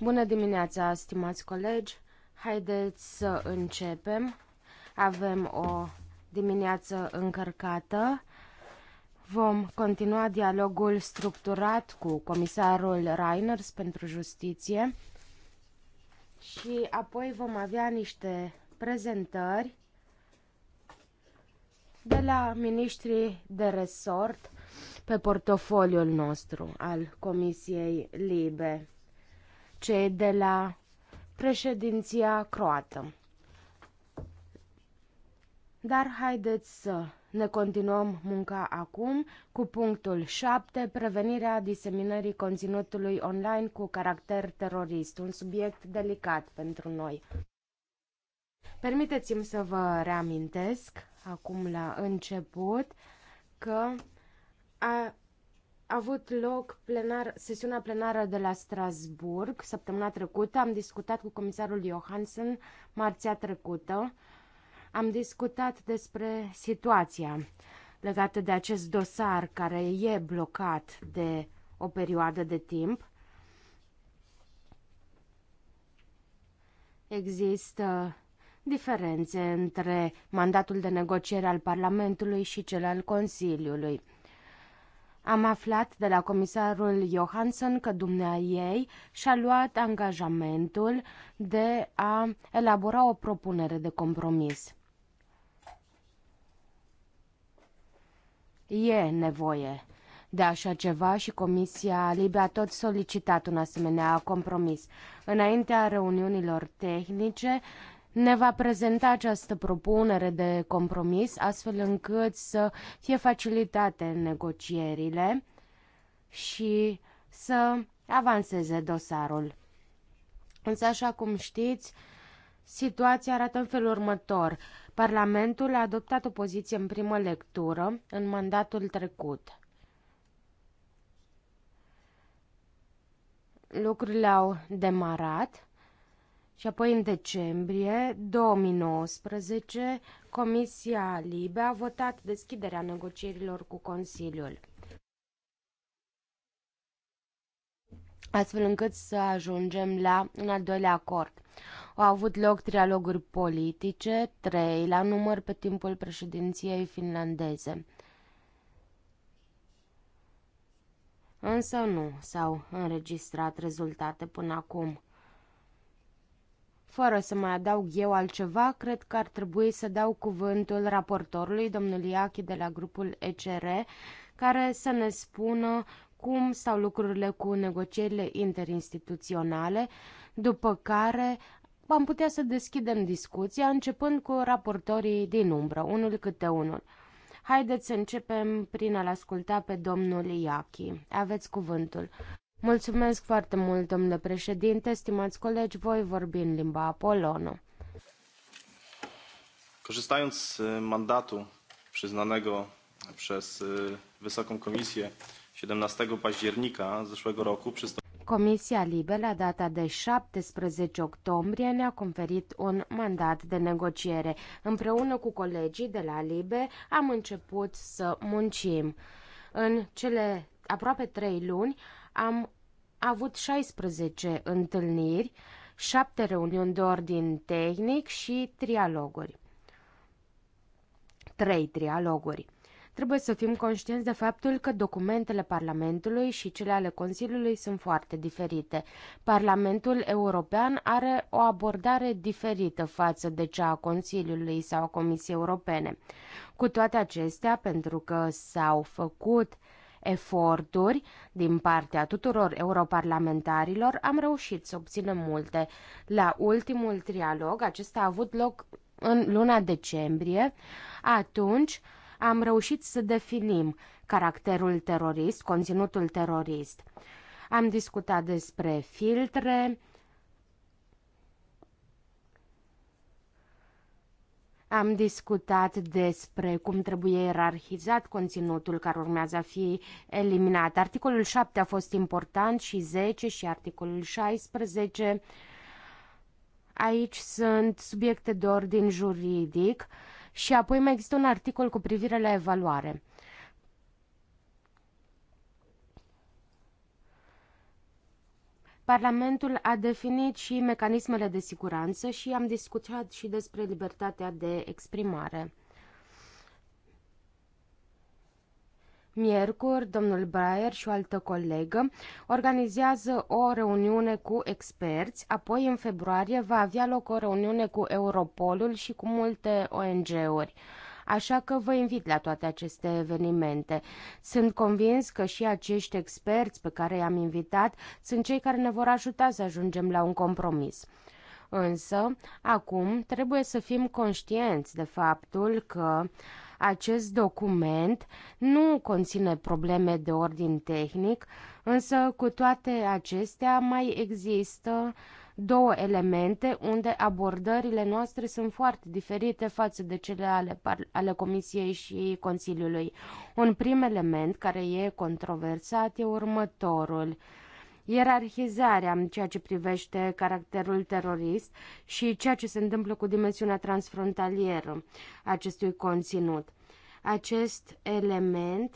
Bună dimineața, stimați colegi! Haideți să începem. Avem o dimineață încărcată. Vom continua dialogul structurat cu comisarul Reiners pentru justiție și apoi vom avea niște prezentări de la ministrii de resort pe portofoliul nostru al Comisiei Libe cei de la președinția croată. Dar haideți să ne continuăm munca acum cu punctul 7, prevenirea diseminării conținutului online cu caracter terorist, un subiect delicat pentru noi. Permiteți-mi să vă reamintesc acum la început că a, a avut loc plenar, sesiunea plenară de la Strasburg săptămâna trecută. Am discutat cu comisarul Johansen marțea trecută. Am discutat despre situația legată de acest dosar care e blocat de o perioadă de timp. Există diferențe între mandatul de negociere al Parlamentului și cel al Consiliului. Am aflat de la comisarul Johansson că dumnea ei și-a luat angajamentul de a elabora o propunere de compromis. E nevoie de așa ceva și Comisia Libia a tot solicitat un asemenea compromis. Înaintea reuniunilor tehnice, ne va prezenta această propunere de compromis astfel încât să fie facilitate negocierile și să avanseze dosarul. Însă, așa cum știți, situația arată în felul următor. Parlamentul a adoptat o poziție în primă lectură în mandatul trecut. Lucrurile au demarat și apoi în decembrie 2019, Comisia Libe a votat deschiderea negocierilor cu Consiliul. astfel încât să ajungem la un al doilea acord. Au avut loc trialoguri politice, trei la număr pe timpul președinției finlandeze. Însă nu s-au înregistrat rezultate până acum. Fără să mai adaug eu altceva, cred că ar trebui să dau cuvântul raportorului, domnul Iachi de la grupul ECR, care să ne spună cum stau lucrurile cu negocierile interinstituționale, după care am putea să deschidem discuția începând cu raportorii din umbră, unul câte unul. Haideți să începem prin a-l asculta pe domnul Iachi. Aveți cuvântul. Mulțumesc foarte mult, domnule președinte, stimați colegi, voi vorbi în limba polonă. Korzystając z mandatu przyznanego przez Wysoką Komisję 17 października zeszłego roku przystąpiłem Comisia Libe, la data de 17 octombrie, ne-a conferit un mandat de negociere. Împreună cu colegii de la Libe am început să muncim. În cele aproape trei luni am a avut 16 întâlniri, 7 reuniuni de ordin tehnic și trialoguri. 3 trialoguri. Trebuie să fim conștienți de faptul că documentele Parlamentului și cele ale Consiliului sunt foarte diferite. Parlamentul European are o abordare diferită față de cea a Consiliului sau a Comisiei Europene. Cu toate acestea, pentru că s-au făcut uh, eforturi din partea tuturor europarlamentarilor, am reușit să obținem multe. La ultimul trialog, acesta a avut loc în luna decembrie, atunci am reușit să definim caracterul terorist, conținutul terorist. Am discutat despre filtre, Am discutat despre cum trebuie ierarhizat conținutul care urmează a fi eliminat. Articolul 7 a fost important și 10 și articolul 16. Aici sunt subiecte de ordin juridic și apoi mai există un articol cu privire la evaluare. Parlamentul a definit și mecanismele de siguranță și am discutat și despre libertatea de exprimare. Miercuri, domnul Breyer și o altă colegă organizează o reuniune cu experți, apoi în februarie va avea loc o reuniune cu Europolul și cu multe ONG-uri. Așa că vă invit la toate aceste evenimente. Sunt convins că și acești experți pe care i-am invitat sunt cei care ne vor ajuta să ajungem la un compromis. Însă, acum trebuie să fim conștienți de faptul că acest document nu conține probleme de ordin tehnic, însă cu toate acestea mai există uh, două elemente unde abordările noastre sunt foarte diferite față de cele ale, ale Comisiei și Consiliului. Un prim element care e controversat e următorul ierarhizarea în ceea ce privește caracterul terorist și ceea ce se întâmplă cu dimensiunea transfrontalieră acestui conținut. Acest element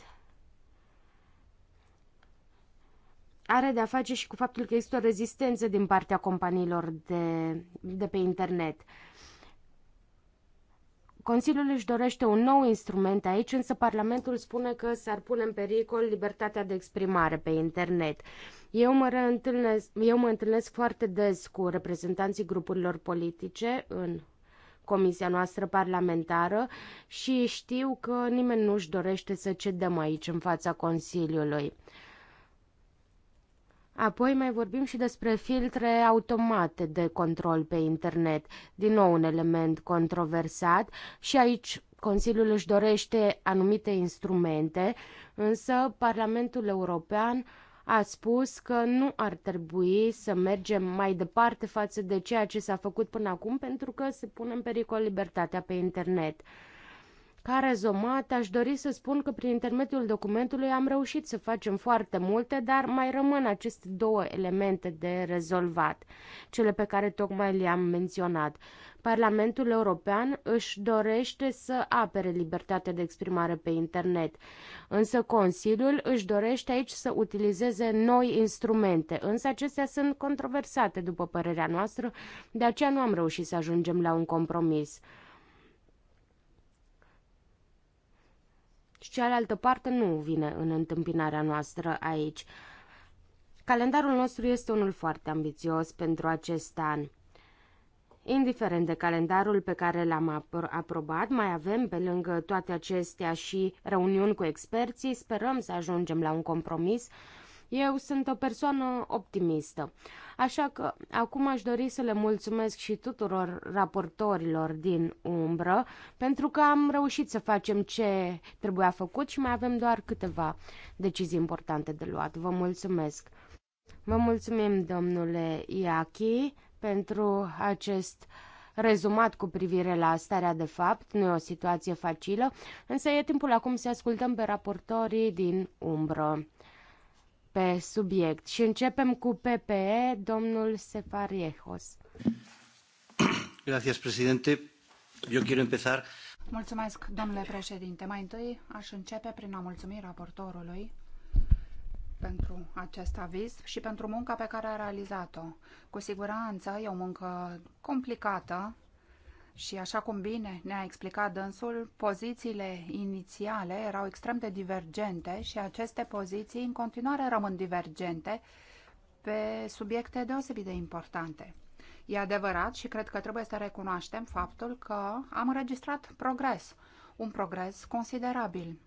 are de-a face și cu faptul că există o rezistență din partea companiilor de, de pe internet. Consiliul își dorește un nou instrument aici, însă Parlamentul spune că s-ar pune în pericol libertatea de exprimare pe internet. Eu mă, eu mă întâlnesc foarte des cu reprezentanții grupurilor politice în comisia noastră parlamentară și știu că nimeni nu își dorește să cedăm aici în fața Consiliului. Apoi mai vorbim și despre filtre automate de control pe internet, din nou un element controversat și aici Consiliul își dorește anumite instrumente, însă Parlamentul European a spus că nu ar trebui să mergem mai departe față de ceea ce s-a făcut până acum pentru că se pune în pericol libertatea pe internet. Ca rezumat, aș dori să spun că prin intermediul documentului am reușit să facem foarte multe, dar mai rămân aceste două elemente de rezolvat, cele pe care tocmai le-am menționat. Parlamentul European își dorește să apere libertatea de exprimare pe internet, însă Consiliul își dorește aici să utilizeze noi instrumente, însă acestea sunt controversate, după părerea noastră, de aceea nu am reușit să ajungem la un compromis. și cealaltă parte nu vine în întâmpinarea noastră aici. Calendarul nostru este unul foarte ambițios pentru acest an. Indiferent de calendarul pe care l-am aprobat, mai avem pe lângă toate acestea și reuniuni cu experții. Sperăm să ajungem la un compromis eu sunt o persoană optimistă, așa că acum aș dori să le mulțumesc și tuturor raportorilor din umbră, pentru că am reușit să facem ce trebuia făcut și mai avem doar câteva decizii importante de luat. Vă mulțumesc! Vă mulțumim, domnule Iachi, pentru acest rezumat cu privire la starea de fapt. Nu e o situație facilă, însă e timpul acum să ascultăm pe raportorii din umbră pe subiect și începem cu PPE, domnul Sefariehos. Gracias, presidente. Eu quiero empezar... Mulțumesc, domnule președinte. Mai întâi aș începe prin a mulțumi raportorului pentru acest aviz și pentru munca pe care a realizat-o. Cu siguranță e o muncă complicată și așa cum bine ne-a explicat dânsul, pozițiile inițiale erau extrem de divergente și aceste poziții în continuare rămân divergente pe subiecte deosebit de importante. E adevărat și cred că trebuie să recunoaștem faptul că am înregistrat progres, un progres considerabil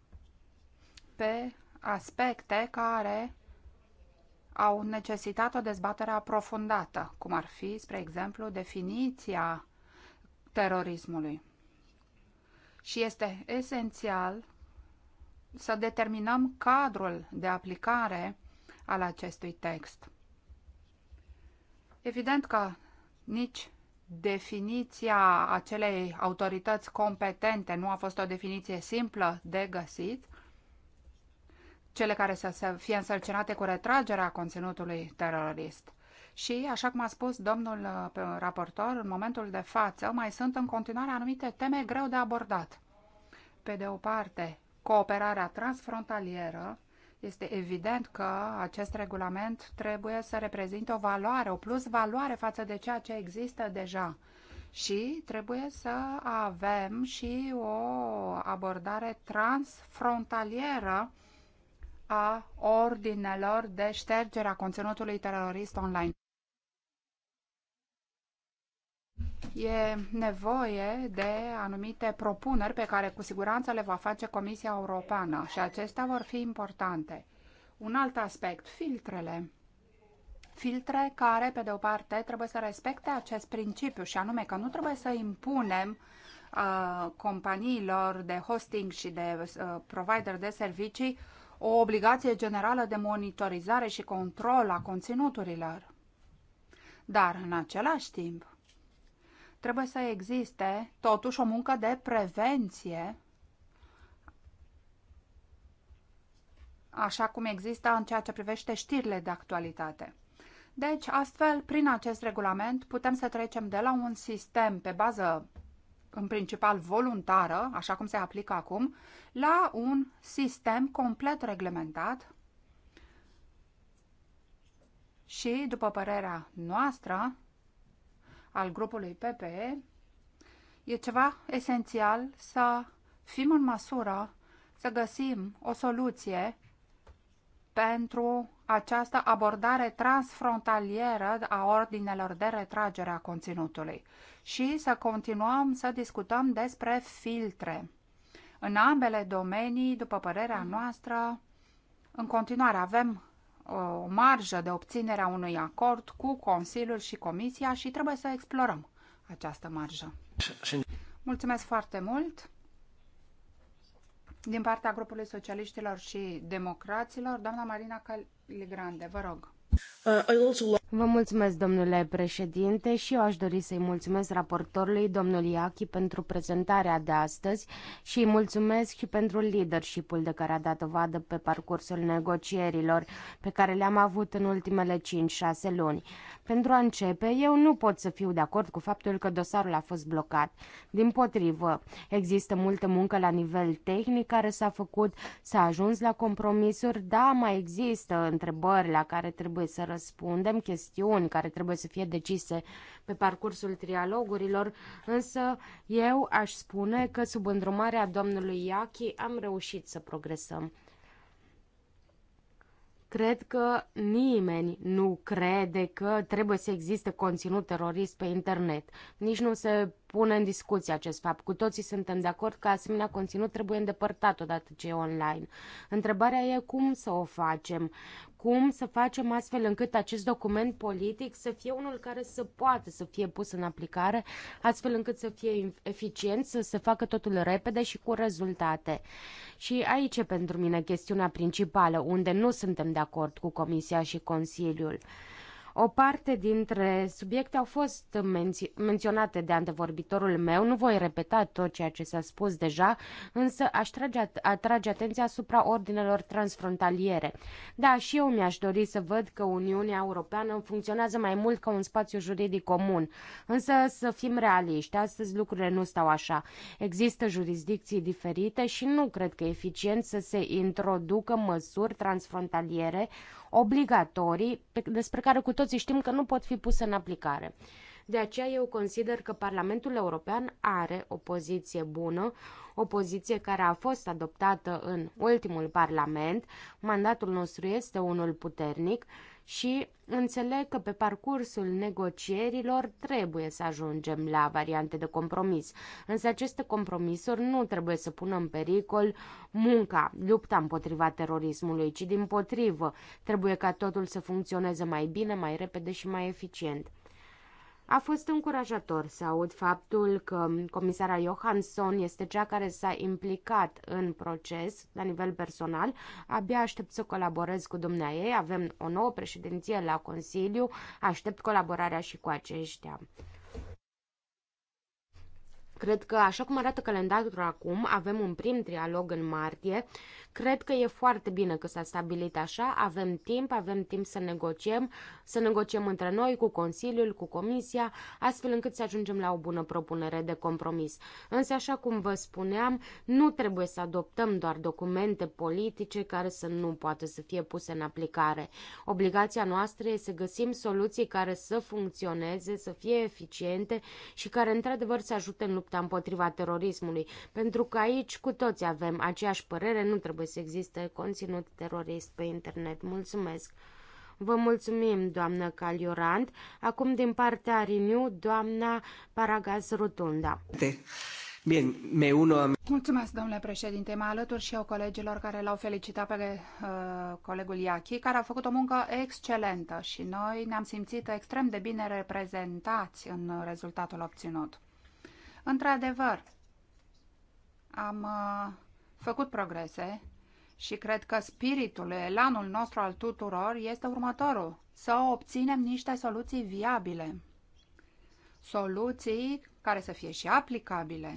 pe aspecte care au necesitat o dezbatere aprofundată, cum ar fi, spre exemplu, definiția terorismului. Și este esențial să determinăm cadrul de aplicare al acestui text. Evident că nici definiția acelei autorități competente nu a fost o definiție simplă de găsit, cele care să fie însărcinate cu retragerea conținutului terorist și, așa cum a spus domnul uh, raportor, în momentul de față mai sunt în continuare anumite teme greu de abordat. Pe de o parte, cooperarea transfrontalieră, este evident că acest regulament trebuie să reprezinte o valoare, o plus valoare față de ceea ce există deja. Și trebuie să avem și o abordare transfrontalieră a ordinelor de ștergere a conținutului terorist online. e nevoie de anumite propuneri pe care cu siguranță le va face Comisia Europeană și acestea vor fi importante. Un alt aspect, filtrele. Filtre care, pe de o parte, trebuie să respecte acest principiu și anume că nu trebuie să impunem uh, companiilor de hosting și de uh, provider de servicii o obligație generală de monitorizare și control a conținuturilor. Dar, în același timp, Trebuie să existe totuși o muncă de prevenție, așa cum există în ceea ce privește știrile de actualitate. Deci, astfel, prin acest regulament, putem să trecem de la un sistem pe bază în principal voluntară, așa cum se aplică acum, la un sistem complet reglementat și, după părerea noastră, al grupului PPE, e ceva esențial să fim în măsură să găsim o soluție pentru această abordare transfrontalieră a ordinelor de retragere a conținutului și să continuăm să discutăm despre filtre. În ambele domenii, după părerea noastră, în continuare avem o marjă de obținere a unui acord cu Consiliul și Comisia și trebuie să explorăm această marjă. Mulțumesc foarte mult! Din partea grupului socialiștilor și democraților, doamna Marina Caligrande, vă rog. Uh, Vă mulțumesc, domnule președinte, și eu aș dori să-i mulțumesc raportorului, domnul Iachi, pentru prezentarea de astăzi și îi mulțumesc și pentru leadership-ul de care a dat dovadă pe parcursul negocierilor pe care le-am avut în ultimele 5-6 luni. Pentru a începe, eu nu pot să fiu de acord cu faptul că dosarul a fost blocat. Din potrivă, există multă muncă la nivel tehnic care s-a făcut, s-a ajuns la compromisuri, da, mai există întrebări la care trebuie să răspundem, chestiuni care trebuie să fie decise pe parcursul trialogurilor, însă eu aș spune că sub îndrumarea domnului Iachi am reușit să progresăm. Cred că nimeni nu crede că trebuie să existe conținut terorist pe internet. Nici nu se pune în discuție acest fapt. Cu toții suntem de acord că asemenea conținut trebuie îndepărtat odată ce e online. Întrebarea e cum să o facem, cum să facem astfel încât acest document politic să fie unul care să poată să fie pus în aplicare, astfel încât să fie eficient, să se facă totul repede și cu rezultate. Și aici e pentru mine chestiunea principală, unde nu suntem de acord cu Comisia și Consiliul. O parte dintre subiecte au fost menți- menționate de antevorbitorul meu, nu voi repeta tot ceea ce s-a spus deja, însă aș trage, atrage atenția asupra ordinelor transfrontaliere. Da, și eu mi-aș dori să văd că Uniunea Europeană funcționează mai mult ca un spațiu juridic comun, însă să fim realiști, astăzi lucrurile nu stau așa. Există jurisdicții diferite și nu cred că e eficient să se introducă măsuri transfrontaliere obligatorii pe, despre care cu toții știm că nu pot fi puse în aplicare. De aceea eu consider că Parlamentul European are o poziție bună, o poziție care a fost adoptată în ultimul Parlament. Mandatul nostru este unul puternic și înțeleg că pe parcursul negocierilor trebuie să ajungem la variante de compromis. Însă aceste compromisuri nu trebuie să pună în pericol munca, lupta împotriva terorismului, ci din potrivă trebuie ca totul să funcționeze mai bine, mai repede și mai eficient. A fost încurajator să aud faptul că comisara Johansson este cea care s-a implicat în proces la nivel personal. Abia aștept să colaborez cu ei. Avem o nouă președinție la Consiliu. Aștept colaborarea și cu aceștia. Cred că, așa cum arată calendarul acum, avem un prim trialog în martie Cred că e foarte bine că s-a stabilit așa, avem timp, avem timp să negociem, să negociem între noi, cu Consiliul, cu Comisia, astfel încât să ajungem la o bună propunere de compromis. Însă, așa cum vă spuneam, nu trebuie să adoptăm doar documente politice care să nu poată să fie puse în aplicare. Obligația noastră este să găsim soluții care să funcționeze, să fie eficiente și care într-adevăr să ajute în lupta împotriva terorismului, pentru că aici cu toți avem aceeași părere, nu trebuie trebuie să existe conținut terorist pe internet. Mulțumesc! Vă mulțumim, doamnă Caliorant. Acum, din partea Riniu, doamna Paragaz Rotunda. Bine, me uno a... Mulțumesc, domnule președinte. Mă alătur și eu colegilor care l-au felicitat pe uh, colegul Iachi, care a făcut o muncă excelentă și noi ne-am simțit extrem de bine reprezentați în rezultatul obținut. Într-adevăr, am uh, făcut progrese și cred că spiritul, elanul nostru al tuturor este următorul. Să obținem niște soluții viabile. Soluții care să fie și aplicabile.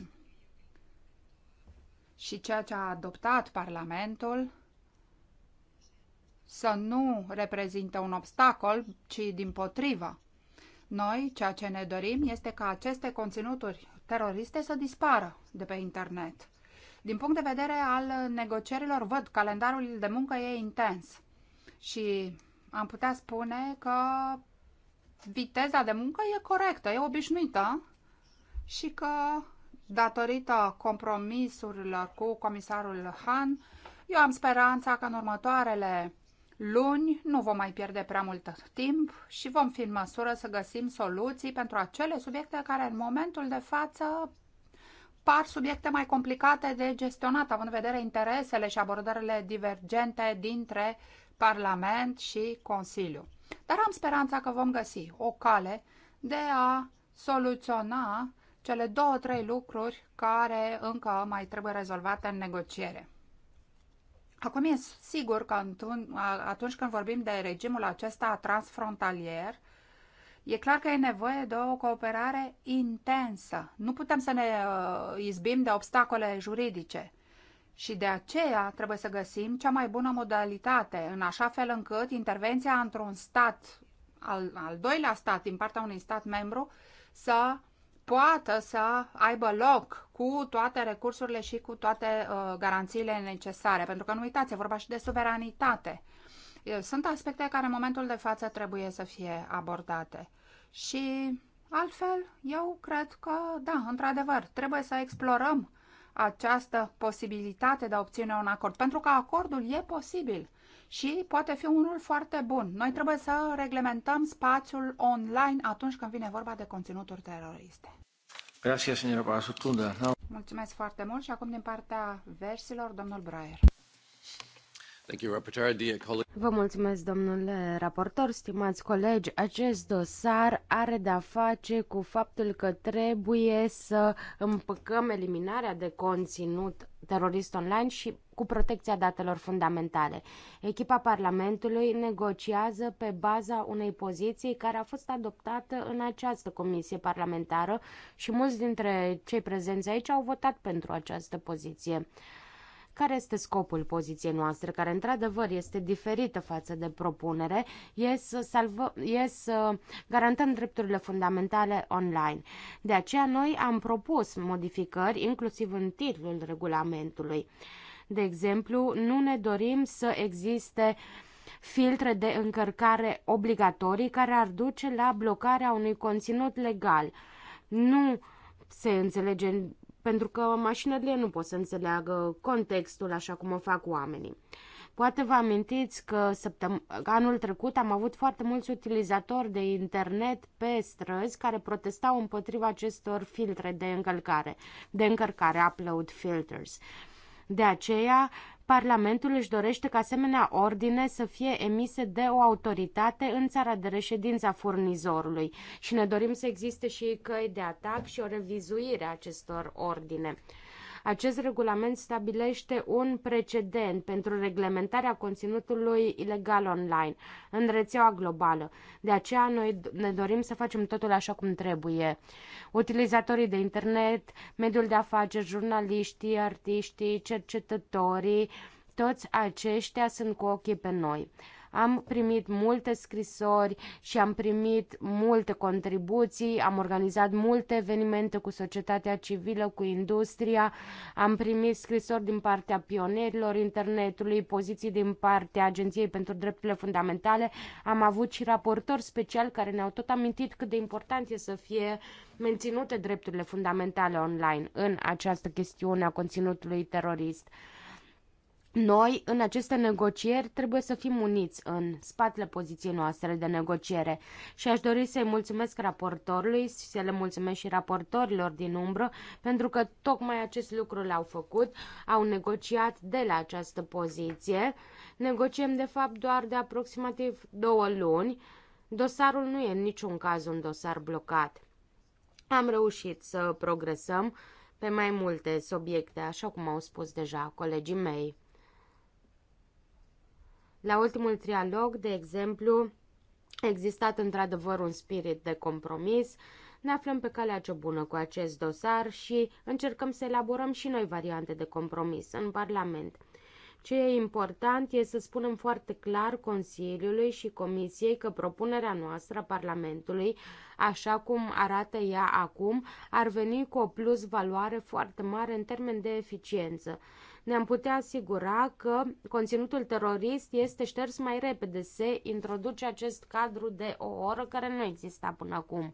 Și ceea ce a adoptat Parlamentul să nu reprezintă un obstacol, ci din potrivă. Noi, ceea ce ne dorim este ca aceste conținuturi teroriste să dispară de pe internet din punct de vedere al negocierilor, văd calendarul de muncă e intens și am putea spune că viteza de muncă e corectă, e obișnuită și că datorită compromisurilor cu comisarul Han, eu am speranța că în următoarele luni nu vom mai pierde prea mult timp și vom fi în măsură să găsim soluții pentru acele subiecte care în momentul de față par subiecte mai complicate de gestionat, având în vedere interesele și abordările divergente dintre Parlament și Consiliu. Dar am speranța că vom găsi o cale de a soluționa cele două, trei lucruri care încă mai trebuie rezolvate în negociere. Acum e sigur că atunci când vorbim de regimul acesta transfrontalier, E clar că e nevoie de o cooperare intensă. Nu putem să ne uh, izbim de obstacole juridice. Și de aceea trebuie să găsim cea mai bună modalitate, în așa fel încât intervenția într-un stat, al, al doilea stat, din partea unui stat membru, să poată să aibă loc cu toate recursurile și cu toate uh, garanțiile necesare. Pentru că nu uitați, e vorba și de suveranitate. Sunt aspecte care în momentul de față trebuie să fie abordate. Și altfel, eu cred că, da, într-adevăr, trebuie să explorăm această posibilitate de a obține un acord, pentru că acordul e posibil și poate fi unul foarte bun. Noi trebuie să reglementăm spațiul online atunci când vine vorba de conținuturi teroriste. Gracias, señora Mulțumesc foarte mult și acum din partea versilor, domnul Braier. Vă mulțumesc, domnule raportor, stimați colegi. Acest dosar are de-a face cu faptul că trebuie să împăcăm eliminarea de conținut terorist online și cu protecția datelor fundamentale. Echipa Parlamentului negociază pe baza unei poziții care a fost adoptată în această comisie parlamentară și mulți dintre cei prezenți aici au votat pentru această poziție. Care este scopul poziției noastre, care într-adevăr este diferită față de propunere, e să, salvă, e să garantăm drepturile fundamentale online. De aceea noi am propus modificări inclusiv în titlul regulamentului. De exemplu, nu ne dorim să existe filtre de încărcare obligatorii care ar duce la blocarea unui conținut legal. Nu se înțelege pentru că mașinările nu pot să înțeleagă contextul așa cum o fac oamenii. Poate vă amintiți că anul trecut am avut foarte mulți utilizatori de internet pe străzi care protestau împotriva acestor filtre de încălcare, de încărcare, upload filters. De aceea, Parlamentul își dorește ca asemenea ordine să fie emise de o autoritate în țara de reședință a furnizorului și ne dorim să existe și căi de atac și o revizuire a acestor ordine. Acest regulament stabilește un precedent pentru reglementarea conținutului ilegal online în rețeaua globală. De aceea noi ne dorim să facem totul așa cum trebuie. Utilizatorii de internet, mediul de afaceri, jurnaliștii, artiștii, cercetătorii, toți aceștia sunt cu ochii pe noi. Am primit multe scrisori și am primit multe contribuții, am organizat multe evenimente cu societatea civilă, cu industria, am primit scrisori din partea pionerilor internetului, poziții din partea Agenției pentru Drepturile Fundamentale, am avut și raportori speciali care ne-au tot amintit cât de important e să fie menținute drepturile fundamentale online în această chestiune a conținutului terorist. Noi, în aceste negocieri, trebuie să fim uniți în spatele poziției noastre de negociere și aș dori să-i mulțumesc raportorului, și să le mulțumesc și raportorilor din umbră, pentru că tocmai acest lucru l-au făcut, au negociat de la această poziție. Negociem, de fapt, doar de aproximativ două luni. Dosarul nu e în niciun caz un dosar blocat. Am reușit să progresăm pe mai multe subiecte, așa cum au spus deja colegii mei. La ultimul trialog, de exemplu, a existat într-adevăr un spirit de compromis. Ne aflăm pe calea ce bună cu acest dosar și încercăm să elaborăm și noi variante de compromis în Parlament. Ce e important e să spunem foarte clar Consiliului și Comisiei că propunerea noastră a Parlamentului, așa cum arată ea acum, ar veni cu o plus valoare foarte mare în termen de eficiență ne-am putea asigura că conținutul terorist este șters mai repede. Se introduce acest cadru de o oră care nu exista până acum.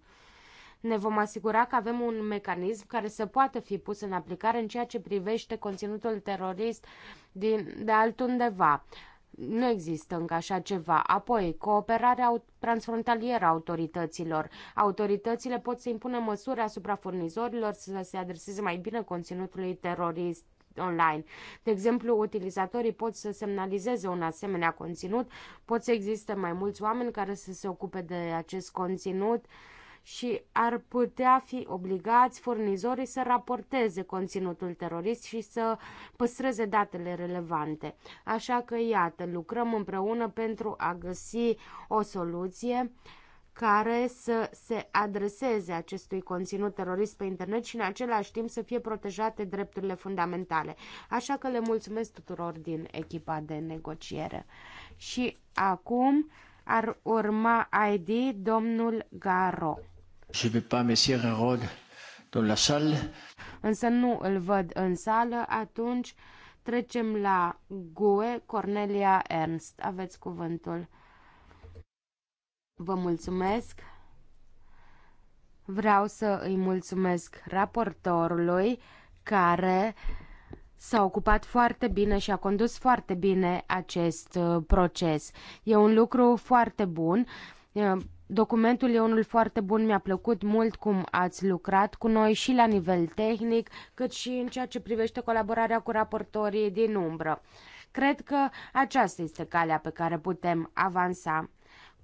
Ne vom asigura că avem un mecanism care să poată fi pus în aplicare în ceea ce privește conținutul terorist din, de altundeva. Nu există încă așa ceva. Apoi, cooperarea transfrontalieră a autorităților. Autoritățile pot să impună măsuri asupra furnizorilor să se adreseze mai bine conținutului terorist online. De exemplu, utilizatorii pot să semnalizeze un asemenea conținut, pot să existe mai mulți oameni care să se ocupe de acest conținut și ar putea fi obligați furnizorii să raporteze conținutul terorist și să păstreze datele relevante. Așa că, iată, lucrăm împreună pentru a găsi o soluție care să se adreseze acestui conținut terorist pe internet și în același timp să fie protejate drepturile fundamentale. Așa că le mulțumesc tuturor din echipa de negociere. Și acum ar urma ID domnul Garo. Je vais pas monsieur Rod dans la salle. Însă nu îl văd în sală, atunci trecem la GUE Cornelia Ernst. Aveți cuvântul. Vă mulțumesc. Vreau să îi mulțumesc raportorului care s-a ocupat foarte bine și a condus foarte bine acest uh, proces. E un lucru foarte bun. Documentul e unul foarte bun, mi-a plăcut mult cum ați lucrat cu noi și la nivel tehnic, cât și în ceea ce privește colaborarea cu raportorii din umbră. Cred că aceasta este calea pe care putem avansa.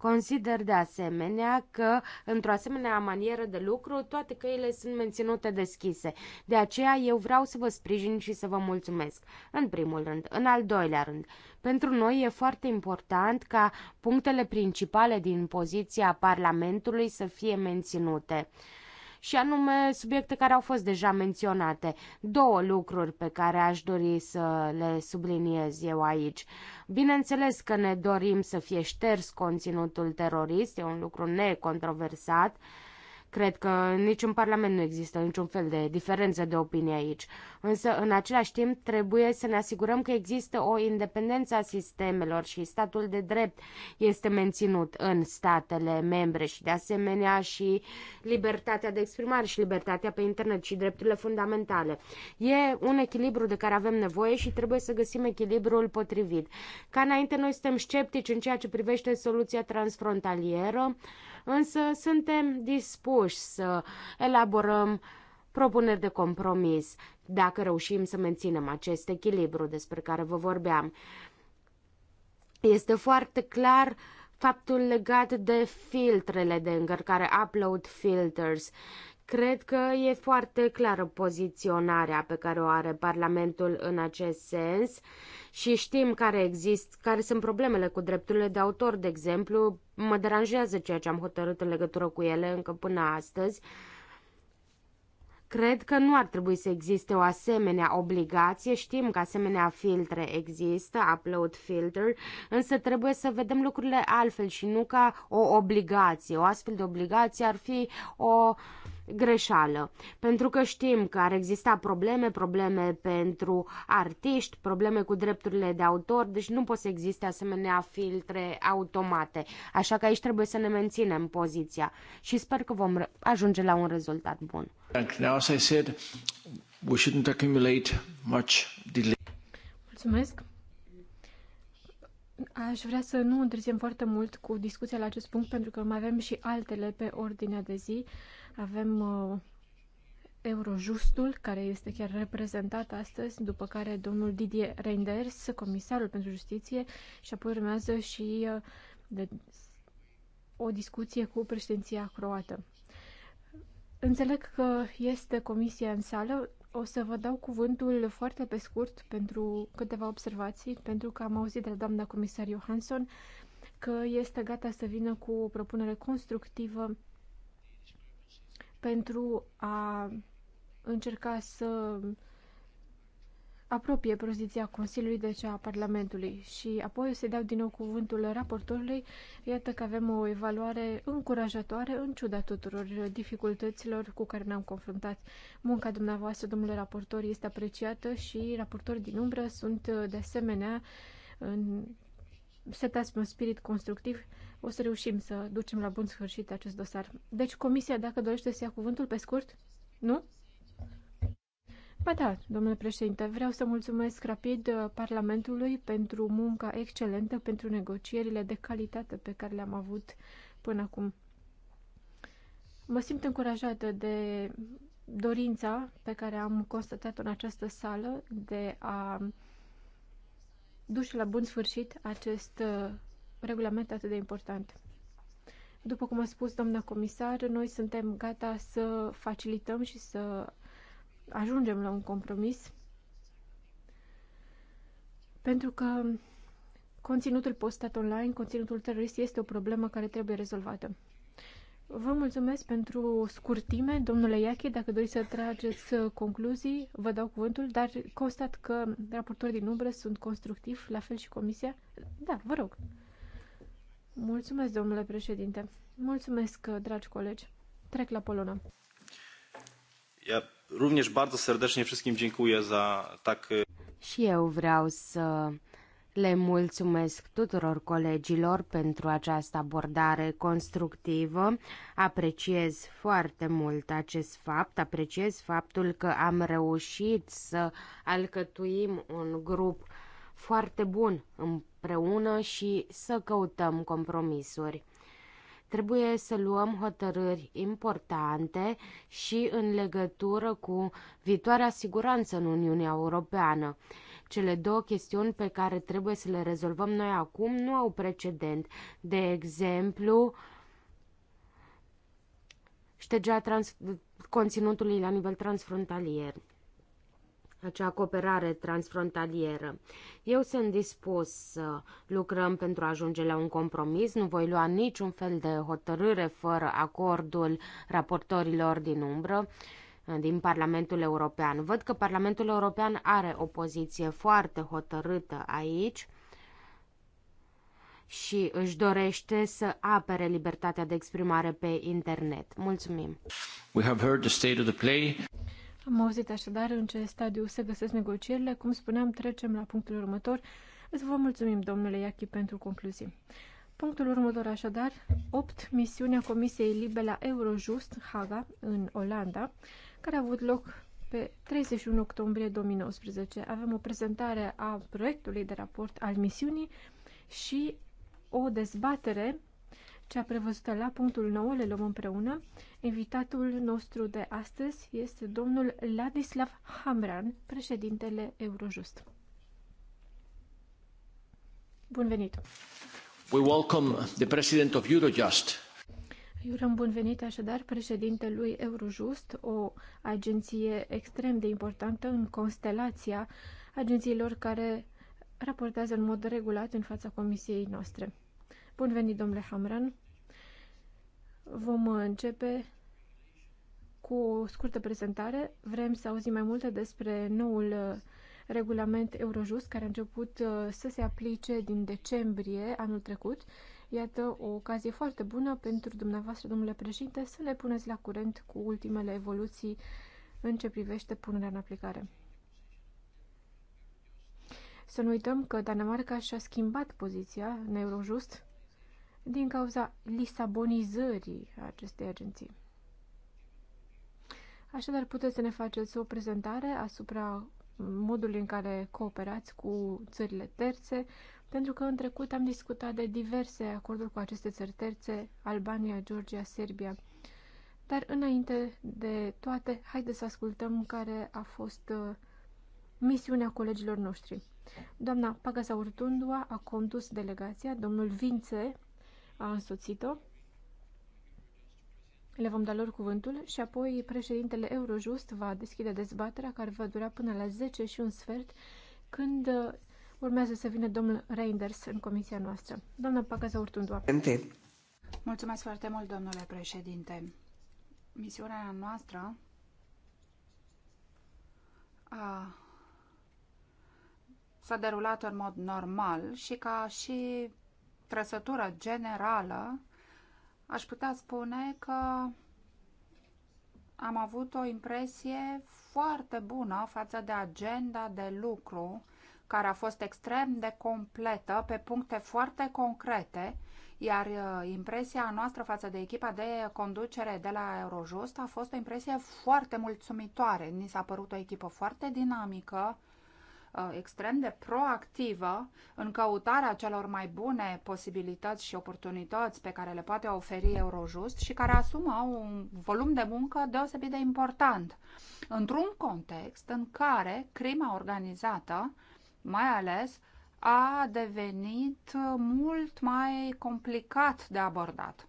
Consider de asemenea că, într-o asemenea manieră de lucru, toate căile sunt menținute deschise. De aceea eu vreau să vă sprijin și să vă mulțumesc. În primul rând. În al doilea rând. Pentru noi e foarte important ca punctele principale din poziția Parlamentului să fie menținute și anume subiecte care au fost deja menționate. Două lucruri pe care aș dori să le subliniez eu aici. Bineînțeles că ne dorim să fie șters conținutul terorist, e un lucru necontroversat, uh, Cred că în niciun parlament nu există niciun fel de diferență de opinie aici. Însă, în același timp, trebuie să ne asigurăm că există o independență a sistemelor și statul de drept este menținut în statele membre și, de asemenea, și libertatea de exprimare și libertatea pe internet și drepturile fundamentale. E un echilibru de care avem nevoie și trebuie să găsim echilibrul potrivit. Ca înainte, noi suntem sceptici în ceea ce privește soluția transfrontalieră, însă suntem dispuși să elaborăm propuneri de compromis, dacă reușim să menținem acest echilibru despre care vă vorbeam. Este foarte clar faptul legat de filtrele de încărcare, upload filters. Uh, Cred că e foarte clară poziționarea pe care o are Parlamentul în acest sens și știm care există, care sunt problemele cu drepturile de autor, de exemplu. Mă deranjează ceea ce am hotărât în legătură cu ele încă până astăzi. Cred că nu ar trebui să existe o asemenea obligație, știm că asemenea filtre există, upload filter, însă trebuie să vedem lucrurile altfel și nu ca o obligație. O astfel de obligație ar fi o greșeală, pentru că știm că ar exista probleme, probleme pentru artiști, probleme cu drepturile de autor, deci nu pot să existe asemenea filtre automate. Așa că aici trebuie să ne menținem poziția și sper că vom ajunge la un rezultat bun. Mulțumesc. Aș vrea să nu întârziem foarte mult cu discuția la acest punct, pentru că mai avem și altele pe ordinea de zi. Avem uh, Eurojustul, care este chiar reprezentat astăzi, după care domnul Didier Reinders, comisarul pentru justiție, și apoi urmează și uh, de, o discuție cu președinția croată. Înțeleg că este comisia în sală. O să vă dau cuvântul foarte pe scurt pentru câteva observații, pentru că am auzit de la doamna comisar Johansson că este gata să vină cu o propunere constructivă pentru a încerca să apropie poziția Consiliului de deci cea a Parlamentului și apoi o să dau din nou cuvântul raportorului. Iată că avem o evaluare încurajatoare în ciuda tuturor dificultăților cu care ne-am confruntat. Munca dumneavoastră, domnule raportor, este apreciată și raportori din umbră sunt de asemenea în... setați pe un spirit constructiv o să reușim să ducem la bun sfârșit acest dosar. Deci, Comisia, dacă dorește să ia cuvântul pe scurt, nu? Ba da, domnule președinte, vreau să mulțumesc rapid uh, Parlamentului pentru munca excelentă, pentru negocierile de calitate pe care le-am avut până acum. Mă simt încurajată de dorința pe care am constatat-o în această sală de a duce la bun sfârșit acest uh, regulament atât de important. După cum a spus doamna comisar, noi suntem gata să facilităm și să ajungem la un compromis, pentru că conținutul postat online, conținutul terorist, este o problemă care trebuie rezolvată. Vă mulțumesc pentru scurtime, domnule Iache, dacă doriți să trageți concluzii, vă dau cuvântul, dar constat că raportorii din umbră sunt constructivi, la fel și comisia. Da, vă rog. Mulțumesc, domnule președinte. Mulțumesc, dragi colegi. Trec la Polonă. Ja również bardzo serdecznie wszystkim dziękuję za tak... Și eu vreau să le mulțumesc tuturor colegilor pentru această abordare constructivă. Apreciez foarte mult acest fapt, apreciez faptul că am reușit să alcătuim un grup foarte bun în împreună și să căutăm compromisuri. Trebuie să luăm hotărâri importante și în legătură cu viitoarea siguranță în Uniunea Europeană. Cele două chestiuni pe care trebuie să le rezolvăm noi acum nu au precedent. De exemplu, ștegea trans- conținutului la nivel transfrontalier acea cooperare transfrontalieră. Eu sunt dispus să lucrăm pentru a ajunge la un compromis, nu voi lua niciun fel de hotărâre fără acordul raportorilor din umbră din Parlamentul European. Văd că Parlamentul European are o poziție foarte hotărâtă aici și își dorește să apere libertatea de exprimare pe internet. Mulțumim! We have heard the state of the play. Am auzit așadar în ce stadiu se găsesc negocierile. Cum spuneam, trecem la punctul următor. Îți vă mulțumim, domnule Iachi, pentru concluzii. Punctul următor, așadar, 8. Misiunea Comisiei Libe la Eurojust, Haga, în Olanda, care a avut loc pe 31 octombrie 2019. Avem o prezentare a proiectului de raport al misiunii și o dezbatere ce a prevăzut la punctul 9, le luăm împreună. Invitatul nostru de astăzi este domnul Ladislav Hamran, președintele Eurojust. Bun venit! We welcome the president of Eurojust. Iurăm bun venit așadar președintelui Eurojust, o agenție extrem de importantă în constelația agențiilor care raportează în mod regulat în fața comisiei noastre. Bun venit, domnule Hamran. Vom începe cu o scurtă prezentare. Vrem să auzim mai multe despre noul uh, regulament Eurojust, care a început uh, să se aplice din decembrie anul trecut. Iată o ocazie foarte bună pentru dumneavoastră, domnule președinte, să ne puneți la curent cu ultimele evoluții în ce privește punerea în aplicare. Să nu uităm că Danemarca și-a schimbat poziția în Eurojust din cauza lisabonizării acestei agenții. Așadar, puteți să ne faceți o prezentare asupra modului în care cooperați cu țările terțe, pentru că în trecut am discutat de diverse acorduri cu aceste țări terțe, Albania, Georgia, Serbia. Dar înainte de toate, haideți să ascultăm care a fost uh, misiunea colegilor noștri. Doamna Urtundua a condus delegația, domnul Vințe a însoțit-o. Le vom da lor cuvântul și apoi președintele Eurojust va deschide dezbaterea care va dura până la 10 și un sfert, când uh, urmează să vină domnul Reinders în comisia noastră. Doamna Pacaza Urtundua. Mulțumesc foarte mult, domnule președinte. Misiunea noastră a s-a derulat în mod normal și ca și trăsătură generală, aș putea spune că am avut o impresie foarte bună față de agenda de lucru, care a fost extrem de completă pe puncte foarte concrete, iar uh, impresia noastră față de echipa de conducere de la Eurojust a fost o impresie foarte mulțumitoare. Ni s-a părut o echipă foarte dinamică, Uh, extrem de proactivă în căutarea celor mai bune posibilități și oportunități pe care le poate oferi Eurojust și care asumă un volum de muncă deosebit de important într-un context în care crima organizată, mai ales, a devenit mult mai complicat de abordat.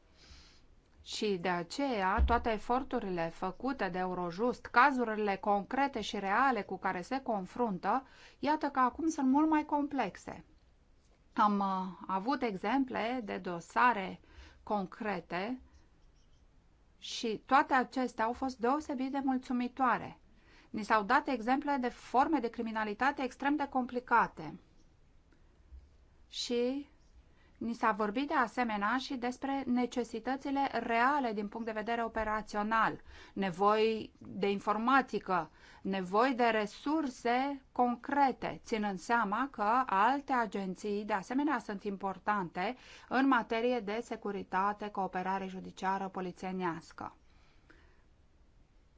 Și de aceea, toate eforturile făcute de Eurojust, cazurile concrete și reale cu care se confruntă, iată că acum sunt mult mai complexe. Am uh, avut exemple de dosare concrete și toate acestea au fost deosebit de mulțumitoare. Ni s-au dat exemple de forme de criminalitate extrem de complicate. Și Ni s-a vorbit de asemenea și despre necesitățile reale din punct de vedere operațional, nevoi de informatică, nevoi de resurse concrete, ținând seama că alte agenții de asemenea sunt importante în materie de securitate, cooperare judiciară, polițienească.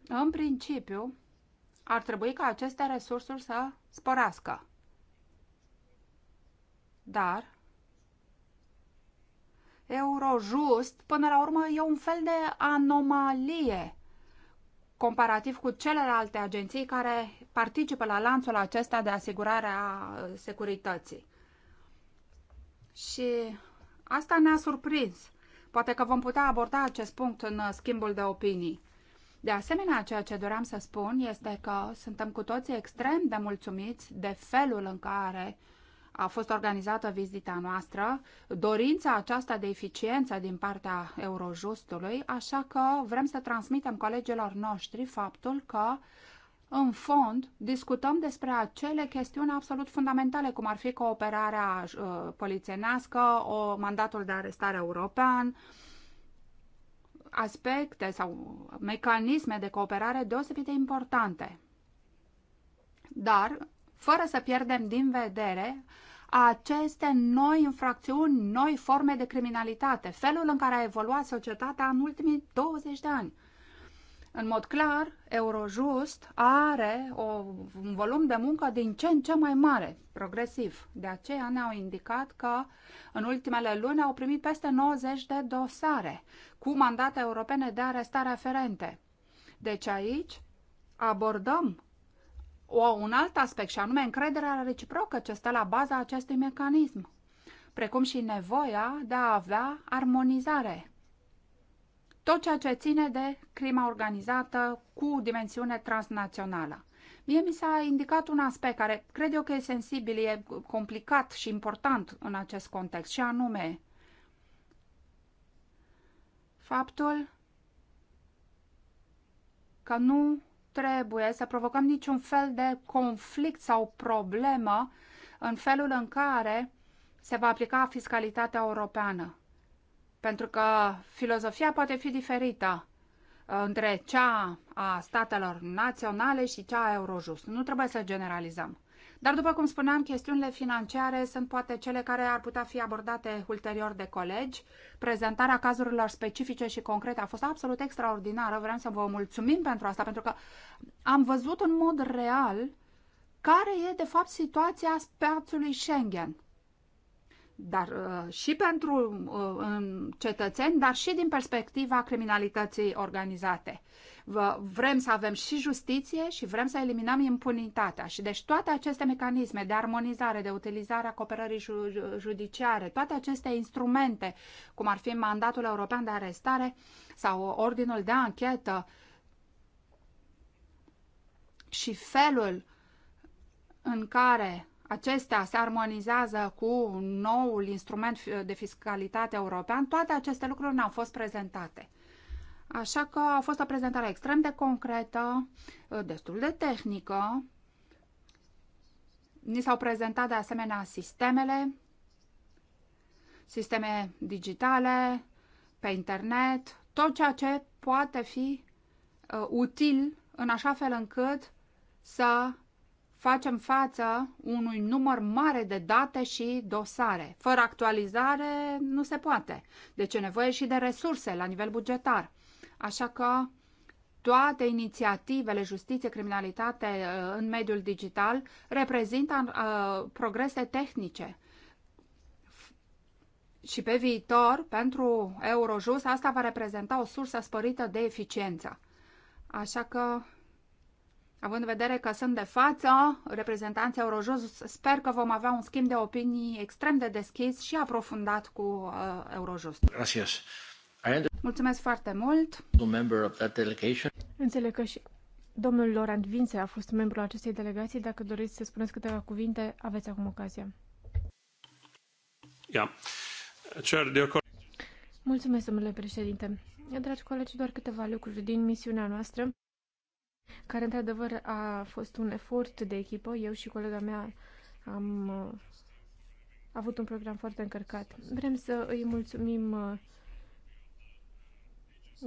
În principiu, ar trebui ca aceste resursuri să sporească. Dar Eurojust, până la urmă, e un fel de anomalie comparativ cu celelalte agenții care participă la lanțul acesta de asigurare a securității. Și asta ne-a surprins. Poate că vom putea aborda acest punct în uh, schimbul de opinii. De asemenea, ceea ce doream să spun este că suntem cu toții extrem de mulțumiți de felul în care a fost organizată vizita noastră, dorința aceasta de eficiență din partea Eurojustului, așa că vrem să transmitem colegilor noștri faptul că în fond, discutăm despre acele chestiuni absolut fundamentale, cum ar fi cooperarea uh, polițienească, o, mandatul de arestare european, aspecte sau mecanisme de cooperare deosebit de importante. Dar, fără să pierdem din vedere aceste noi infracțiuni, noi forme de criminalitate, felul în care a evoluat societatea în ultimii 20 de ani. În mod clar, Eurojust are o, un volum de muncă din ce în ce mai mare, progresiv. De aceea ne-au indicat că în ultimele luni au primit peste 90 de dosare cu mandate europene de arestare aferente. Deci aici abordăm o, un alt aspect și anume încrederea reciprocă ce stă la baza acestui mecanism, precum și nevoia de a avea armonizare. Tot ceea ce ține de crima organizată cu dimensiune transnațională. Mie mi s-a indicat un aspect care cred eu că e sensibil, e complicat și important în acest context, și anume faptul că nu trebuie să provocăm niciun fel de conflict sau problemă în felul în care se va aplica fiscalitatea europeană. Pentru că filozofia poate fi diferită între cea a statelor naționale și cea a Eurojust. Nu trebuie să generalizăm. Dar, după cum spuneam, chestiunile financiare sunt poate cele care ar putea fi abordate ulterior de colegi. Prezentarea cazurilor specifice și concrete a fost absolut extraordinară. Vrem să vă mulțumim pentru asta, pentru că am văzut în mod real care e, de fapt, situația spațiului Schengen dar uh, și pentru uh, cetățeni, dar și din perspectiva criminalității organizate. Vrem să avem și justiție și vrem să eliminăm impunitatea. Și deci toate aceste mecanisme de armonizare, de utilizare a cooperării judiciare, toate aceste instrumente, cum ar fi mandatul european de arestare sau ordinul de anchetă și felul în care acestea se armonizează cu noul instrument de fiscalitate european, toate aceste lucruri nu au fost prezentate. Așa că a fost o prezentare extrem de concretă, uh, destul de tehnică. Ni s-au prezentat de asemenea sistemele, sisteme digitale, pe internet, tot ceea ce poate fi uh, util în așa fel încât să facem față unui număr mare de date și dosare. Fără actualizare nu se poate. Deci e nevoie și de resurse la nivel bugetar. Așa că toate inițiativele justiție, criminalitate uh, în mediul digital reprezintă uh, progrese tehnice. Și pe viitor, pentru Eurojust, asta va reprezenta o sursă sporită de eficiență. Așa că, având în vedere că sunt de față reprezentanții Eurojust, sper că vom avea un schimb de opinii extrem de deschis și aprofundat cu uh, Eurojust. Gracias. Mulțumesc foarte mult. Înțeleg că și domnul Laurent Vince a fost membru al acestei delegații. Dacă doriți să spuneți câteva cuvinte, aveți acum ocazia. Yeah. Mulțumesc, domnule președinte. Dragi colegi, doar câteva lucruri din misiunea noastră, care într-adevăr a fost un efort de echipă. Eu și colega mea am uh, avut un program foarte încărcat. Vrem să îi mulțumim uh,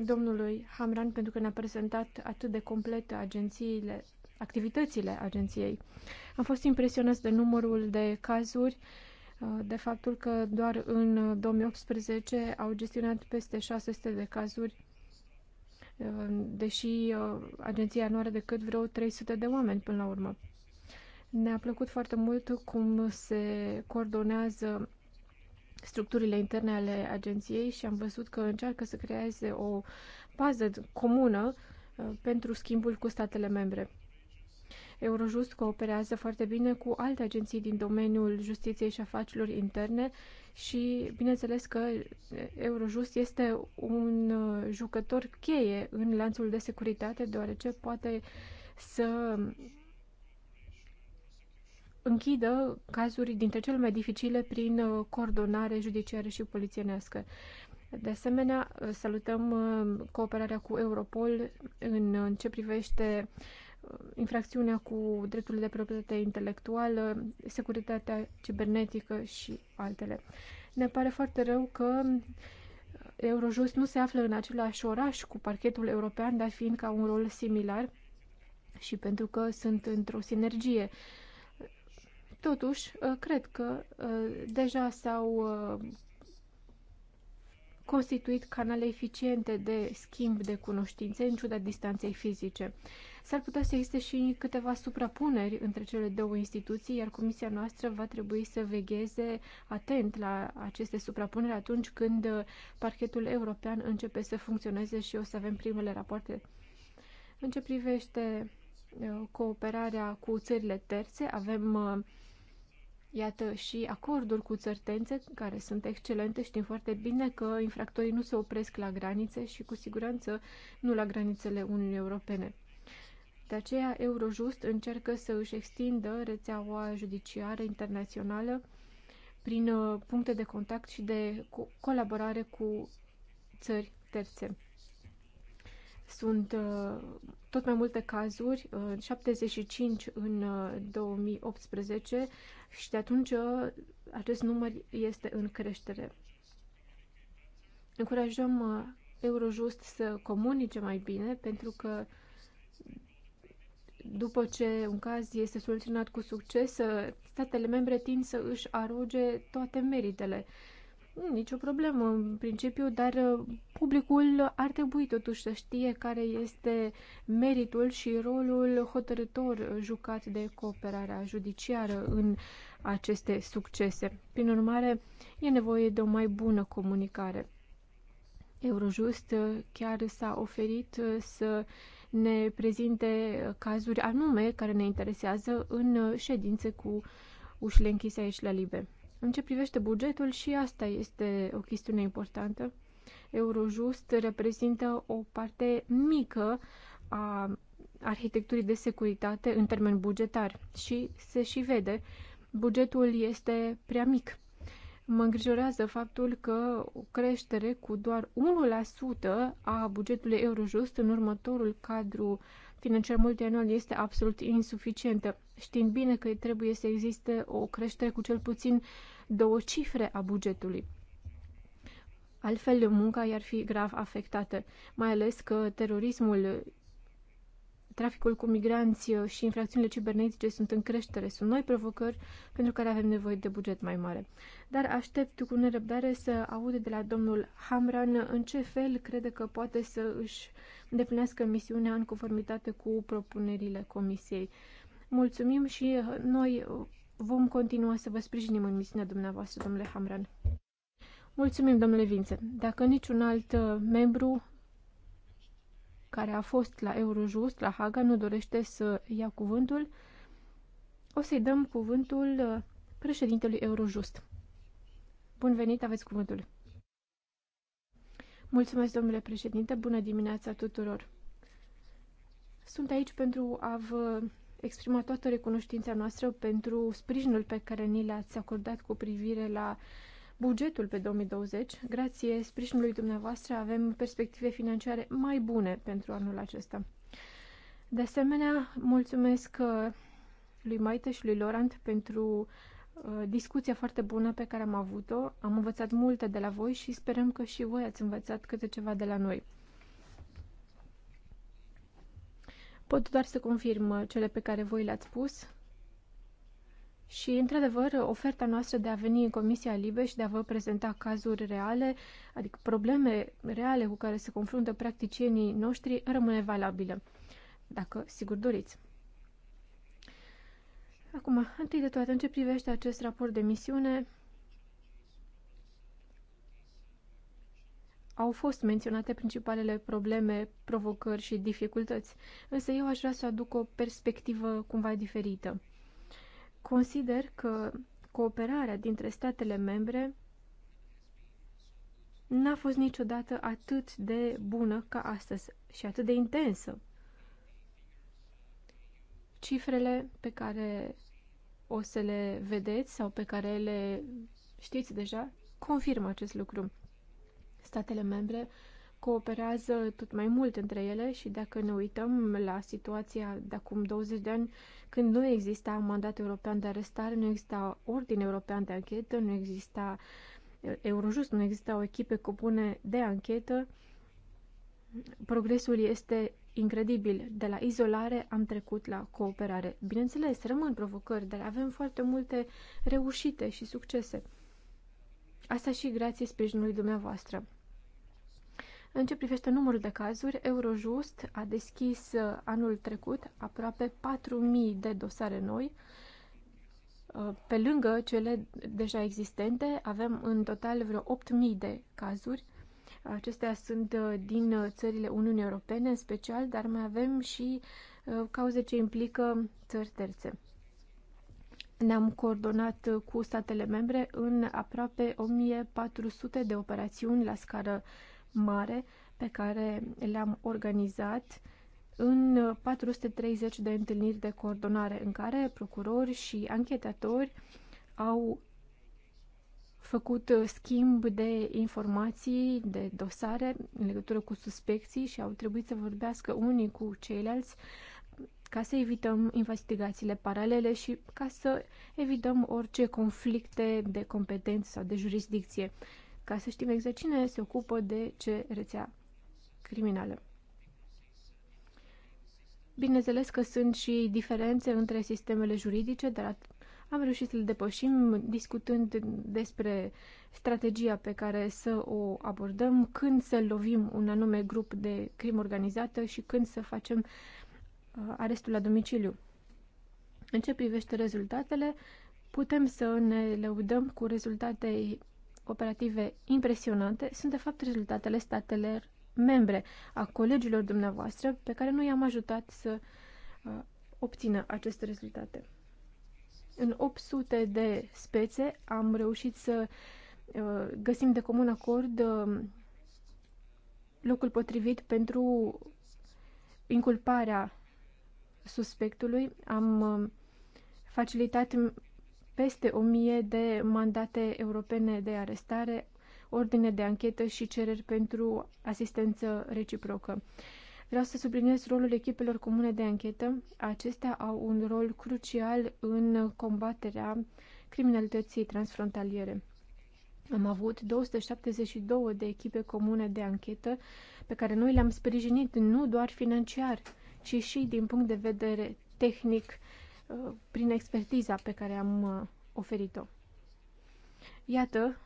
domnului Hamran pentru că ne-a prezentat atât de complet agențiile, activitățile agenției. Am fost impresionat de numărul de cazuri, uh, de faptul că doar în 2018 au gestionat peste 600 de cazuri, uh, deși uh, agenția nu are decât vreo 300 de oameni până la urmă. Ne-a plăcut foarte mult cum se coordonează structurile interne ale agenției și am văzut că încearcă să creeze o bază comună uh, pentru schimbul cu statele membre. Eurojust cooperează foarte bine cu alte agenții din domeniul justiției și afacerilor interne și bineînțeles că uh, Eurojust este un uh, jucător cheie în lanțul de securitate, deoarece poate să închidă cazuri dintre cele mai dificile prin uh, coordonare judiciară și polițienească. De asemenea, uh, salutăm uh, cooperarea cu Europol în ce privește infracțiunea cu drepturile de proprietate intelectuală, securitatea cibernetică și altele. Ne pare foarte rău că Eurojust nu se află în același oraș cu parchetul european, dar fiind ca un rol similar și pentru că sunt într-o sinergie. Uh, Totuși, uh, cred că uh, deja s-au uh, constituit canale eficiente de schimb de cunoștințe, în ciuda distanței fizice. S-ar putea să existe și câteva suprapuneri între cele două instituții, iar comisia noastră va trebui să vegheze atent la aceste suprapuneri atunci când parchetul european începe să funcționeze și o să avem primele rapoarte. În ce privește cooperarea cu țările terțe, avem Iată și acorduri cu țărtențe care sunt excelente. Știm foarte bine că infractorii nu se opresc la granițe și cu siguranță nu la granițele Uniunii Europene. De aceea, Eurojust încercă să își extindă rețeaua judiciară internațională prin uh, puncte de contact și de colaborare cu țări terțe. Sunt uh, tot mai multe cazuri, 75 uh, în 2018 uh, și de atunci acest număr este în creștere. Încurajăm Eurojust să comunice mai bine pentru că după ce un caz este soluționat cu succes, statele membre tind să își aroge toate meritele. Nicio problemă, în principiu, dar uh, publicul ar trebui totuși să știe care este meritul și rolul hotărător jucat de cooperarea judiciară în aceste succese. Prin urmare, e nevoie de o mai bună comunicare. Eurojust uh, chiar s-a oferit uh, să ne prezinte cazuri anume care ne interesează în ședințe cu ușile închise aici la Libe. În ce privește bugetul, și asta este o chestiune importantă. Eurojust reprezintă o parte mică a arhitecturii de securitate în termen bugetar și se și vede. Bugetul este prea mic. Mă îngrijorează faptul că o creștere cu doar 1% a bugetului Eurojust în următorul cadru uh, financiar multianual este absolut insuficientă, știind bine că trebuie să existe o creștere cu cel puțin două cifre a bugetului. Altfel, munca i-ar fi grav afectată, mai ales că terorismul, traficul cu migranți și infracțiunile cibernetice sunt în creștere. Sunt noi provocări pentru care avem nevoie de buget mai mare. Dar aștept cu nerăbdare să aud de la domnul Hamran în ce fel crede că poate să își îndeplinească misiunea în conformitate cu propunerile Comisiei. Mulțumim și uh, noi uh, vom continua să vă sprijinim în misiunea dumneavoastră, domnule Hamran. Mulțumim, domnule Vințe. Dacă niciun alt uh, membru care a fost la Eurojust, la Haga, nu dorește să ia cuvântul, o să-i dăm cuvântul președintelui Eurojust. Bun venit, aveți cuvântul. Mulțumesc, domnule președinte, bună dimineața tuturor! Sunt aici pentru a vă exprima toată recunoștința noastră pentru sprijinul pe care ni l-ați acordat cu privire la bugetul pe 2020. Grație sprijinului dumneavoastră avem perspective financiare mai bune pentru anul acesta. De asemenea, mulțumesc uh, lui Maite și lui Laurent pentru uh, Uh, discuția foarte bună pe care am avut-o. Am învățat multe de la voi și sperăm că și voi ați învățat câte ceva de la noi. Pot doar să confirm uh, cele pe care voi le-ați spus. Și, într-adevăr, oferta noastră de a veni în Comisia Libe și de a vă prezenta cazuri reale, adică probleme reale cu care se confruntă practicienii noștri, rămâne valabilă, dacă sigur doriți. Acum, întâi de toate, în ce privește acest raport de misiune, au fost menționate principalele probleme, provocări și dificultăți, însă eu aș vrea să aduc o perspectivă cumva diferită. Consider că cooperarea dintre statele membre n-a fost niciodată atât de bună ca astăzi și atât de intensă. Cifrele pe care o să le vedeți sau pe care le știți deja, confirmă acest lucru. Statele membre cooperează tot mai mult între ele și dacă ne uităm la situația de acum 20 de ani, când nu exista mandat european de arestare, nu exista ordine european de anchetă, nu exista Eurojust, nu exista o echipe comune de anchetă, progresul este incredibil. De la izolare am trecut la cooperare. Bineînțeles, rămân provocări, dar avem foarte multe reușite și succese. Asta și grație sprijinului dumneavoastră. În ce privește numărul de cazuri, Eurojust a deschis uh, anul trecut aproape 4.000 de dosare noi. Uh, pe lângă cele deja existente, avem în total vreo 8.000 de cazuri Acestea sunt uh, din uh, țările Uniunii Europene în special, dar mai avem și uh, cauze ce implică țări terțe. Ne-am coordonat cu statele membre în aproape 1400 de operațiuni la scară mare pe care le-am organizat în 430 de întâlniri de coordonare în care procurori și anchetatori au făcut uh, schimb de informații, de dosare în legătură cu suspecții și au trebuit să vorbească unii cu ceilalți ca să evităm investigațiile paralele și ca să evităm orice conflicte de competență sau de jurisdicție, ca să știm exact cine se ocupă de ce rețea criminală. Bineînțeles că sunt și diferențe între sistemele juridice, dar am reușit să-l depășim discutând despre strategia pe care să o abordăm, când să lovim un anume grup de crimă organizată și când să facem uh, arestul la domiciliu. În ce privește rezultatele, putem să ne lăudăm cu rezultate operative impresionante sunt de fapt rezultatele statelor membre a colegilor dumneavoastră pe care noi i-am ajutat să uh, obțină aceste rezultate. În 800 de spețe am reușit să uh, găsim de comun acord uh, locul potrivit pentru inculparea suspectului. Am uh, facilitat peste 1000 de mandate europene de arestare, ordine de anchetă și cereri pentru asistență reciprocă. Vreau să subliniez rolul echipelor comune de anchetă. Acestea au un rol crucial în combaterea criminalității transfrontaliere. Am avut 272 de echipe comune de anchetă pe care noi le-am sprijinit nu doar financiar, ci și din punct de vedere tehnic, uh, prin expertiza pe care am uh, oferit-o. Iată,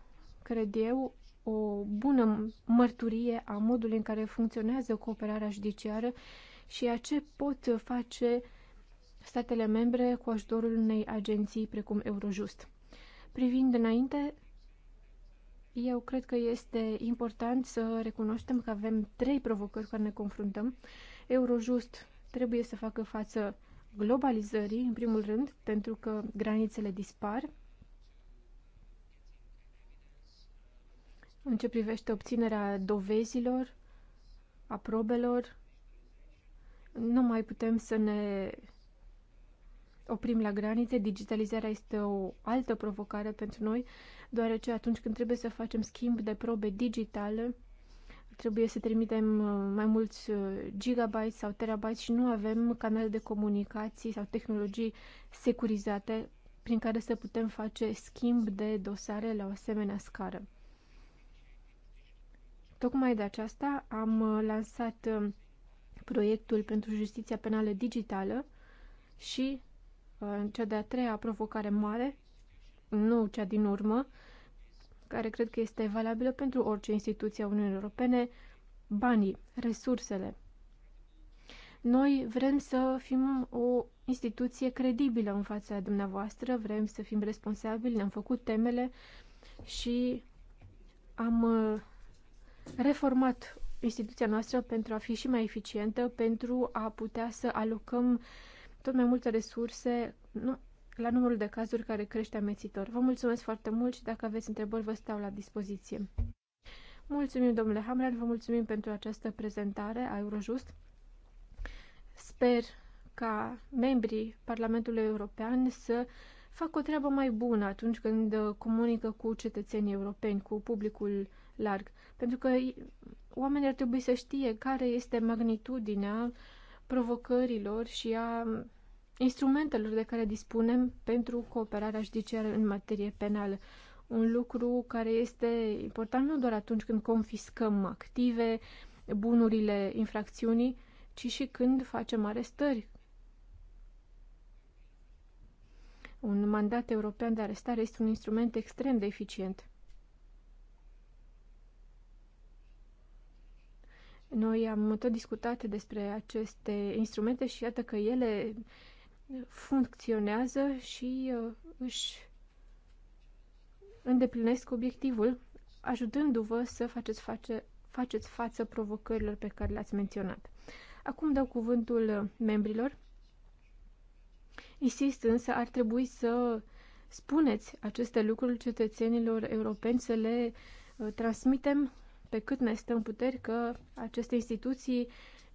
cred eu, o bună mărturie a modului în care funcționează cooperarea judiciară și a ce pot face statele membre cu ajutorul unei agenții precum Eurojust. Privind înainte, eu cred că este important să recunoaștem că avem trei provocări cu care ne confruntăm. Eurojust trebuie să facă față globalizării, în primul rând, pentru că granițele dispar. în ce privește obținerea dovezilor, a probelor, nu mai putem să ne oprim la granițe. Digitalizarea este o altă provocare pentru noi, deoarece atunci când trebuie să facem schimb de probe digitale, trebuie să trimitem uh, mai mulți uh, gigabytes sau terabytes și nu avem canale de comunicații sau tehnologii securizate prin care să putem face schimb de dosare la o asemenea scară. Tocmai de aceasta am uh, lansat uh, proiectul pentru justiția penală digitală și uh, cea de-a treia provocare mare, nu cea din urmă, care cred că este valabilă pentru orice instituție a Uniunii Europene, banii, resursele. Noi vrem să fim o instituție credibilă în fața dumneavoastră, vrem să fim responsabili, ne-am făcut temele și am reformat instituția noastră pentru a fi și mai eficientă, pentru a putea să alocăm tot mai multe resurse nu, la numărul de cazuri care crește amețitor. Vă mulțumesc foarte mult și dacă aveți întrebări, vă stau la dispoziție. Mulțumim, domnule Hamran, vă mulțumim pentru această prezentare a Eurojust. Sper ca membrii Parlamentului European să facă o treabă mai bună atunci când comunică cu cetățenii europeni, cu publicul larg. Pentru că oamenii ar trebui să știe care este magnitudinea provocărilor și a instrumentelor de care dispunem pentru cooperarea judiciară în materie penală. Un lucru care este important nu doar atunci când confiscăm active, bunurile infracțiunii, ci și când facem arestări. Un mandat european de arestare este un instrument extrem de eficient. Noi am tot discutat despre aceste instrumente și iată că ele funcționează și uh, își îndeplinesc obiectivul, ajutându-vă să faceți, face, faceți față provocărilor pe care le-ați menționat. Acum dau cuvântul membrilor. Insist însă, ar trebui să spuneți aceste lucruri cetățenilor europeni, să le uh, transmitem pe cât ne stăm în puteri că aceste instituții,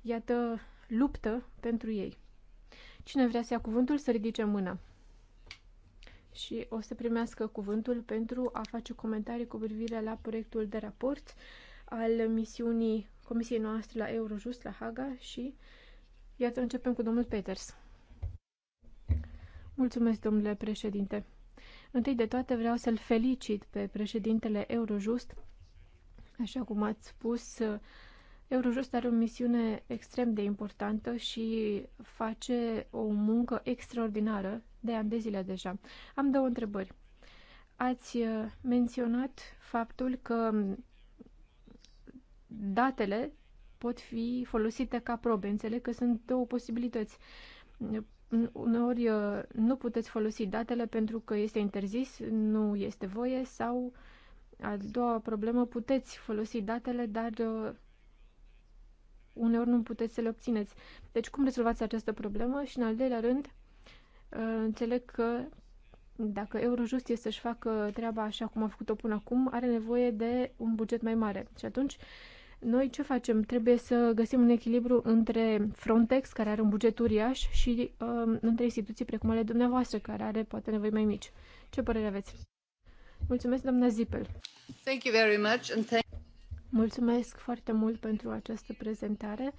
iată, luptă pentru ei. Cine vrea să ia cuvântul, să ridice mâna. Și o să primească cuvântul pentru a face comentarii cu privire la proiectul de raport al misiunii comisiei noastre la Eurojust, la Haga și iată, începem cu domnul Peters. Mulțumesc, domnule președinte. Întâi de toate vreau să-l felicit pe președintele Eurojust Așa cum ați spus, Eurojust are o misiune extrem de importantă și face o muncă extraordinară de ani de zile deja. Am două întrebări. Ați uh, menționat faptul că datele pot fi folosite ca probe. Înțeleg că sunt două posibilități. Uneori uh, nu puteți folosi datele pentru că este interzis, nu este voie sau uh, a doua problemă, puteți folosi datele, dar uh, uneori nu puteți să le obțineți. Deci cum rezolvați această problemă? Și în al doilea rând, uh, înțeleg că dacă Eurojust este să-și facă treaba așa cum a făcut-o până acum, are nevoie de un buget mai mare. Și atunci, noi ce facem? Trebuie să găsim un echilibru între Frontex, care are un buget uriaș, și uh, între instituții precum ale dumneavoastră, care are poate nevoi mai mici. Ce părere aveți? Mulțumesc, doamna Zipel. Thank you very much and thank Mulțumesc foarte mult pentru această prezentare.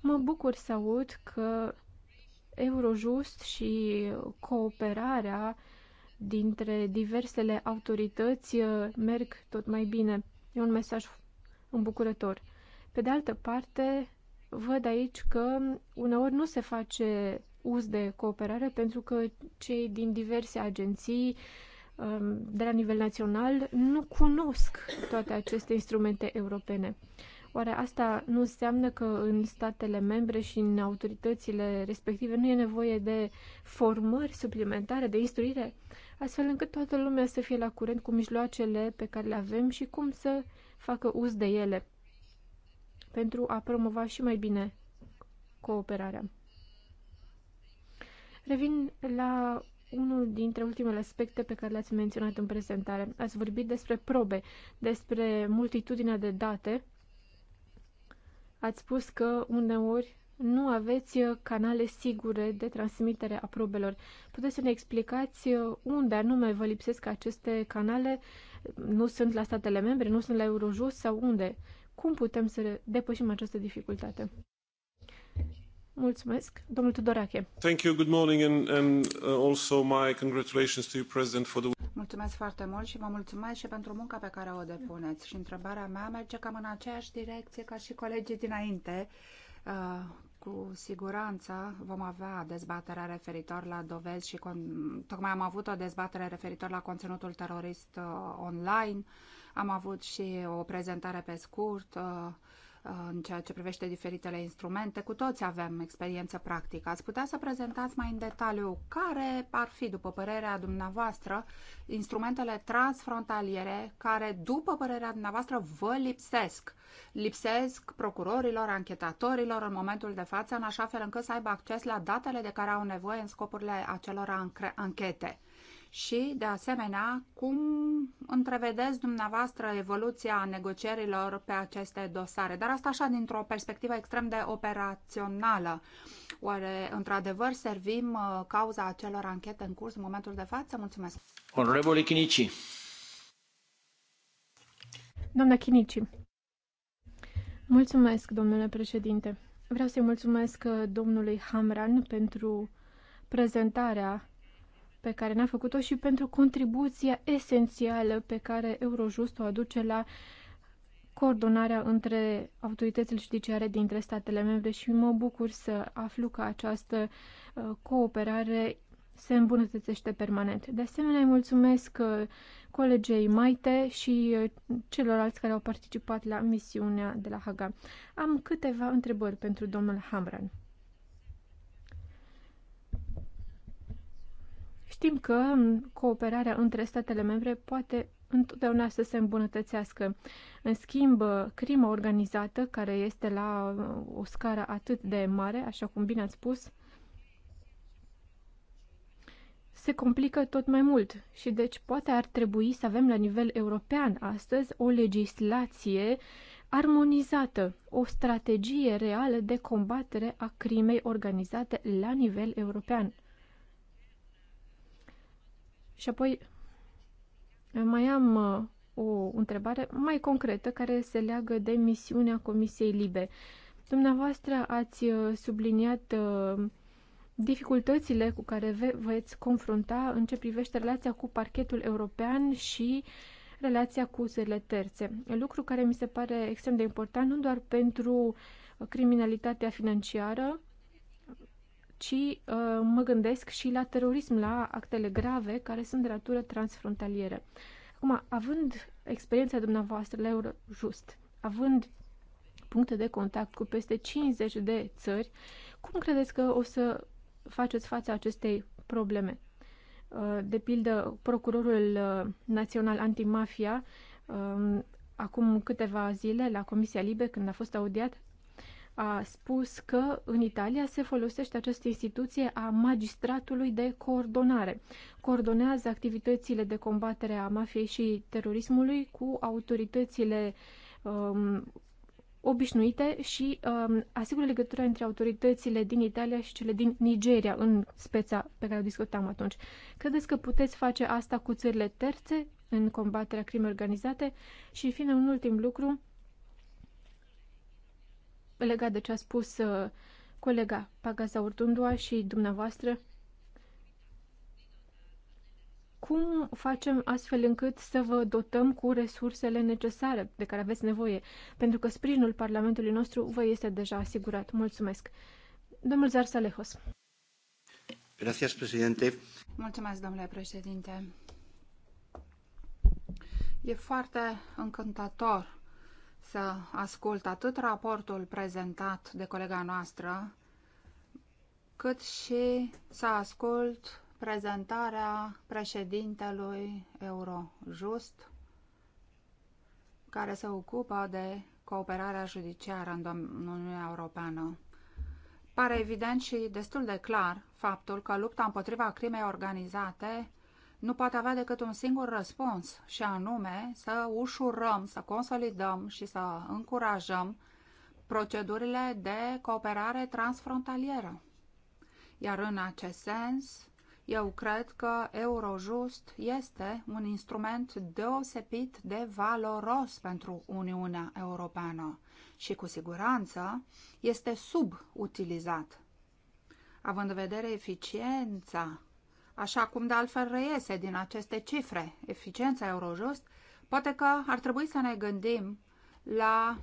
Mă bucur să aud că Eurojust și cooperarea dintre diversele autorități uh, merg tot mai bine. E un mesaj îmbucurător. Pe de altă parte, văd aici că uneori nu se face uz de cooperare pentru că cei din diverse agenții uh, Um, de la nivel național nu cunosc toate aceste instrumente europene. Oare asta nu înseamnă că în statele membre și în autoritățile respective nu e nevoie de formări suplimentare, de instruire, astfel încât toată lumea să fie la curent cu mijloacele pe care le avem și cum să facă uz de ele pentru a promova și mai bine cooperarea. Revin la unul dintre ultimele aspecte pe care le-ați menționat în prezentare. Ați vorbit despre probe, despre multitudinea de date. Ați spus că uneori nu aveți canale sigure de transmitere a probelor. Puteți să ne explicați unde anume vă lipsesc aceste canale? Nu sunt la statele membre, nu sunt la Eurojust sau unde? Cum putem să depășim această dificultate? Mulțumesc, domnul Tudorache. Thank you, good morning and, and uh, also my congratulations to you, President, for the... Mulțumesc foarte mult și vă mulțumesc și pentru munca pe care o depuneți. Și întrebarea mea merge cam în aceeași direcție ca și colegii dinainte. Uh, cu siguranță vom avea dezbaterea referitor la dovezi și con... tocmai am avut o dezbatere referitor la conținutul terorist uh, online. Am avut și o prezentare pe scurt Uh, în ceea ce privește diferitele instrumente. Cu toți avem experiență practică. Ați putea să prezentați mai în detaliu care ar fi, după părerea dumneavoastră, instrumentele transfrontaliere care, după părerea dumneavoastră, vă lipsesc. Lipsesc procurorilor, anchetatorilor în momentul de față, în așa fel încât să aibă acces la datele de care au nevoie în scopurile acelor anchete și, de asemenea, cum întrevedeți dumneavoastră evoluția negocierilor pe aceste dosare. Dar asta așa dintr-o perspectivă extrem de operațională. Oare, într-adevăr, servim uh, cauza acelor anchete în curs în momentul de față? Mulțumesc! Onorevole Chinici. Doamna Chinici. Mulțumesc, domnule președinte. Vreau să-i mulțumesc uh, domnului Hamran pentru prezentarea pe care ne-a făcut-o și pentru contribuția esențială pe care Eurojust o aduce la coordonarea între autoritățile judiciare dintre statele membre și mă bucur să aflu că această uh, cooperare se îmbunătățește permanent. De asemenea, îi mulțumesc uh, colegei Maite și uh, celorlalți care au participat la misiunea de la Haga. Am câteva întrebări pentru domnul Hamran. Știm că cooperarea între statele membre poate întotdeauna să se îmbunătățească. În schimb, crima organizată, care este la o scară atât de mare, așa cum bine ați spus, se complică tot mai mult și deci poate ar trebui să avem la nivel european astăzi o legislație armonizată, o strategie reală de combatere a crimei organizate la nivel european, și apoi mai am uh, o întrebare mai concretă care se leagă de misiunea Comisiei Libe. Dumneavoastră ați uh, subliniat uh, dificultățile cu care veți confrunta în ce privește relația cu parchetul european și relația cu țările terțe. Lucru care mi se pare extrem de important nu doar pentru criminalitatea financiară, ci uh, mă gândesc și la terorism, la actele grave care sunt de natură transfrontalieră. Acum, având experiența dumneavoastră la Eurojust, având puncte de contact cu peste 50 de țări, cum credeți că o să faceți fața acestei probleme? Uh, de pildă, Procurorul uh, Național Antimafia, um, acum câteva zile, la Comisia Libe, când a fost audiat, a spus că în Italia se folosește această instituție a magistratului de coordonare. Coordonează activitățile de combatere a mafiei și terorismului cu autoritățile um, obișnuite și um, asigură legătura între autoritățile din Italia și cele din Nigeria, în speța pe care o discutam atunci. Credeți că puteți face asta cu țările terțe în combaterea crimei organizate? Și, în fine, un ultim lucru, legat de ce a spus uh, colega Pagaza Urtundua și dumneavoastră, cum facem astfel încât să vă dotăm cu resursele necesare de care aveți nevoie? Pentru că sprijinul Parlamentului nostru vă este deja asigurat. Mulțumesc. Domnul Salehos. Gracias, președinte. Mulțumesc, domnule președinte. E foarte încântător să ascult atât raportul prezentat de colega noastră, cât și să ascult prezentarea președintelui Eurojust, care se ocupă de cooperarea judiciară în Uniunea Europeană. Pare evident și destul de clar faptul că lupta împotriva crimei organizate nu poate avea decât un singur răspuns și anume să ușurăm, să consolidăm și să încurajăm procedurile de cooperare transfrontalieră. Iar în acest sens, eu cred că Eurojust este un instrument deosebit de valoros pentru Uniunea Europeană și cu siguranță este subutilizat. Având în vedere eficiența așa cum de altfel reiese din aceste cifre, eficiența Eurojust, poate că ar trebui să ne gândim la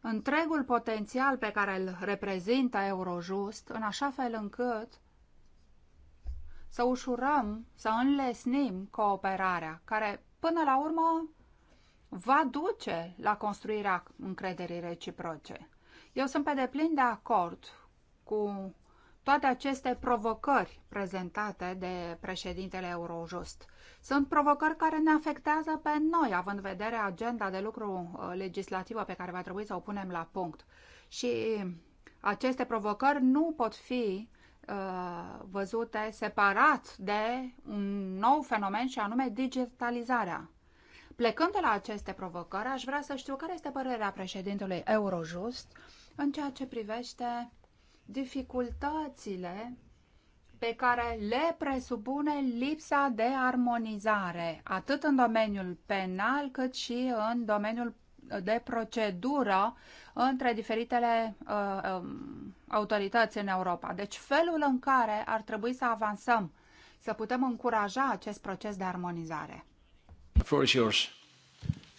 întregul potențial pe care îl reprezintă Eurojust, în așa fel încât să ușurăm, să înlesnim cooperarea, care până la urmă va duce la construirea încrederii reciproce. Eu sunt pe deplin de acord cu toate aceste provocări prezentate de președintele Eurojust sunt provocări care ne afectează pe noi, având în vedere agenda de lucru uh, legislativă pe care va trebui să o punem la punct. Și aceste provocări nu pot fi uh, văzute separat de un nou fenomen și anume digitalizarea. Plecând de la aceste provocări, aș vrea să știu care este părerea președintelui Eurojust în ceea ce privește dificultățile pe care le presupune lipsa de armonizare, atât în domeniul penal cât și în domeniul de procedură între diferitele uh, um, autorități în Europa. Deci felul în care ar trebui să avansăm, să putem încuraja acest proces de armonizare. yours.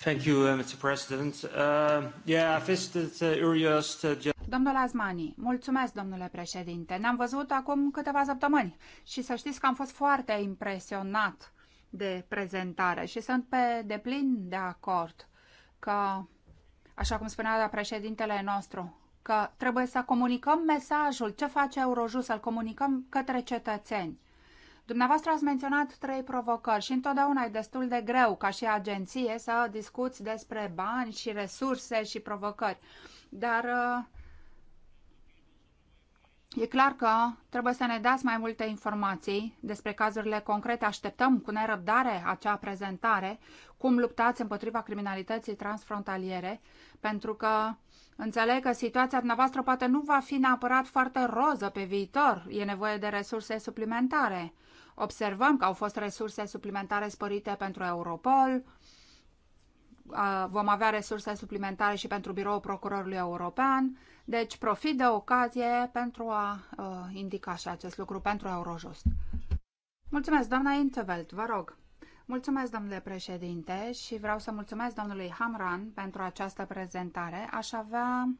Thank you, uh, Mr. President. Uh, yeah, I visited uh, uh, Domnul Azmani, mulțumesc, domnule președinte. Ne-am văzut acum câteva săptămâni și să știți că am fost foarte impresionat de prezentare și sunt pe deplin de acord că, așa cum spunea președintele nostru, că trebuie să comunicăm mesajul, ce face Eurojust, să-l comunicăm către cetățeni. Dumneavoastră ați menționat trei provocări și întotdeauna e destul de greu ca și agenție să discuți despre bani și resurse și provocări. Dar uh, e clar că trebuie să ne dați mai multe informații despre cazurile concrete. Așteptăm cu nerăbdare acea prezentare, cum luptați împotriva criminalității transfrontaliere, pentru că Înțeleg că situația dumneavoastră poate nu va fi neapărat foarte roză pe viitor. E nevoie de resurse suplimentare. Observăm că au fost resurse suplimentare sporite pentru Europol, vom avea resurse suplimentare și pentru Biroul Procurorului European, deci profit de ocazie pentru a indica și acest lucru pentru Eurojust. Mulțumesc, doamna Intevelt, vă rog. Mulțumesc, domnule președinte, și vreau să mulțumesc domnului Hamran pentru această prezentare. Aș avea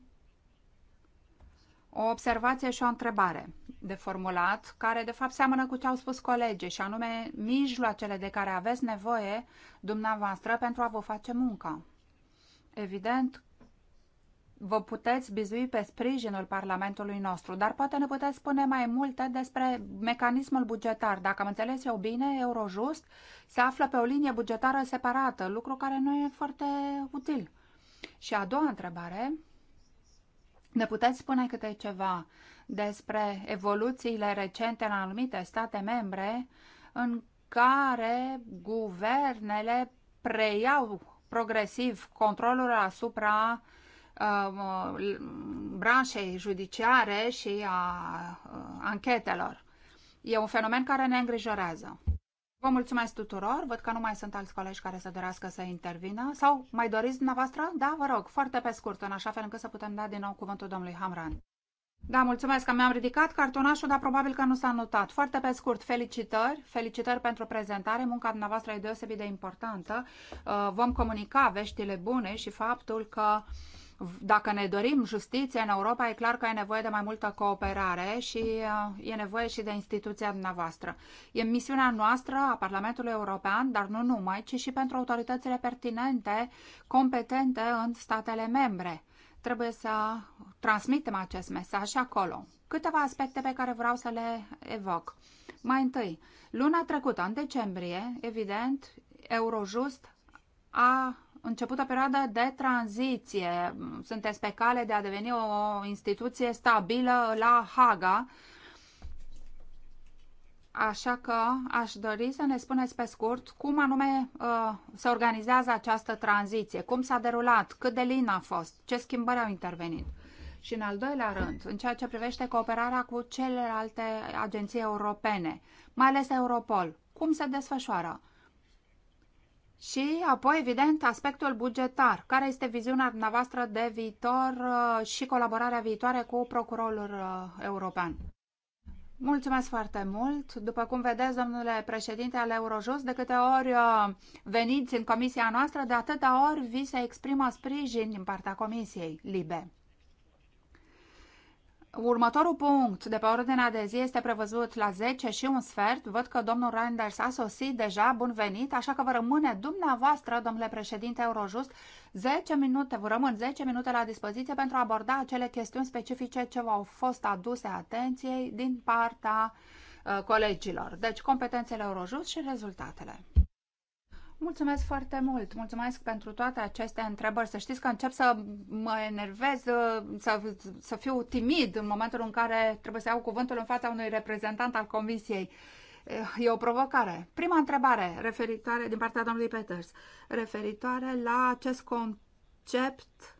o observație și o întrebare de formulat, care de fapt seamănă cu ce au spus colegii, și anume mijloacele de care aveți nevoie dumneavoastră pentru a vă face munca. Evident, vă puteți bizui pe sprijinul Parlamentului nostru, dar poate ne puteți spune mai multe despre mecanismul bugetar. Dacă am înțeles eu bine, Eurojust se află pe o linie bugetară separată, lucru care nu e foarte util. Și a doua întrebare, ne puteți spune câte ceva despre evoluțiile recente în anumite state membre în care guvernele preiau progresiv controlul asupra uh, branșei judiciare și a uh, anchetelor. E un fenomen care ne îngrijorează. Vă mulțumesc tuturor, văd că nu mai sunt alți colegi care să dorească să intervină. Sau mai doriți dumneavoastră? Da, vă rog, foarte pe scurt, în așa fel încât să putem da din nou cuvântul domnului Hamran. Da, mulțumesc că mi-am ridicat cartonașul, dar probabil că nu s-a notat. Foarte pe scurt, felicitări, felicitări pentru prezentare, munca dumneavoastră e deosebit de importantă. Uh, vom comunica veștile bune și faptul că dacă ne dorim justiție în Europa, e clar că e nevoie de mai multă cooperare și uh, e nevoie și de instituția dumneavoastră. E misiunea noastră a Parlamentului European, dar nu numai, ci și pentru autoritățile pertinente, competente în statele membre Trebuie să transmitem acest mesaj acolo. Câteva aspecte pe care vreau să le evoc. Mai întâi, luna trecută, în decembrie, evident, Eurojust a început o perioadă de tranziție. Sunteți pe cale de a deveni o instituție stabilă la Haga Așa că aș dori să ne spuneți pe scurt cum anume uh, se organizează această tranziție, cum s-a derulat, cât de lin a fost, ce schimbări au intervenit. Și în al doilea rând, în ceea ce privește cooperarea cu celelalte agenții europene, mai ales Europol, cum se desfășoară? Și apoi, evident, aspectul bugetar. Care este viziunea dumneavoastră de viitor uh, și colaborarea viitoare cu procurorul uh, european? Mulțumesc foarte mult. După cum vedeți, domnule președinte al Eurojust, de câte ori uh, veniți în comisia noastră, de atâta ori vi se exprimă sprijin din partea comisiei LIBE. Următorul punct de pe ordinea de zi este prevăzut la 10 și un sfert. Văd că domnul Reinders a sosit deja, bun venit, așa că vă rămâne dumneavoastră, domnule președinte Eurojust, 10 minute, vă rămân 10 minute la dispoziție pentru a aborda acele chestiuni specifice ce v-au fost aduse atenției din partea uh, colegilor. Deci competențele Eurojust și rezultatele. Mulțumesc foarte mult! Mulțumesc pentru toate aceste întrebări. Să știți că încep să mă enervez, să, să fiu timid în momentul în care trebuie să iau cuvântul în fața unui reprezentant al Comisiei. E o provocare. Prima întrebare referitoare din partea domnului Peters, referitoare la acest concept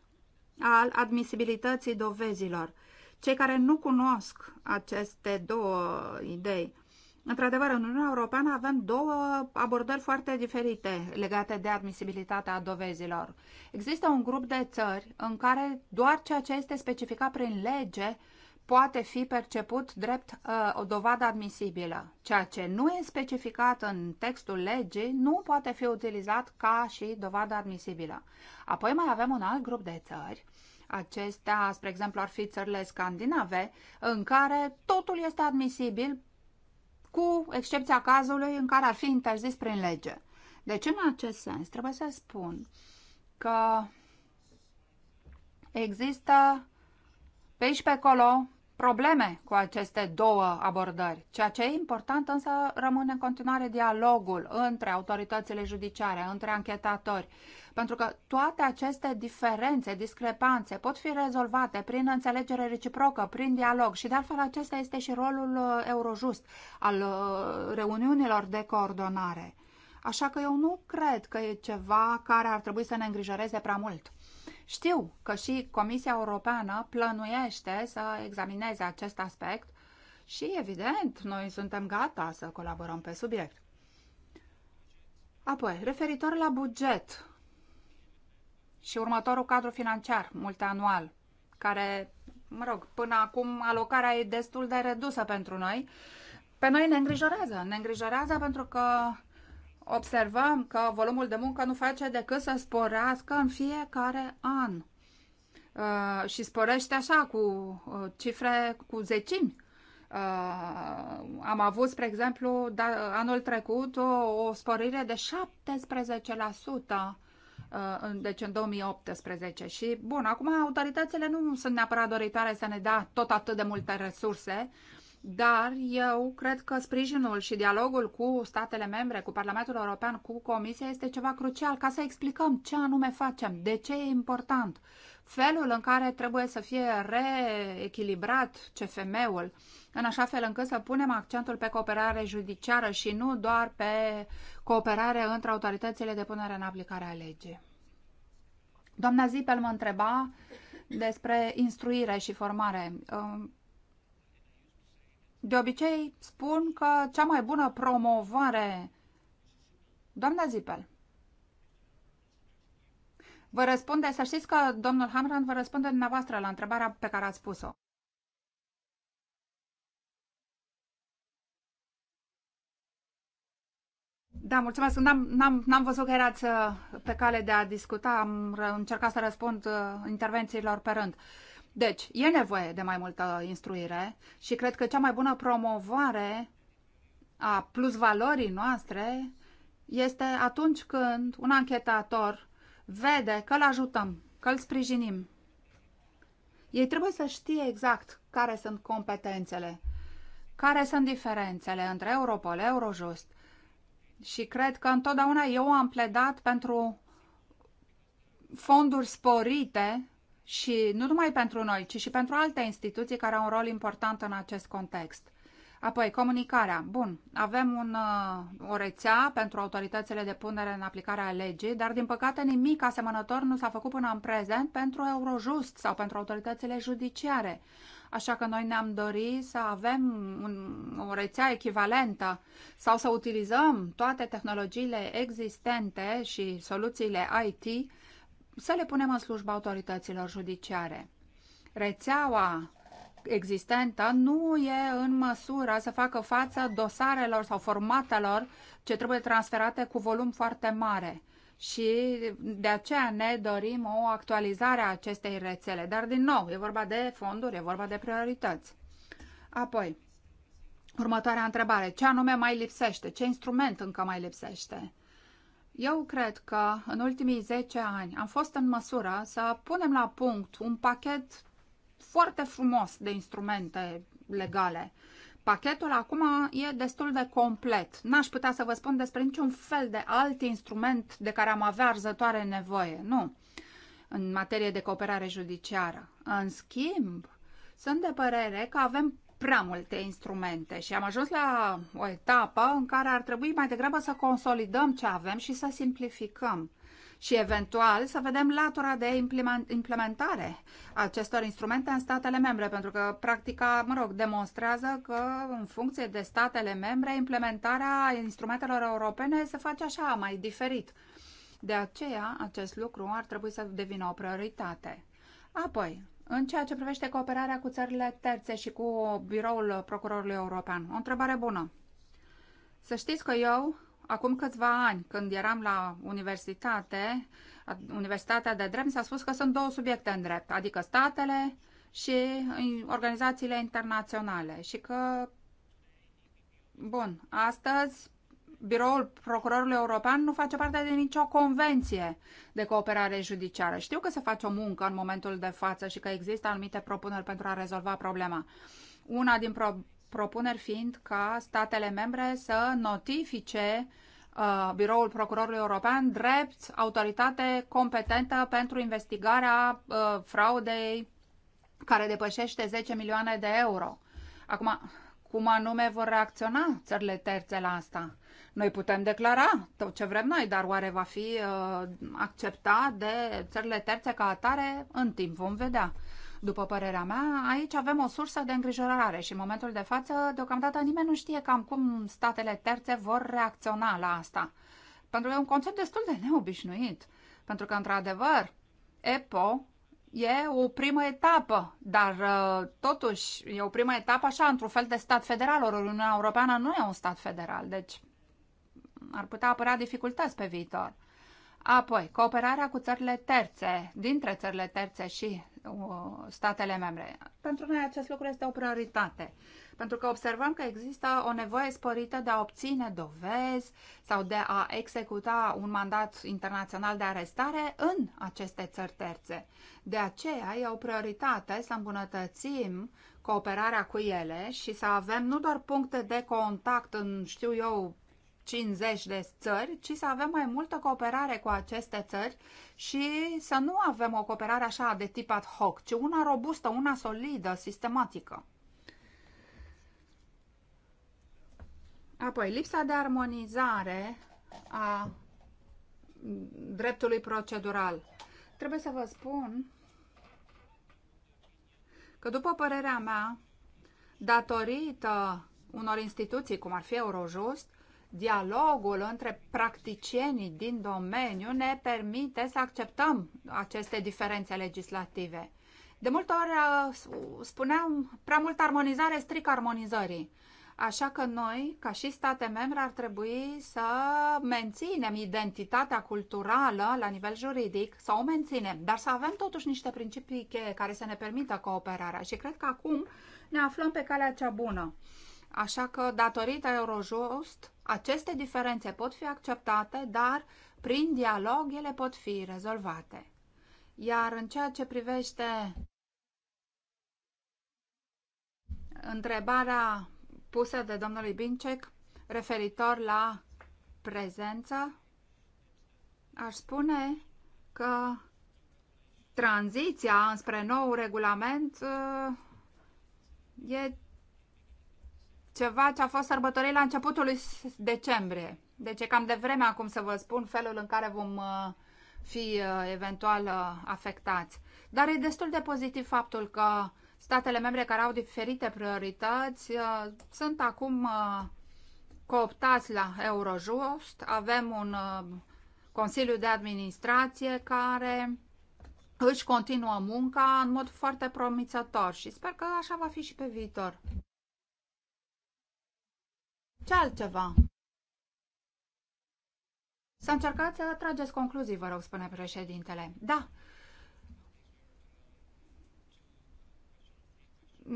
al admisibilității dovezilor. Cei care nu cunosc aceste două idei, Într-adevăr, în Uniunea Europeană avem două abordări foarte diferite legate de admisibilitatea dovezilor. Există un grup de țări în care doar ceea ce este specificat prin lege poate fi perceput drept uh, o dovadă admisibilă. Ceea ce nu e specificat în textul legii nu poate fi utilizat ca și dovadă admisibilă. Apoi mai avem un alt grup de țări Acestea, spre exemplu, ar fi țările scandinave, în care totul este admisibil cu excepția cazului în care ar fi interzis prin lege. Deci, în acest sens, trebuie să spun că există pe aici pe acolo probleme cu aceste două abordări. Ceea ce e important însă rămâne în continuare dialogul între autoritățile judiciare, între anchetatori, pentru că toate aceste diferențe, discrepanțe pot fi rezolvate prin înțelegere reciprocă, prin dialog și de altfel acesta este și rolul uh, Eurojust al uh, reuniunilor de coordonare. Așa că eu nu cred că e ceva care ar trebui să ne îngrijoreze prea mult. Știu că și Comisia Europeană plănuiește să examineze acest aspect și, evident, noi suntem gata să colaborăm pe subiect. Apoi, referitor la buget și următorul cadru financiar multianual, care, mă rog, până acum alocarea e destul de redusă pentru noi, pe noi ne îngrijorează. Ne îngrijorează pentru că observăm că volumul de muncă nu face decât să sporească în fiecare an. Uh, și sporește așa cu uh, cifre cu zecimi. Uh, am avut, spre exemplu, da, anul trecut o, o sporire de 17% uh, deci în 2018. Și, bun, acum autoritățile nu sunt neapărat doritoare să ne dea tot atât de multe resurse, dar eu cred că sprijinul și dialogul cu statele membre, cu Parlamentul European, cu Comisia este ceva crucial ca să explicăm ce anume facem, de ce e important, felul în care trebuie să fie reechilibrat CFM-ul, în așa fel încât să punem accentul pe cooperare judiciară și nu doar pe cooperare între autoritățile de punere în aplicare a legii. Doamna Zipel mă întreba despre instruire și formare. De obicei spun că cea mai bună promovare... Doamna Zipel, vă răspunde, să știți că domnul Hamran vă răspunde dumneavoastră la întrebarea pe care ați pus-o. Da, mulțumesc. N-am, văzut că erați uh, pe cale de a discuta. Am încercat să răspund uh, intervențiilor pe rând. Uh, deci, e nevoie de mai multă instruire și cred că cea mai bună promovare a plus valorii noastre este atunci când un anchetator vede că îl ajutăm, că îl sprijinim. Ei trebuie să știe exact care sunt competențele, care sunt diferențele între Europol, Eurojust. Și cred că întotdeauna eu am pledat pentru fonduri sporite și nu numai pentru noi, ci și pentru alte instituții care au un rol important în acest context. Apoi, comunicarea. Bun, avem un, uh, o rețea pentru autoritățile de punere în aplicare a legii, dar din păcate nimic asemănător nu s-a făcut până în prezent pentru Eurojust sau pentru autoritățile judiciare. Așa că noi ne-am dorit să avem un, o rețea echivalentă sau să utilizăm toate tehnologiile existente și soluțiile IT să le punem în slujba autorităților judiciare. Rețeaua existentă nu e în măsură să facă față dosarelor sau formatelor ce trebuie transferate cu volum foarte mare. Și de aceea ne dorim o actualizare a acestei rețele. Dar, din nou, e vorba de fonduri, e vorba de priorități. Apoi, următoarea întrebare. Ce anume mai lipsește? Ce instrument încă mai lipsește? Eu cred că în ultimii 10 ani am fost în măsură să punem la punct un pachet foarte frumos de instrumente legale. Pachetul acum e destul de complet. N-aș putea să vă spun despre niciun fel de alt instrument de care am avea arzătoare nevoie, nu, în materie de cooperare judiciară. În schimb, sunt de părere că avem prea multe instrumente și am ajuns la o etapă în care ar trebui mai degrabă să consolidăm ce avem și să simplificăm și eventual să vedem latura de implementare acestor instrumente în statele membre, pentru că practica, mă rog, demonstrează că în funcție de statele membre, implementarea instrumentelor europene se face așa, mai diferit. De aceea, acest lucru ar trebui să devină o prioritate. Apoi, în ceea ce privește cooperarea cu țările terțe și cu biroul procurorului european, o întrebare bună. Să știți că eu, acum câțiva ani, când eram la universitate, Universitatea de Drept, s-a spus că sunt două subiecte în drept, adică statele și organizațiile internaționale și că Bun, astăzi biroul procurorului european nu face parte de nicio convenție de cooperare judiciară. Știu că se face o muncă în momentul de față și că există anumite propuneri pentru a rezolva problema. Una din pro- propuneri fiind ca statele membre să notifice uh, biroul procurorului european drept autoritate competentă pentru investigarea uh, fraudei care depășește 10 milioane de euro. Acum, cum anume vor reacționa țările terțe la asta? Noi putem declara tot ce vrem noi, dar oare va fi uh, acceptat de țările terțe ca atare? În timp vom vedea. După părerea mea, aici avem o sursă de îngrijorare și în momentul de față, deocamdată nimeni nu știe cam cum statele terțe vor reacționa la asta. Pentru că e un concept destul de neobișnuit. Pentru că, într-adevăr, EPO e o primă etapă, dar uh, totuși e o primă etapă așa, într-un fel de stat federal, ori Uniunea Europeană nu e un stat federal. Deci ar putea apărea dificultăți pe viitor. Apoi, cooperarea cu țările terțe, dintre țările terțe și uh, statele membre. Pentru noi acest lucru este o prioritate, pentru că observăm că există o nevoie sporită de a obține dovezi sau de a executa un mandat internațional de arestare în aceste țări terțe. De aceea e o prioritate să îmbunătățim cooperarea cu ele și să avem nu doar puncte de contact în, știu eu, 50 de țări, ci să avem mai multă cooperare cu aceste țări și să nu avem o cooperare așa de tip ad hoc, ci una robustă, una solidă, sistematică. Apoi, lipsa de armonizare a dreptului procedural. Trebuie să vă spun că, după părerea mea, datorită unor instituții, cum ar fi Eurojust, dialogul între practicienii din domeniu ne permite să acceptăm aceste diferențe legislative. De multe ori uh, spuneam prea multă armonizare stric armonizării. Așa că noi, ca și state membre, ar trebui să menținem identitatea culturală la nivel juridic, să o menținem, dar să avem totuși niște principii cheie care să ne permită cooperarea. Și cred că acum ne aflăm pe calea cea bună. Așa că, datorită Eurojust, aceste diferențe pot fi acceptate, dar prin dialog ele pot fi rezolvate. Iar în ceea ce privește întrebarea pusă de domnului Bincec referitor la prezență, aș spune că tranziția spre nou regulament uh, e ceva ce a fost sărbătorit la începutul lui decembrie. Deci e cam de vreme acum să vă spun felul în care vom uh, fi uh, eventual uh, afectați. Dar e destul de pozitiv faptul că statele membre care au diferite priorități sunt acum cooptați la Eurojust. Avem un Consiliu de Administrație care își continuă munca în mod foarte promițător și sper că așa va fi și pe viitor. Ce altceva? Să încercați să trageți concluzii, vă rog, spune președintele. Da.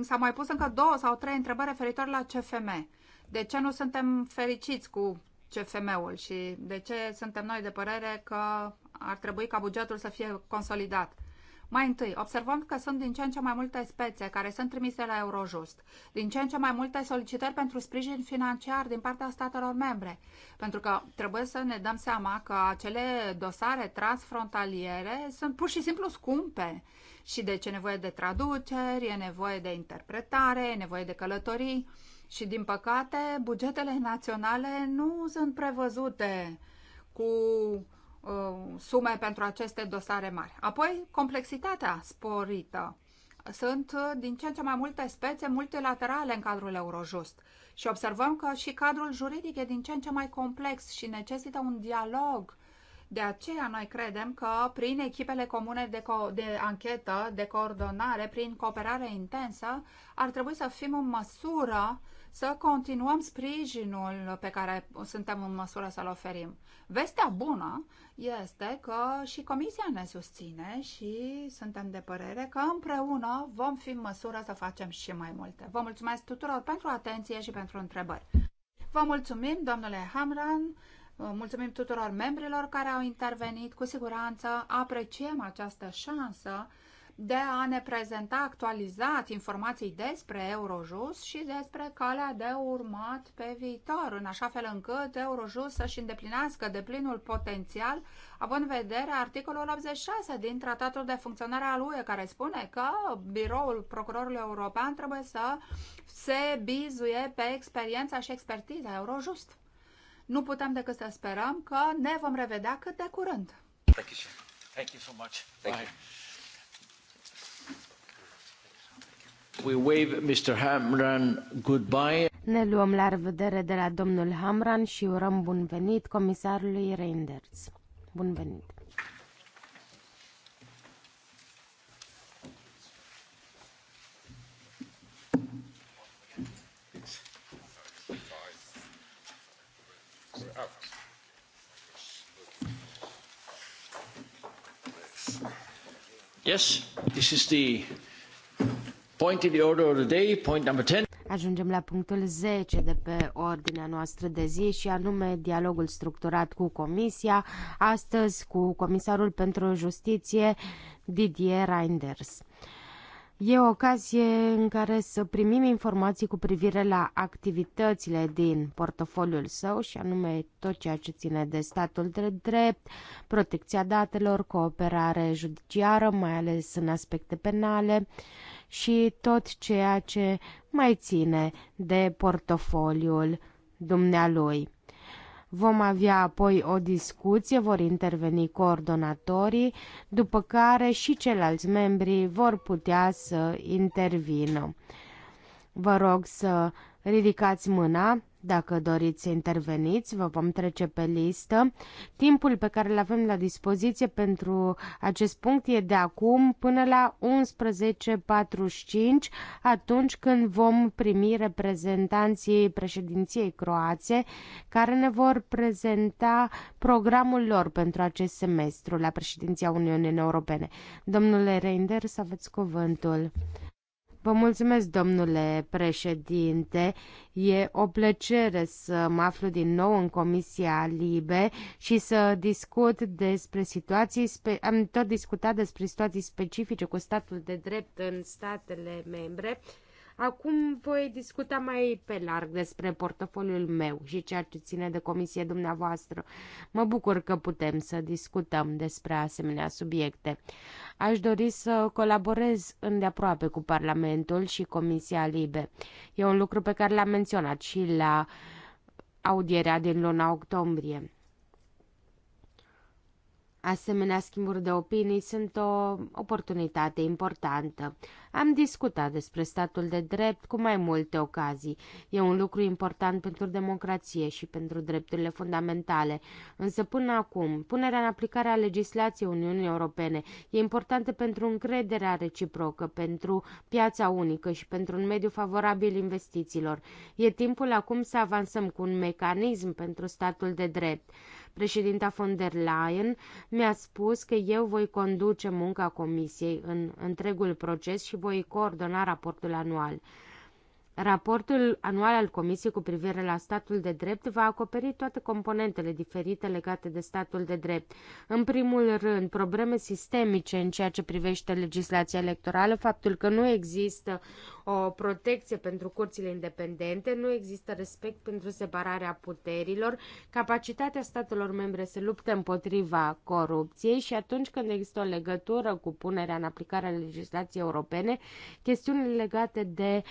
S-au mai pus încă două sau trei întrebări referitor la CFM. De ce nu suntem fericiți cu CFM-ul și de ce suntem noi de părere că ar trebui ca bugetul să fie consolidat? Mai întâi, observăm că sunt din ce în ce mai multe spețe care sunt trimise la Eurojust, din ce în ce mai multe solicitări pentru sprijin financiar din partea statelor membre, pentru că trebuie să ne dăm seama că acele dosare transfrontaliere sunt pur și simplu scumpe și deci e nevoie de traduceri, e nevoie de interpretare, e nevoie de călătorii și din păcate bugetele naționale nu sunt prevăzute cu Uh, sume pentru aceste dosare mari. Apoi, complexitatea sporită. Sunt uh, din ce în ce mai multe spețe multilaterale în cadrul Eurojust și observăm că și cadrul juridic e din ce în ce mai complex și necesită un dialog. De aceea noi credem că prin echipele comune de, co- de anchetă, de coordonare, prin cooperare intensă, ar trebui să fim în măsură uh, să continuăm sprijinul pe care suntem în măsură să-l oferim. Vestea bună este că și Comisia ne susține și suntem de părere că împreună vom fi în măsură să facem și mai multe. Vă mulțumesc tuturor pentru atenție și pentru întrebări. Vă mulțumim, domnule Hamran, mulțumim tuturor membrilor care au intervenit. Cu siguranță apreciem această șansă de a ne prezenta actualizat informații despre Eurojust și despre calea de urmat pe viitor, în așa fel încât Eurojust să-și îndeplinească deplinul potențial, având în vedere articolul 86 din Tratatul de Funcționare al UE, care spune că biroul procurorului european trebuie să se bizuie pe experiența și expertiza Eurojust. Nu putem decât să sperăm că ne vom revedea cât de curând. Thank you, Thank you so much. Thank Bye. you. Ne luăm la revedere de la domnul Hamran și urăm bun venit comisarului Reinders. Bun venit! Yes, this is the Ajungem la punctul 10 de pe ordinea noastră de zi și anume dialogul structurat cu Comisia, astăzi cu Comisarul pentru Justiție Didier Reinders. E o ocazie în care să primim informații cu privire la activitățile din portofoliul său și anume tot ceea ce ține de statul de drept, protecția datelor, cooperare judiciară, mai ales în aspecte penale, și tot ceea ce mai ține de portofoliul dumnealui. Vom avea apoi o discuție, vor interveni coordonatorii, după care și ceilalți membri vor putea să intervină. Vă rog să ridicați mâna dacă doriți să interveniți, vă vom trece pe listă. Timpul pe care îl avem la dispoziție pentru acest punct e de acum până la 11.45, atunci când vom primi reprezentanții președinției croațe, care ne vor prezenta programul lor pentru acest semestru la președinția Uniunii Europene. Domnule Reinders, aveți cuvântul. Vă mulțumesc, domnule președinte. E o plăcere să mă aflu din nou în Comisia Libe și să discut despre situații... Spe- Am tot discutat despre situații specifice cu statul de drept în statele membre. Acum voi discuta mai pe larg despre portofoliul meu și ceea ce ține de comisie dumneavoastră. Mă bucur că putem să discutăm despre asemenea subiecte. Aș dori să colaborez îndeaproape cu Parlamentul și Comisia Libe. E un lucru pe care l-am menționat și la audierea din luna octombrie. Asemenea, schimburi de opinii sunt o oportunitate importantă. Am discutat despre statul de drept cu mai multe ocazii. E un lucru important pentru democrație și pentru drepturile fundamentale. Însă, până acum, punerea în aplicare a legislației Uniunii Europene e importantă pentru încrederea reciprocă, pentru piața unică și pentru un mediu favorabil investițiilor. E timpul acum să avansăm cu un mecanism pentru statul de drept. Președinta von der Leyen mi-a spus că eu voi conduce munca Comisiei în întregul proces și voi coordona raportul anual. Raportul anual al Comisiei cu privire la statul de drept va acoperi toate componentele diferite legate de statul de drept. În primul rând, probleme sistemice în ceea ce privește legislația electorală, faptul că nu există o protecție pentru curțile independente, nu există respect pentru separarea puterilor, capacitatea statelor membre să lupte împotriva corupției și atunci când există o legătură cu punerea în aplicare a legislației europene, chestiunile legate de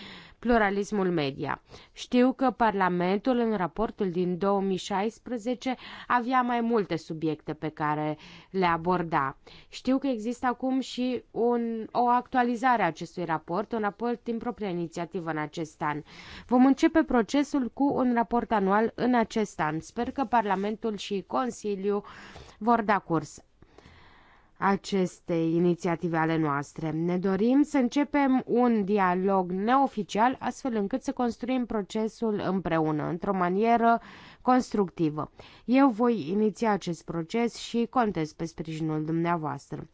pluralismul media. Știu că Parlamentul în raportul din 2016 avea mai multe subiecte pe care le aborda. Știu că există acum și un, o actualizare a acestui raport, un raport din propria inițiativă în acest an. Vom începe procesul cu un raport anual în acest an. Sper că Parlamentul și Consiliul vor da curs acestei inițiative ale noastre. Ne dorim să începem un dialog neoficial astfel încât să construim procesul împreună, într-o manieră constructivă. Eu voi iniția acest proces și contez pe sprijinul dumneavoastră.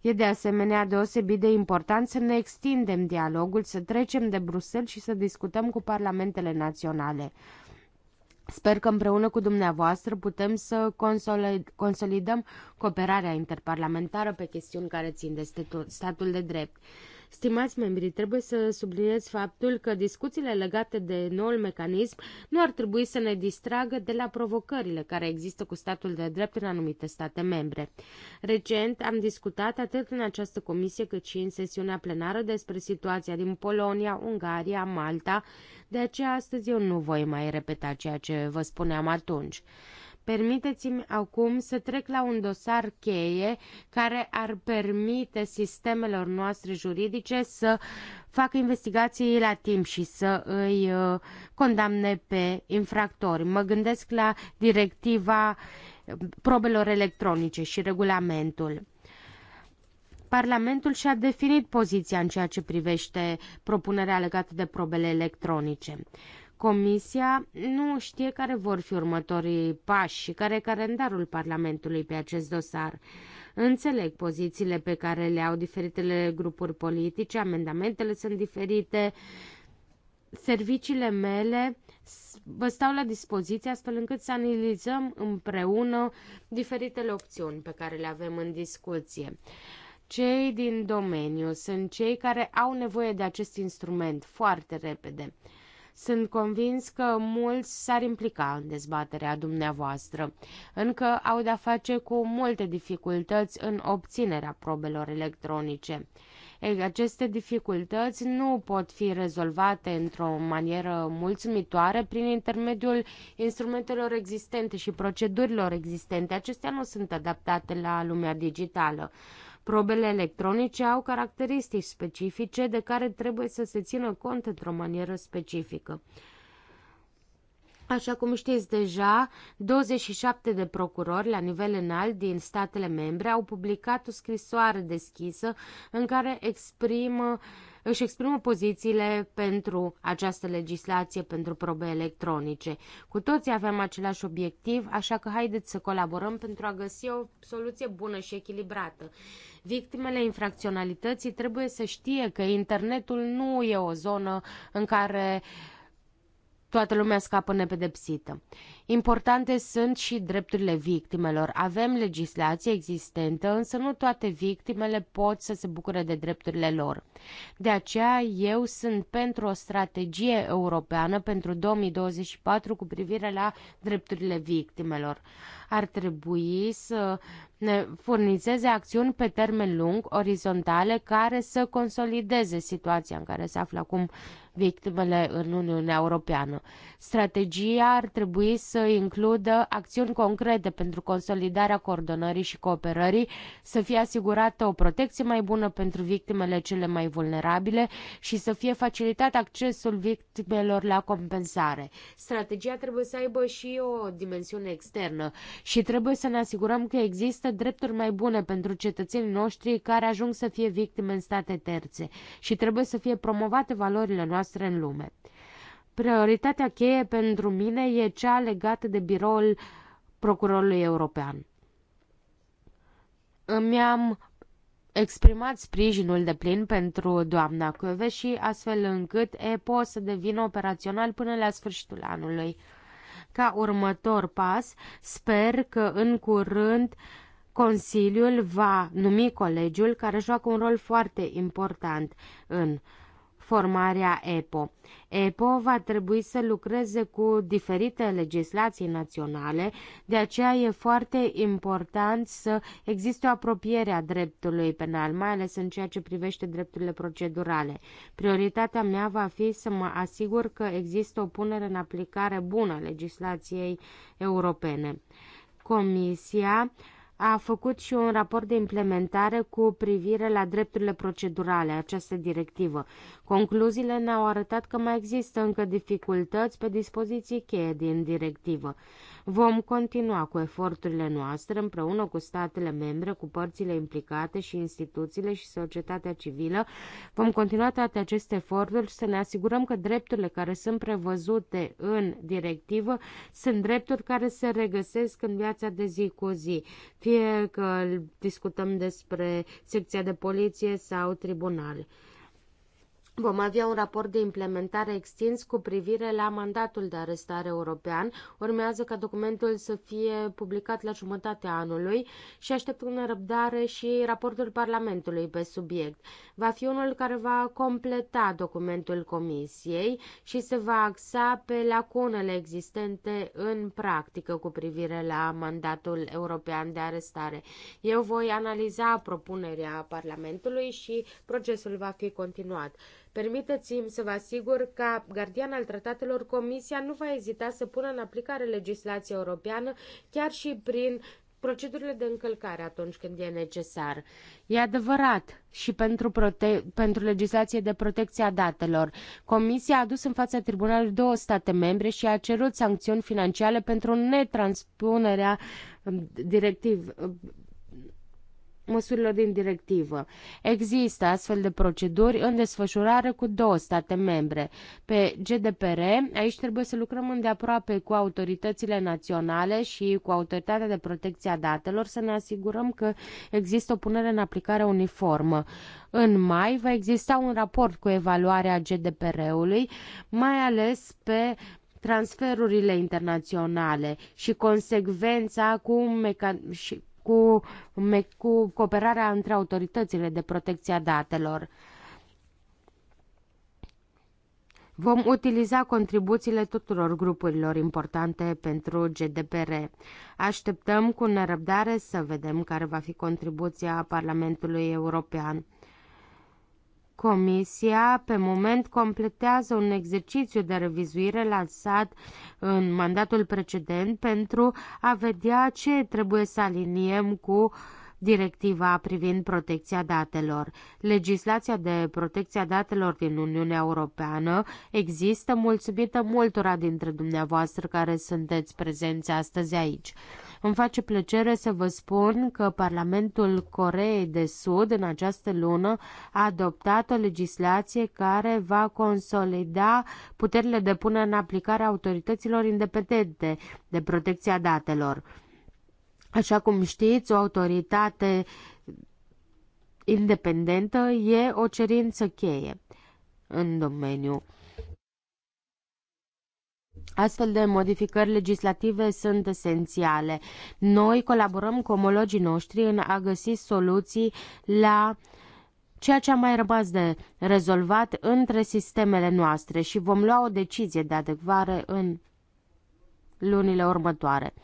E de asemenea deosebit de important să ne extindem dialogul, să trecem de Bruxelles și să discutăm cu parlamentele naționale. Sper că împreună cu dumneavoastră putem să consolidăm cooperarea interparlamentară pe chestiuni care țin de statul de drept. Stimați membrii, trebuie să subliniez faptul că discuțiile legate de noul mecanism nu ar trebui să ne distragă de la provocările care există cu statul de drept în anumite state membre. Recent am discutat atât în această comisie cât și în sesiunea plenară despre situația din Polonia, Ungaria, Malta, de aceea astăzi eu nu voi mai repeta ceea ce vă spuneam atunci. Permiteți-mi acum să trec la un dosar cheie care ar permite sistemelor noastre juridice să facă investigații la timp și să îi uh, condamne pe infractori. Mă gândesc la directiva uh, probelor electronice și regulamentul. Parlamentul și-a definit poziția în ceea ce privește propunerea legată de probele electronice. Comisia nu știe care vor fi următorii pași și care e calendarul Parlamentului pe acest dosar. Înțeleg pozițiile pe care le au diferitele grupuri politice, amendamentele sunt diferite. Serviciile mele vă stau la dispoziție astfel încât să analizăm împreună diferitele opțiuni pe care le avem în discuție cei din domeniu sunt cei care au nevoie de acest instrument foarte repede. Sunt convins că mulți s-ar implica în dezbaterea dumneavoastră. Încă au de-a face cu multe dificultăți în obținerea probelor electronice. aceste dificultăți nu pot fi rezolvate într-o manieră mulțumitoare prin intermediul instrumentelor existente și procedurilor existente. Acestea nu sunt adaptate la lumea digitală. Probele electronice au caracteristici specifice de care trebuie să se țină cont într-o manieră specifică. Așa cum știți deja, 27 de procurori la nivel înalt din statele membre au publicat o scrisoare deschisă în care exprimă, își exprimă pozițiile pentru această legislație pentru probe electronice. Cu toții avem același obiectiv, așa că haideți să colaborăm pentru a găsi o soluție bună și echilibrată. Victimele infracționalității trebuie să știe că internetul nu e o zonă în care toată lumea scapă nepedepsită. Importante sunt și drepturile victimelor. Avem legislație existentă, însă nu toate victimele pot să se bucure de drepturile lor. De aceea eu sunt pentru o strategie europeană pentru 2024 cu privire la drepturile victimelor ar trebui să ne furnizeze acțiuni pe termen lung, orizontale, care să consolideze situația în care se află acum victimele în Uniunea Europeană. Strategia ar trebui să includă acțiuni concrete pentru consolidarea coordonării și cooperării, să fie asigurată o protecție mai bună pentru victimele cele mai vulnerabile și să fie facilitat accesul victimelor la compensare. Strategia trebuie să aibă și o dimensiune externă și trebuie să ne asigurăm că există drepturi mai bune pentru cetățenii noștri care ajung să fie victime în state terțe și trebuie să fie promovate valorile noastre în lume. Prioritatea cheie pentru mine e cea legată de biroul procurorului european. Îmi am exprimat sprijinul de plin pentru doamna Cueve și astfel încât EPO să devină operațional până la sfârșitul anului. Ca următor pas, sper că în curând Consiliul va numi colegiul care joacă un rol foarte important în formarea EPO. EPO va trebui să lucreze cu diferite legislații naționale, de aceea e foarte important să existe o apropiere a dreptului penal, mai ales în ceea ce privește drepturile procedurale. Prioritatea mea va fi să mă asigur că există o punere în aplicare bună a legislației europene. Comisia a făcut și un raport de implementare cu privire la drepturile procedurale, această directivă. Concluziile ne-au arătat că mai există încă dificultăți pe dispoziții cheie din directivă. Vom continua cu eforturile noastre împreună cu statele membre, cu părțile implicate și instituțiile și societatea civilă. Vom continua toate aceste eforturi să ne asigurăm că drepturile care sunt prevăzute în directivă sunt drepturi care se regăsesc în viața de zi cu zi. Fie că discutăm despre secția de poliție sau tribunal. Vom avea un raport de implementare extins cu privire la mandatul de arestare european. Urmează ca documentul să fie publicat la jumătatea anului și aștept cu nerăbdare și raportul Parlamentului pe subiect. Va fi unul care va completa documentul Comisiei și se va axa pe lacunele existente în practică cu privire la mandatul european de arestare. Eu voi analiza propunerea Parlamentului și procesul va fi continuat. Permiteți-mi să vă asigur ca gardian al tratatelor, Comisia nu va ezita să pună în aplicare legislația europeană, chiar și prin procedurile de încălcare atunci când e necesar. E adevărat și pentru, prote- pentru legislație de protecție a datelor. Comisia a adus în fața tribunalului două state membre și a cerut sancțiuni financiare pentru netranspunerea um, directiv um, măsurilor din directivă. Există astfel de proceduri în desfășurare cu două state membre. Pe GDPR, aici trebuie să lucrăm îndeaproape cu autoritățile naționale și cu Autoritatea de Protecție a Datelor să ne asigurăm că există o punere în aplicare uniformă. În mai va exista un raport cu evaluarea GDPR-ului, mai ales pe transferurile internaționale și consecvența cu meca- și cu, cu cooperarea între autoritățile de protecție a datelor. Vom utiliza contribuțiile tuturor grupurilor importante pentru GDPR. Așteptăm cu nerăbdare să vedem care va fi contribuția Parlamentului European. Comisia, pe moment, completează un exercițiu de revizuire lansat în mandatul precedent pentru a vedea ce trebuie să aliniem cu directiva privind protecția datelor. Legislația de protecție a datelor din Uniunea Europeană există mulțumită multora dintre dumneavoastră care sunteți prezenți astăzi aici. Îmi face plăcere să vă spun că Parlamentul Coreei de Sud în această lună a adoptat o legislație care va consolida puterile de pune în aplicare a autorităților independente de protecția datelor. Așa cum știți, o autoritate independentă e o cerință cheie în domeniu. Astfel de modificări legislative sunt esențiale. Noi colaborăm cu omologii noștri în a găsi soluții la ceea ce a mai rămas de rezolvat între sistemele noastre și vom lua o decizie de adecvare în lunile următoare.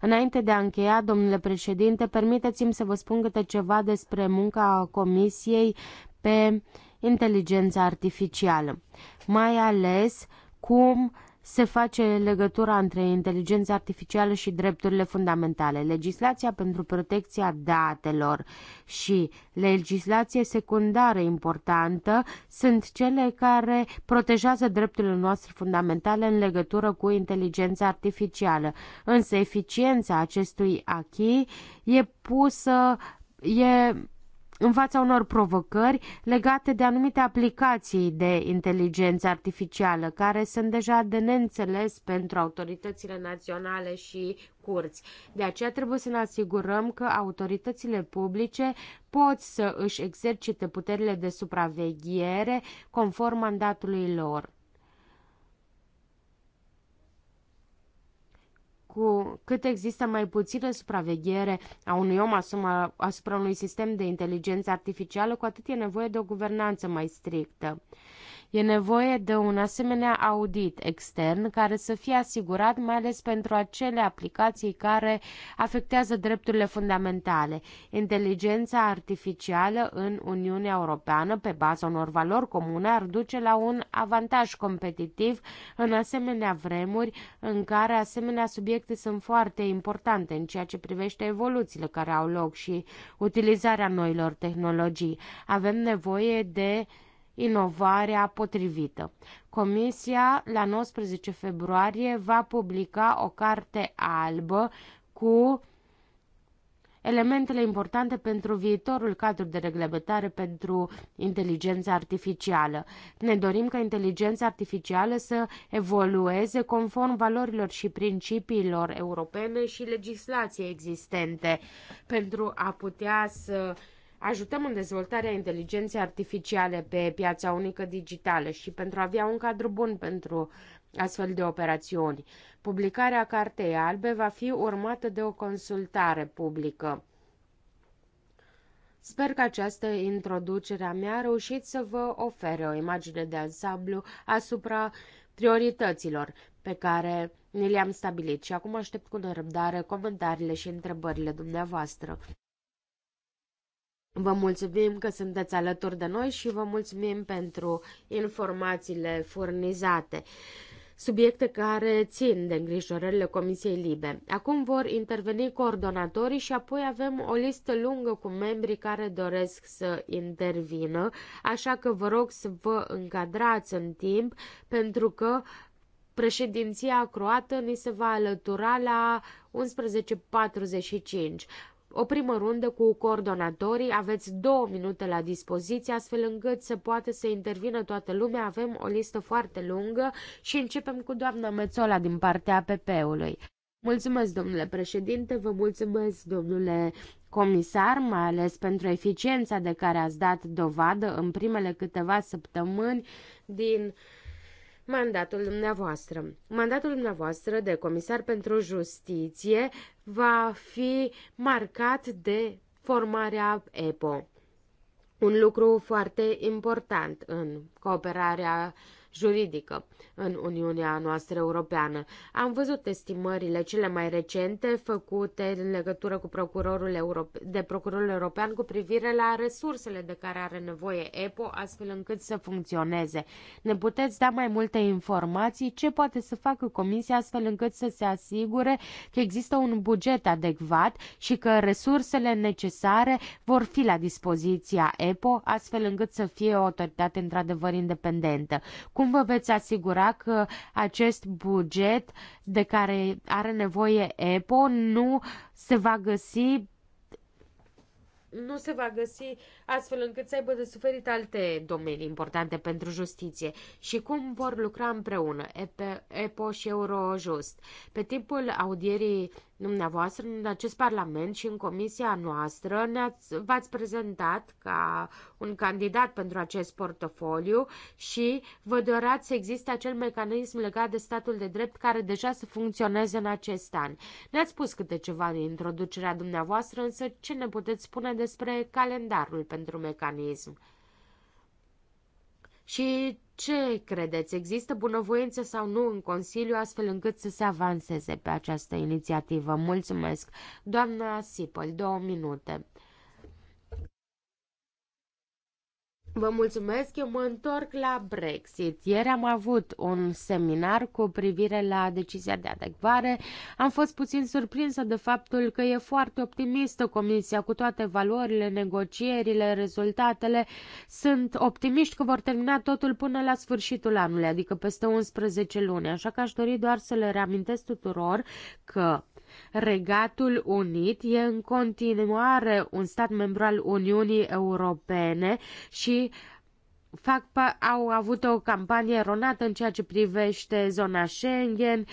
Înainte de a încheia, domnule președinte, permiteți-mi să vă spun câte ceva despre munca Comisiei pe inteligența artificială, mai ales cum se face legătura între inteligența artificială și drepturile fundamentale, legislația pentru protecția datelor și legislație secundară importantă sunt cele care protejează drepturile noastre fundamentale în legătură cu inteligența artificială. Însă eficiența acestui acquis e pusă e în fața unor provocări legate de anumite aplicații de inteligență artificială, care sunt deja de neînțeles pentru autoritățile naționale și curți. De aceea trebuie să ne asigurăm că autoritățile publice pot să își exercite puterile de supraveghere conform mandatului lor. cu cât există mai puțină supraveghere a unui om asuma, asupra unui sistem de inteligență artificială, cu atât e nevoie de o guvernanță mai strictă. E nevoie de un asemenea audit extern care să fie asigurat mai ales pentru acele aplicații care afectează drepturile fundamentale. Inteligența artificială în Uniunea Europeană pe baza unor valori comune ar duce la un avantaj competitiv în asemenea vremuri în care asemenea subiecte sunt foarte importante în ceea ce privește evoluțiile care au loc și utilizarea noilor tehnologii. Avem nevoie de inovarea potrivită. Comisia, la 19 februarie, va publica o carte albă cu elementele importante pentru viitorul cadru de reglementare pentru inteligența artificială. Ne dorim ca inteligența artificială să evolueze conform valorilor și principiilor europene și legislației existente pentru a putea să uh, ajutăm în dezvoltarea inteligenței artificiale pe piața unică digitală și pentru a avea un cadru bun pentru astfel de operațiuni. Publicarea Cartei Albe va fi urmată de o consultare publică. Sper că această introducere a mea a reușit să vă ofere o imagine de ansamblu asupra priorităților pe care ni le-am stabilit și acum aștept cu nerăbdare comentariile și întrebările dumneavoastră. Vă mulțumim că sunteți alături de noi și vă mulțumim pentru informațiile furnizate subiecte care țin de îngrijorările Comisiei Libe. Acum vor interveni coordonatorii și apoi avem o listă lungă cu membrii care doresc să intervină, așa că vă rog să vă încadrați în timp, pentru că președinția croată ni se va alătura la 11.45 o primă rundă cu coordonatorii, aveți două minute la dispoziție, astfel încât să poată să intervină toată lumea. Avem o listă foarte lungă și începem cu doamna Mețola din partea pp ului Mulțumesc, domnule președinte, vă mulțumesc, domnule comisar, mai ales pentru eficiența de care ați dat dovadă în primele câteva săptămâni din uh, mandatul dumneavoastră. Mandatul dumneavoastră de comisar pentru justiție va fi marcat de formarea EPO. Un lucru foarte important în cooperarea uh, juridică în Uniunea noastră europeană. Am văzut estimările cele mai recente făcute în legătură cu procurorul Europe- de procurorul european cu privire la resursele de care are nevoie EPO, astfel încât să funcționeze. Ne puteți da mai multe informații ce poate să facă Comisia astfel încât să se asigure că există un buget adecvat și că resursele necesare vor fi la dispoziția EPO, astfel încât să fie o autoritate într-adevăr independentă. Cum vă veți asigura că acest buget de care are nevoie EPO nu se va găsi nu se va găsi astfel încât să aibă de suferit alte domenii importante pentru justiție și cum vor lucra împreună EPO și Eurojust. Pe timpul audierii Dumneavoastră, în acest Parlament și în comisia noastră, ne-ați, v-ați prezentat ca un candidat pentru acest portofoliu și vă dorați să existe acel mecanism legat de statul de drept care deja să funcționeze în acest an. Ne-ați spus câte ceva în introducerea dumneavoastră, însă ce ne puteți spune despre calendarul pentru mecanism? Și ce credeți? Există bunăvoință sau nu în Consiliu astfel încât să se avanseze pe această inițiativă? Mulțumesc! Doamna Sipăl, două minute. Vă mulțumesc, eu mă întorc la Brexit. Ieri am avut un seminar cu privire la decizia de adecvare. Am fost puțin surprinsă de faptul că e foarte optimistă Comisia cu toate valorile, negocierile, rezultatele. Sunt optimiști că vor termina totul până la sfârșitul anului, adică peste 11 luni. Așa că aș dori doar să le reamintesc tuturor că Regatul Unit e în continuare un stat membru al Uniunii Europene și fac, au avut o campanie eronată în ceea ce privește zona Schengen,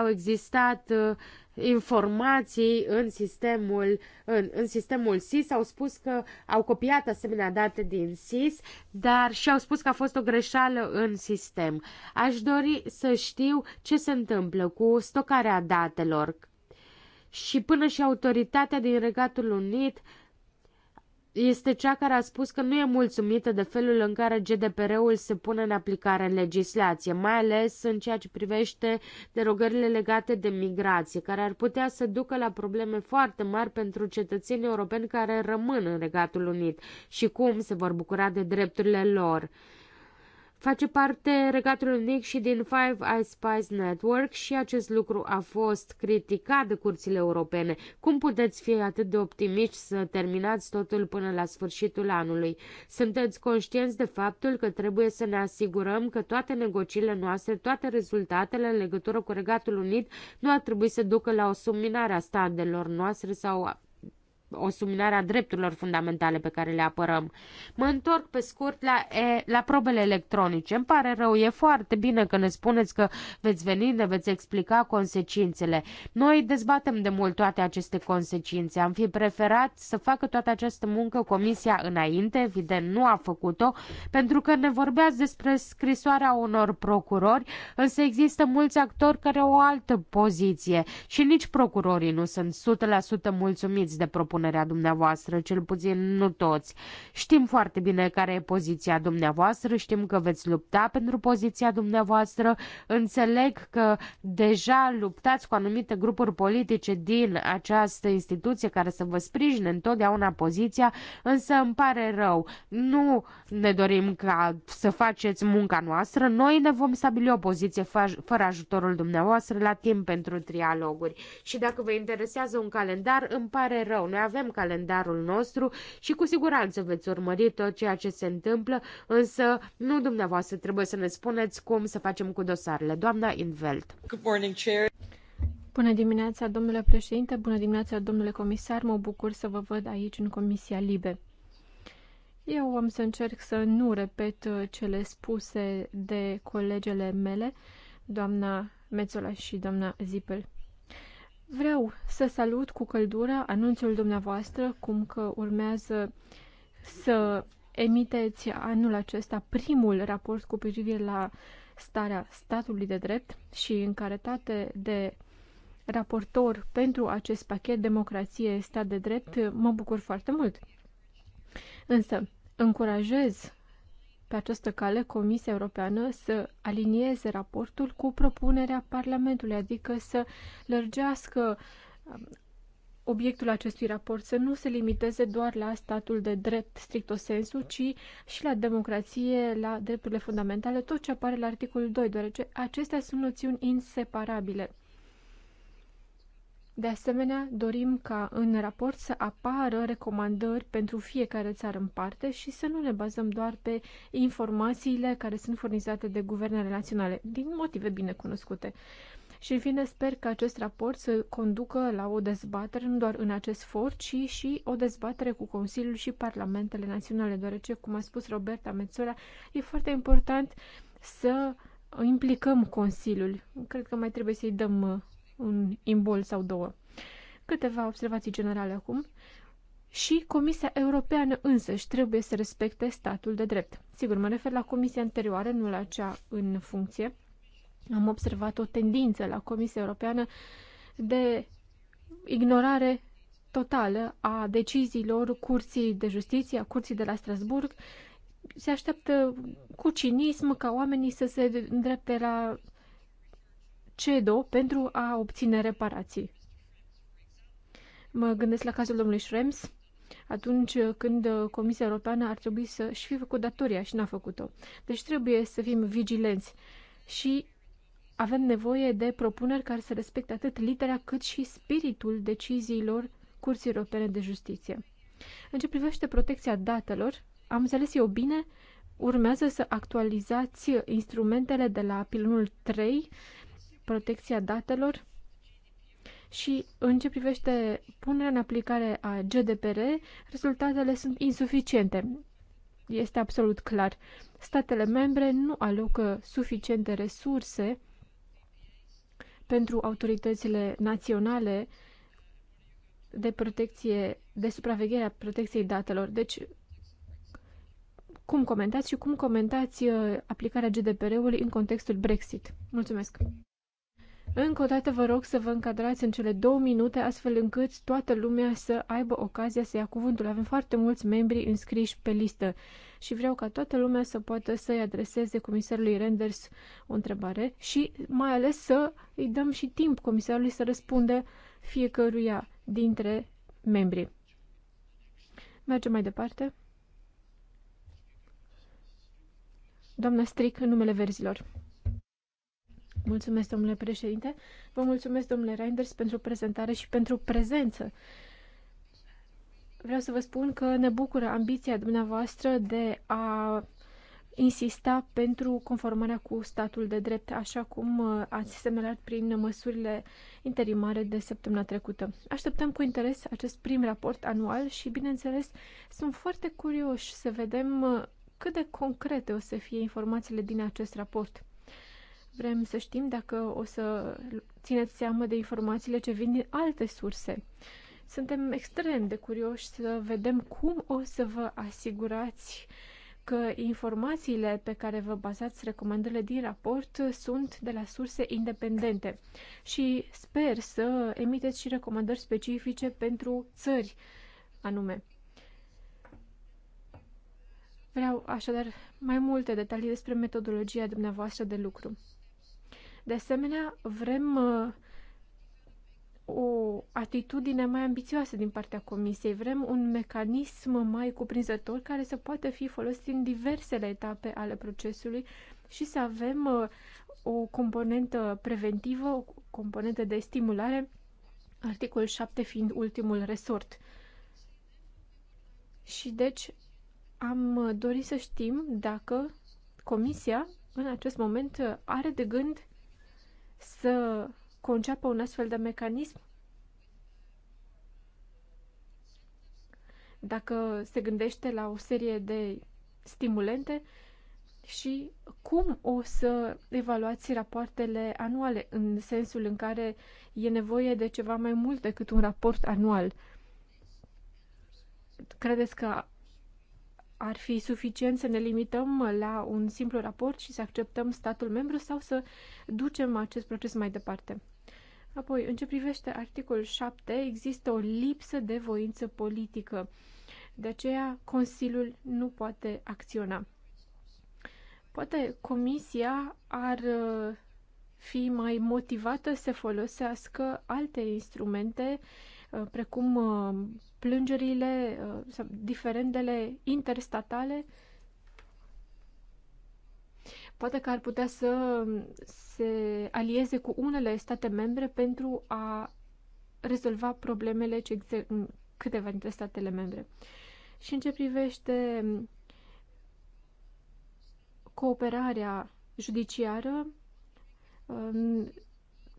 au existat uh, informații în sistemul, în, în sistemul SIS, au spus că au copiat asemenea date din SIS, dar și au spus că a fost o greșeală în sistem. Aș dori să știu ce se întâmplă cu stocarea datelor, și până și autoritatea din Regatul Unit este cea care a spus că nu e mulțumită de felul în care GDPR-ul se pune în aplicare în legislație, mai ales în ceea ce privește derogările legate de migrație, care ar putea să ducă la probleme foarte mari pentru cetățenii europeni care rămân în Regatul Unit și cum se vor bucura de drepturile lor. Face parte Regatul Unic și din Five Eyes Spies Network și acest lucru a fost criticat de curțile europene. Cum puteți fi atât de optimiști să terminați totul până la sfârșitul anului? Sunteți conștienți de faptul că trebuie să ne asigurăm că toate negocierile noastre, toate rezultatele în legătură cu Regatul Unit nu ar trebui să ducă la o subminare a standelor noastre sau o subminare a drepturilor fundamentale pe care le apărăm. Mă întorc pe scurt la, e, la probele electronice. Îmi pare rău, e foarte bine că ne spuneți că veți veni, ne veți explica consecințele. Noi dezbatem de mult toate aceste consecințe. Am fi preferat să facă toată această muncă comisia înainte, evident nu a făcut-o, pentru că ne vorbeați despre scrisoarea unor procurori, însă există mulți actori care au o altă poziție și nici procurorii nu sunt 100% mulțumiți de propunerea propunerea dumneavoastră, cel puțin nu toți. Știm foarte bine care e poziția dumneavoastră, știm că veți lupta pentru poziția dumneavoastră, înțeleg că deja luptați cu anumite grupuri politice din această instituție care să vă sprijine întotdeauna poziția, însă îmi pare rău. Nu ne dorim ca să faceți munca noastră, noi ne vom stabili o poziție fără ajutorul dumneavoastră la timp pentru trialoguri. Și dacă vă interesează un calendar, îmi pare rău. Noi avem calendarul nostru și cu siguranță veți urmări tot ceea ce se întâmplă, însă nu dumneavoastră trebuie să ne spuneți cum să facem cu dosarele. Doamna Invelt. Good morning, Chair. Bună dimineața, domnule președinte, bună dimineața, domnule comisar, mă bucur să vă văd aici în Comisia Libe. Eu am să încerc să nu repet uh, cele spuse de colegele mele, doamna Mețola și doamna Zipel. Vreau să salut cu căldură anunțul dumneavoastră, cum că urmează să emiteți anul acesta primul raport cu privire la starea statului de drept și în caritate de raportor pentru acest pachet democrație stat de drept, mă bucur foarte mult. Însă, încurajez pe această cale Comisia Europeană să alinieze raportul cu propunerea Parlamentului, adică să lărgească um, obiectul acestui raport, să nu se limiteze doar la statul de drept stricto sensu, ci și la democrație, la drepturile fundamentale, tot ce apare la articolul 2, deoarece acestea sunt noțiuni inseparabile. De asemenea, dorim ca în raport să apară recomandări pentru fiecare țară în parte și să nu ne bazăm doar pe informațiile care sunt furnizate de guvernele naționale, din motive bine cunoscute. Și în fine sper că acest raport să conducă la o dezbatere nu doar în acest for, ci și o dezbatere cu Consiliul și Parlamentele Naționale, deoarece, cum a spus Roberta Mețola, e foarte important să implicăm Consiliul. Cred că mai trebuie să-i dăm un imbol sau două. Câteva observații generale acum. Și Comisia Europeană însăși trebuie să respecte statul de drept. Sigur, mă refer la comisia anterioară, nu la cea în funcție. Am observat o tendință la Comisia Europeană de ignorare totală a deciziilor Curții de Justiție, a Curții de la Strasburg. Se așteaptă cu cinism ca oamenii să se îndrepte la CEDO pentru a obține reparații. Mă gândesc la cazul domnului Schrems, atunci când Comisia Europeană ar trebui să-și fi făcut datoria și n-a făcut-o. Deci trebuie să fim vigilenți și avem nevoie de propuneri care să respecte atât litera cât și spiritul deciziilor Curții Europene de Justiție. În ce privește protecția datelor, am înțeles eu bine, urmează să actualizați instrumentele de la pilonul 3 protecția datelor și în ce privește punerea în aplicare a GDPR, rezultatele sunt insuficiente. Este absolut clar. Statele membre nu alocă suficiente resurse pentru autoritățile naționale de protecție, de supraveghere a protecției datelor. Deci, cum comentați și cum comentați uh, aplicarea GDPR-ului în contextul Brexit? Mulțumesc! Încă o dată vă rog să vă încadrați în cele două minute, astfel încât toată lumea să aibă ocazia să ia cuvântul. Avem foarte mulți membri înscriși pe listă și vreau ca toată lumea să poată să-i adreseze comisarului Renders o întrebare și mai ales să îi dăm și timp comisarului să răspundă fiecăruia dintre membri. Mergem mai departe. Doamna Stric, în numele verzilor. Mulțumesc, domnule președinte. Vă mulțumesc, domnule Reinders, pentru prezentare și pentru prezență. Vreau să vă spun că ne bucură ambiția dumneavoastră de a insista pentru conformarea cu statul de drept, așa cum uh, ați semnalat prin măsurile interimare de săptămâna trecută. Așteptăm cu interes acest prim raport anual și, bineînțeles, sunt foarte curioși să vedem uh, cât de concrete o să fie informațiile din acest raport. Vrem să știm dacă o să țineți seamă de informațiile ce vin din alte surse. Suntem extrem de curioși să vedem cum o să vă asigurați că informațiile pe care vă bazați recomandările din raport sunt de la surse independente și sper să emiteți și recomandări specifice pentru țări anume. Vreau așadar mai multe detalii despre metodologia dumneavoastră de lucru. De asemenea, vrem uh, o atitudine mai ambițioasă din partea Comisiei. Vrem un mecanism mai cuprinzător care să poată fi folosit în diversele etape ale procesului și să avem uh, o componentă preventivă, o componentă de stimulare, articolul 7 fiind ultimul resort. Și deci am dorit să știm dacă Comisia în acest moment are de gând să conceapă un astfel de mecanism? Dacă se gândește la o serie de stimulente și cum o să evaluați rapoartele anuale în sensul în care e nevoie de ceva mai mult decât un raport anual? Credeți că ar fi suficient să ne limităm la un simplu raport și să acceptăm statul membru sau să ducem acest proces mai departe. Apoi, în ce privește articolul 7, există o lipsă de voință politică. De aceea, Consiliul nu poate acționa. Poate Comisia ar uh, fi mai motivată să folosească alte instrumente uh, Uh, precum uh, plângerile uh, diferendele interstatale, poate că ar putea să se alieze cu unele state membre pentru a rezolva problemele ce există în câteva dintre statele membre. Și în ce privește cooperarea judiciară, um,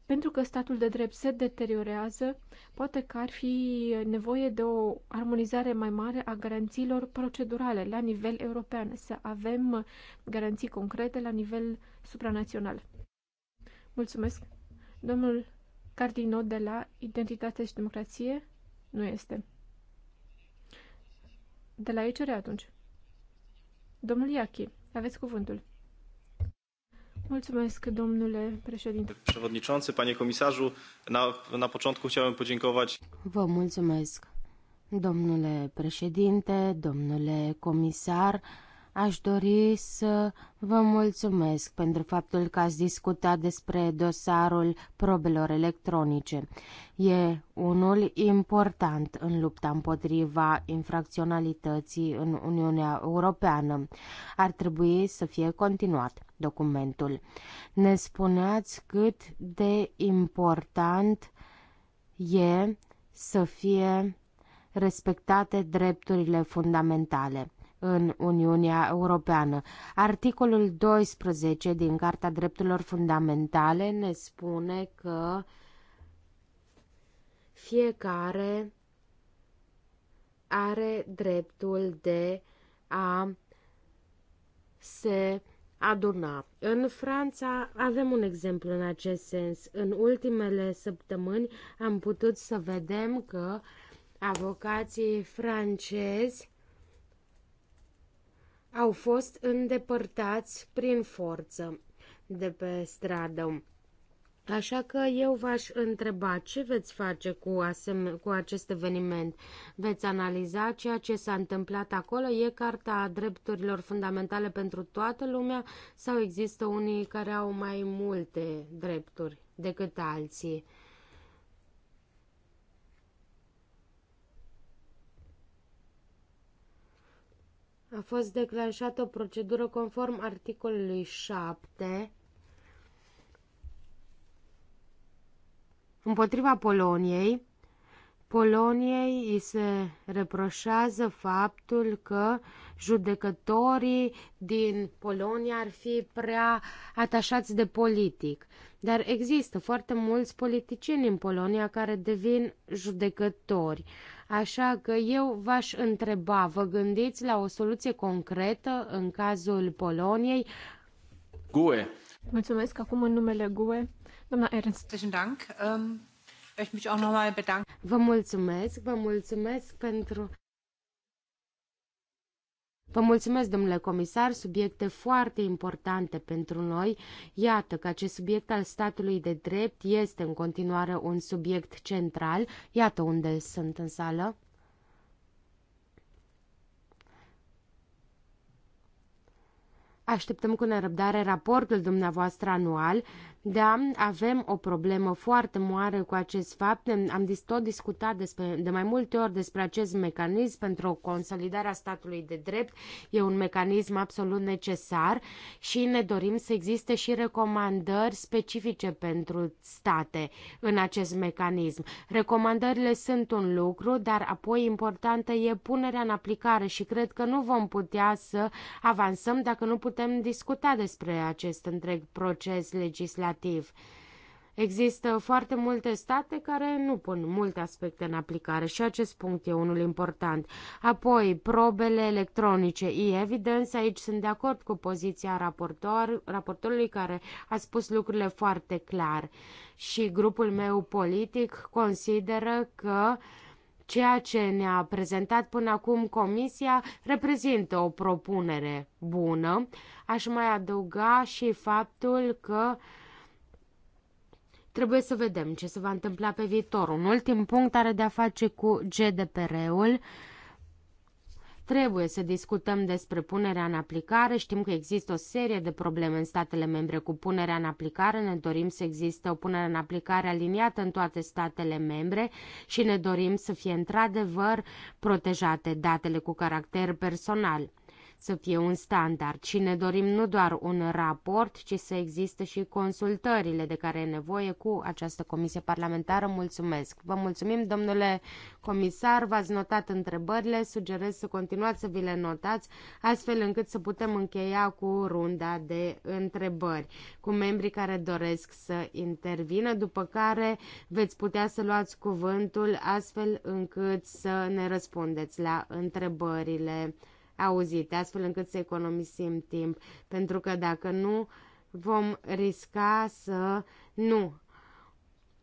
pentru că statul de drept se deteriorează, poate că ar fi nevoie de o armonizare mai mare a garanțiilor procedurale la nivel european, să avem garanții concrete la nivel supranațional. Mulțumesc. Domnul Cardino de la Identitate și Democrație nu este. De la ECR atunci. Domnul Iachi, aveți cuvântul. Mulțumesc, domnule președinte. Przewodniczący, panie komisarzu, na, na początku chciałem podziękować. Vă mulțumesc, domnule președinte, domnule comisar. Aș dori să vă mulțumesc pentru faptul că ați discutat despre dosarul probelor electronice. E unul important în lupta împotriva infracționalității în Uniunea Europeană. Ar trebui să fie continuat documentul. Ne spuneați cât de important e să fie respectate drepturile fundamentale în Uniunea Europeană. Articolul 12 din Carta Drepturilor Fundamentale ne spune că fiecare are dreptul de a se aduna. În Franța avem un exemplu în acest sens. În ultimele săptămâni am putut să vedem că avocații francezi au fost îndepărtați prin forță de pe stradă. Așa că eu v-aș întreba ce veți face cu, asem- cu acest eveniment. Veți analiza ceea ce s-a întâmplat acolo? E Carta Drepturilor Fundamentale pentru toată lumea sau există unii care au mai multe drepturi decât alții? A fost declanșată o procedură conform articolului 7 împotriva Poloniei. Poloniei îi se reproșează faptul că judecătorii din Polonia ar fi prea atașați de politic. Dar există foarte mulți politicieni în Polonia care devin judecători. Uh, Așa că eu v-aș întreba, vă gândiți la o soluție concretă în cazul Poloniei? GUE. Mulțumesc acum în numele GUE. Doamna Ernst. Ehm, vă mulțumesc, vă mulțumesc pentru Vă mulțumesc, domnule comisar, subiecte foarte importante pentru noi. Iată că acest subiect al statului de drept este în continuare un subiect central. Iată unde sunt în sală. Așteptăm cu nerăbdare raportul dumneavoastră anual. Da, avem o problemă foarte mare cu acest fapt. Am tot discutat despre, de mai multe ori despre acest mecanism pentru consolidarea statului de drept. E un mecanism absolut necesar și ne dorim să existe și recomandări specifice pentru state în acest mecanism. Recomandările sunt un lucru, dar apoi importantă e punerea în aplicare și cred că nu vom putea să avansăm dacă nu putem discuta despre acest întreg proces legislativ legislativ. Există foarte multe state care nu pun multe aspecte în aplicare și acest punct e unul important. Apoi, probele electronice. E evidence aici sunt de acord cu poziția raportor, raportorului care a spus lucrurile foarte clar. Și grupul meu politic consideră că ceea ce ne-a prezentat până acum Comisia reprezintă o propunere bună. Aș mai adăuga și faptul că Trebuie să vedem ce se va întâmpla pe viitor. Un ultim punct are de-a face cu GDPR-ul. Trebuie să discutăm despre punerea în aplicare. Știm că există o serie de probleme în statele membre cu punerea în aplicare. Ne dorim să existe o punere în aplicare aliniată în toate statele membre și ne dorim să fie într-adevăr protejate datele cu caracter personal să fie un standard și ne dorim nu doar un raport, ci să existe și consultările de care e nevoie cu această comisie parlamentară. Mulțumesc! Vă mulțumim, domnule comisar, v-ați notat întrebările, sugerez să continuați să vi le notați, astfel încât să putem încheia cu runda de întrebări, cu membrii care doresc să intervină, după care veți putea să luați cuvântul astfel încât să ne răspundeți la întrebările auzite, astfel încât să economisim timp. Pentru că dacă nu, vom risca să nu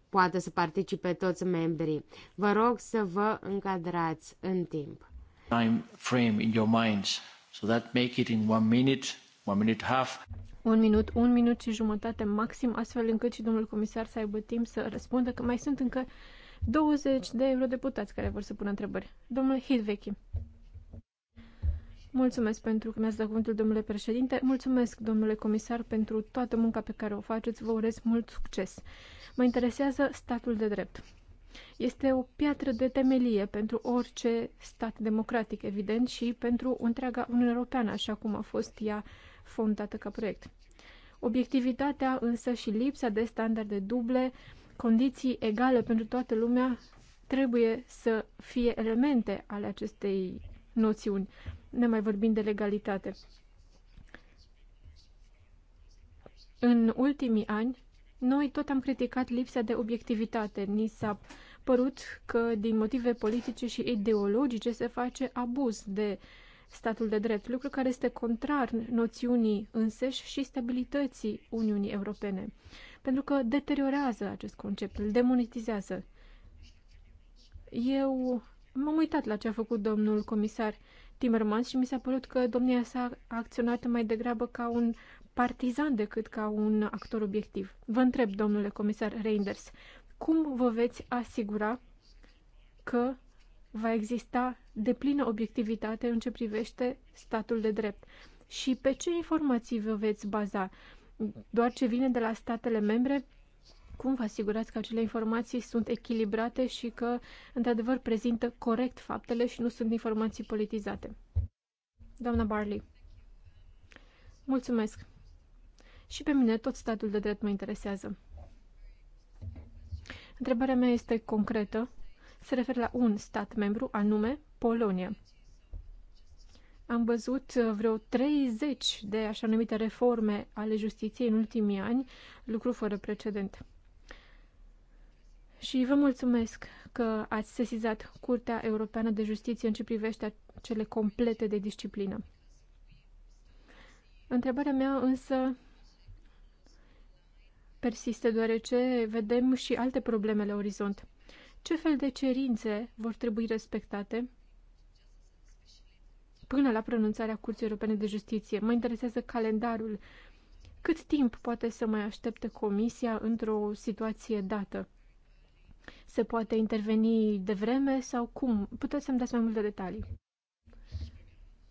poată să participe toți membrii. Vă rog să vă încadrați în timp. Time frame in your minds. So that make it in one minute, one minute half. Un minut, un minut și jumătate maxim, astfel încât și domnul comisar să aibă timp să răspundă, că mai sunt încă 20 de eurodeputați care vor să pună întrebări. Domnul Hidvechi. Mulțumesc pentru că mi-ați dat cuvântul, domnule președinte. Mulțumesc, domnule comisar, pentru toată munca pe care o faceți. Vă urez mult succes. Mă interesează statul de drept. Este o piatră de temelie pentru orice stat democratic, evident, și pentru întreaga Uniune Europeană, așa cum a fost ea fondată ca proiect. Obiectivitatea însă și lipsa de standarde duble, condiții egale pentru toată lumea, trebuie să fie elemente ale acestei noțiuni ne mai vorbim de legalitate. În ultimii ani, noi tot am criticat lipsa de obiectivitate. Ni s-a părut că din motive politice și ideologice se face abuz de statul de drept, lucru care este contrar noțiunii înseși și stabilității Uniunii Europene, pentru că deteriorează acest concept, îl demonetizează. Eu m-am uitat la ce a făcut domnul comisar Timmermans și mi s-a părut că domnia sa a acționat mai degrabă ca un partizan decât ca un actor obiectiv. Vă întreb, domnule comisar Reinders, cum vă veți asigura că va exista deplină obiectivitate în ce privește statul de drept? Și pe ce informații vă veți baza? Doar ce vine de la statele membre? Cum vă asigurați că acele informații sunt echilibrate și că, într-adevăr, prezintă corect faptele și nu sunt informații politizate? Doamna Barley. Mulțumesc. Și pe mine tot statul de drept mă interesează. Întrebarea mea este concretă. Se referă la un stat membru, anume Polonia. Am văzut vreo 30 de așa numite reforme ale justiției în ultimii ani, lucru fără precedent și vă mulțumesc că ați sesizat Curtea Europeană de Justiție în ce privește cele complete de disciplină. Întrebarea mea însă persistă deoarece vedem și alte probleme la orizont. Ce fel de cerințe vor trebui respectate până la pronunțarea Curții Europene de Justiție? Mă interesează calendarul. Cât timp poate să mai aștepte Comisia într-o situație dată? Se poate interveni devreme sau cum? Puteți să-mi dați mai multe detalii.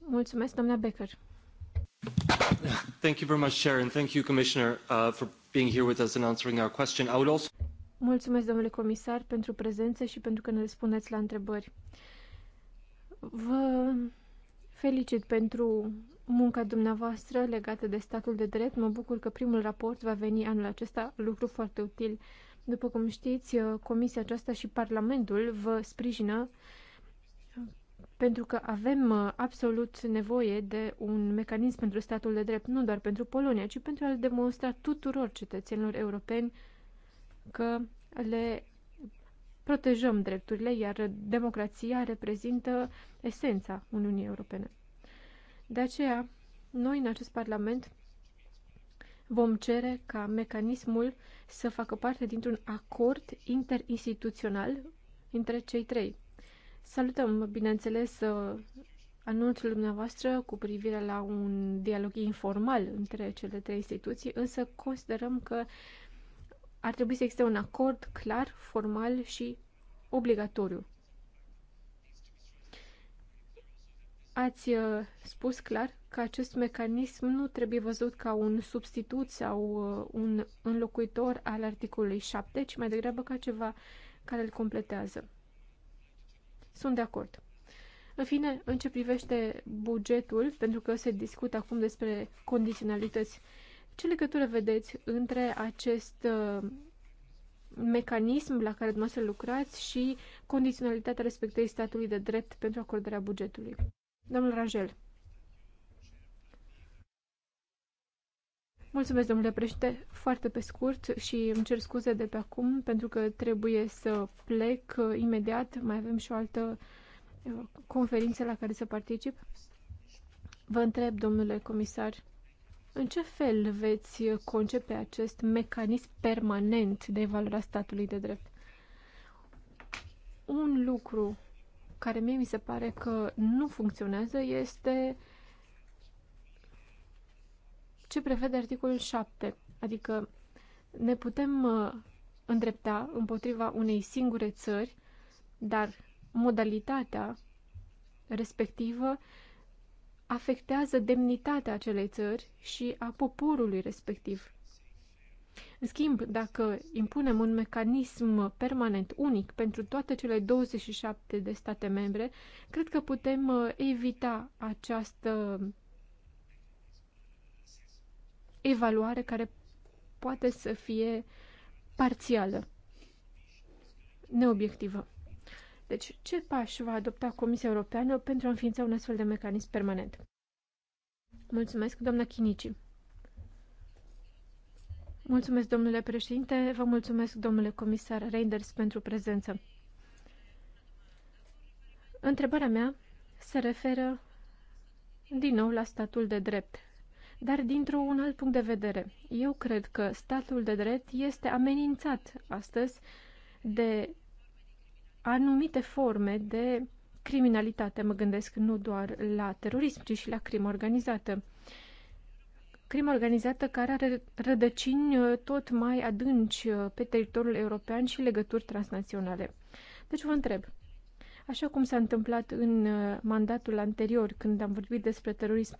Mulțumesc, doamna Becker. Thank you very much, Chair, and thank you, Commissioner, uh, for being here with us and answering our question. I would also... Mulțumesc, domnule comisar, pentru prezență și pentru că ne răspundeți la întrebări. Vă felicit pentru munca dumneavoastră legată de statul de drept. Mă bucur că primul raport va veni anul acesta, lucru foarte util. Uh, după cum știți, uh, Comisia aceasta și Parlamentul vă sprijină uh, pentru că avem uh, absolut nevoie de un mecanism pentru statul de drept, nu doar pentru Polonia, ci pentru a demonstra tuturor cetățenilor europeni că le protejăm drepturile, iar democrația reprezintă esența Uniunii Europene. De aceea, noi în acest Parlament vom cere ca mecanismul să facă parte dintr-un acord interinstituțional între cei trei. Salutăm, bineînțeles, uh, anunțul dumneavoastră cu privire la un dialog informal între cele trei instituții, însă considerăm că ar trebui să existe un acord clar, formal și obligatoriu. Ați uh, spus clar că acest mecanism nu trebuie văzut ca un substitut sau uh, un înlocuitor al articolului 7, ci mai degrabă ca ceva care îl completează. Sunt de acord. În fine, în ce privește bugetul, pentru că se discută acum despre condiționalități, ce legătură vedeți între acest uh, mecanism la care dumneavoastră lucrați și condiționalitatea respectării statului de drept pentru acordarea bugetului? Domnul Rangel. Mulțumesc, domnule președinte. Foarte pe scurt și îmi cer scuze de pe acum pentru că trebuie să plec imediat. Mai avem și o altă uh, conferință la care să particip. Vă întreb, domnule comisar, în ce fel veți concepe acest mecanism permanent de evaluare a statului de drept? Un lucru care mie mi se pare că nu funcționează este ce prevede articolul 7, adică ne putem uh, îndrepta împotriva unei singure țări, dar modalitatea respectivă afectează demnitatea acelei țări și a poporului respectiv. În schimb, dacă impunem un mecanism permanent unic pentru toate cele 27 de state membre, cred că putem uh, evita această evaluare care poate să fie parțială, neobiectivă. Deci, ce pași va adopta Comisia Europeană pentru a înființa un astfel de mecanism permanent? Mulțumesc, doamna Chinici. Mulțumesc, domnule președinte, vă mulțumesc, domnule comisar Reinders, pentru prezență. Întrebarea mea se referă din nou la statul de drept, dar dintr-un alt punct de vedere. Eu cred că statul de drept este amenințat astăzi de anumite forme de criminalitate. Mă gândesc nu doar la terorism, ci și la crimă organizată crimă organizată care are rădăcini uh, tot mai adânci uh, pe teritoriul european și legături transnaționale. Deci vă întreb, așa cum s-a întâmplat în uh, mandatul anterior când am vorbit despre terorism,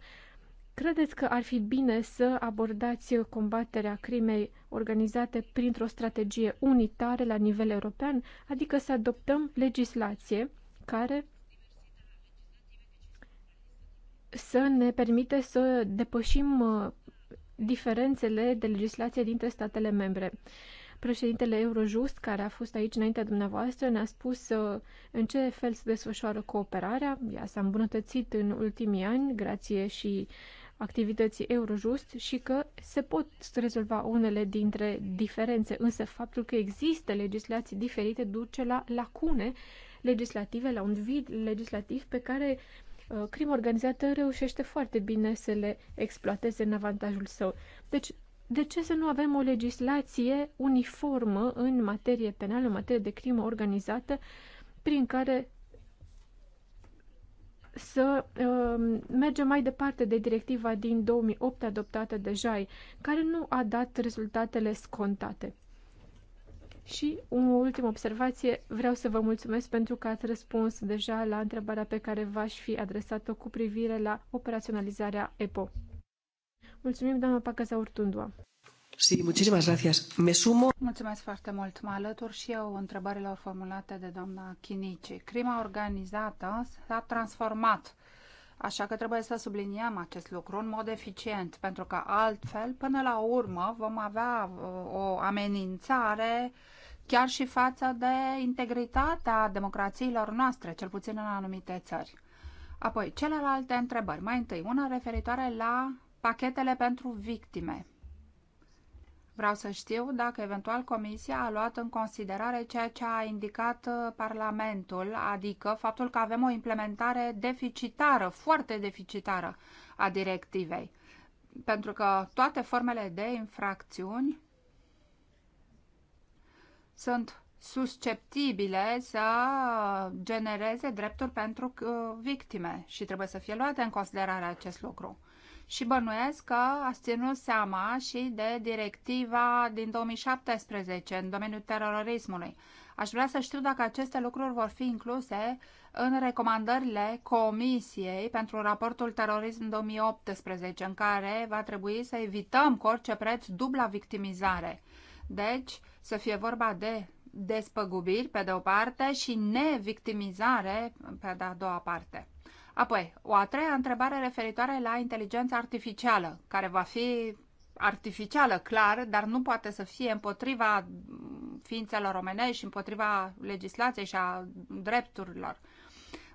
credeți că ar fi bine să abordați combaterea crimei organizate printr-o strategie unitară la nivel european, adică să adoptăm legislație care să ne permite să depășim uh, diferențele de legislație dintre statele membre. Președintele Eurojust, care a fost aici înaintea dumneavoastră, ne-a spus uh, în ce fel se desfășoară cooperarea. Ea s-a îmbunătățit în ultimii ani, grație și activității Eurojust și că se pot rezolva unele dintre diferențe, însă faptul că există legislații diferite duce la lacune legislative, la un vid legislativ pe care uh, Uh, crima organizată reușește foarte bine să le exploateze în avantajul său. Deci, de ce să nu avem o legislație uniformă în materie penală, în materie de crimă organizată, prin care să uh, mergem mai departe de directiva din 2008 adoptată de JAI, care nu a dat rezultatele scontate. Și o ultimă observație, vreau să vă mulțumesc pentru că ați răspuns deja la întrebarea pe care v-aș fi adresat-o cu privire la operaționalizarea EPO. Mulțumim, doamna Pacăza Urtundua. Sí, muchísimas gracias. Me sumo. Mulțumesc foarte mult. Mă alătur și eu întrebărilor formulate de doamna Chinici. Crima organizată s-a transformat Așa că trebuie să subliniem acest lucru în mod eficient, pentru că altfel, până la urmă, vom avea uh, o amenințare chiar și față de integritatea democrațiilor noastre, cel puțin în anumite țări. Apoi, celelalte întrebări. Mai întâi, una referitoare la pachetele pentru victime. Vreau să știu dacă eventual Comisia a luat în considerare ceea ce a indicat uh, Parlamentul, adică faptul că avem o implementare deficitară, foarte deficitară a directivei. Pentru că toate formele de infracțiuni sunt susceptibile să genereze drepturi pentru uh, victime și trebuie să fie luate în considerare acest lucru și bănuiesc că ați ținut seama și de directiva din 2017 în domeniul terorismului. Aș vrea să știu dacă aceste lucruri vor fi incluse în recomandările Comisiei pentru raportul terorism 2018, în care va trebui să evităm cu orice preț dubla victimizare. Deci, să fie vorba de despăgubiri pe de o parte și nevictimizare pe de a doua parte. Apoi, o a treia întrebare referitoare la inteligența artificială, care va fi artificială, clar, dar nu poate să fie împotriva ființelor omenești, împotriva legislației și a drepturilor.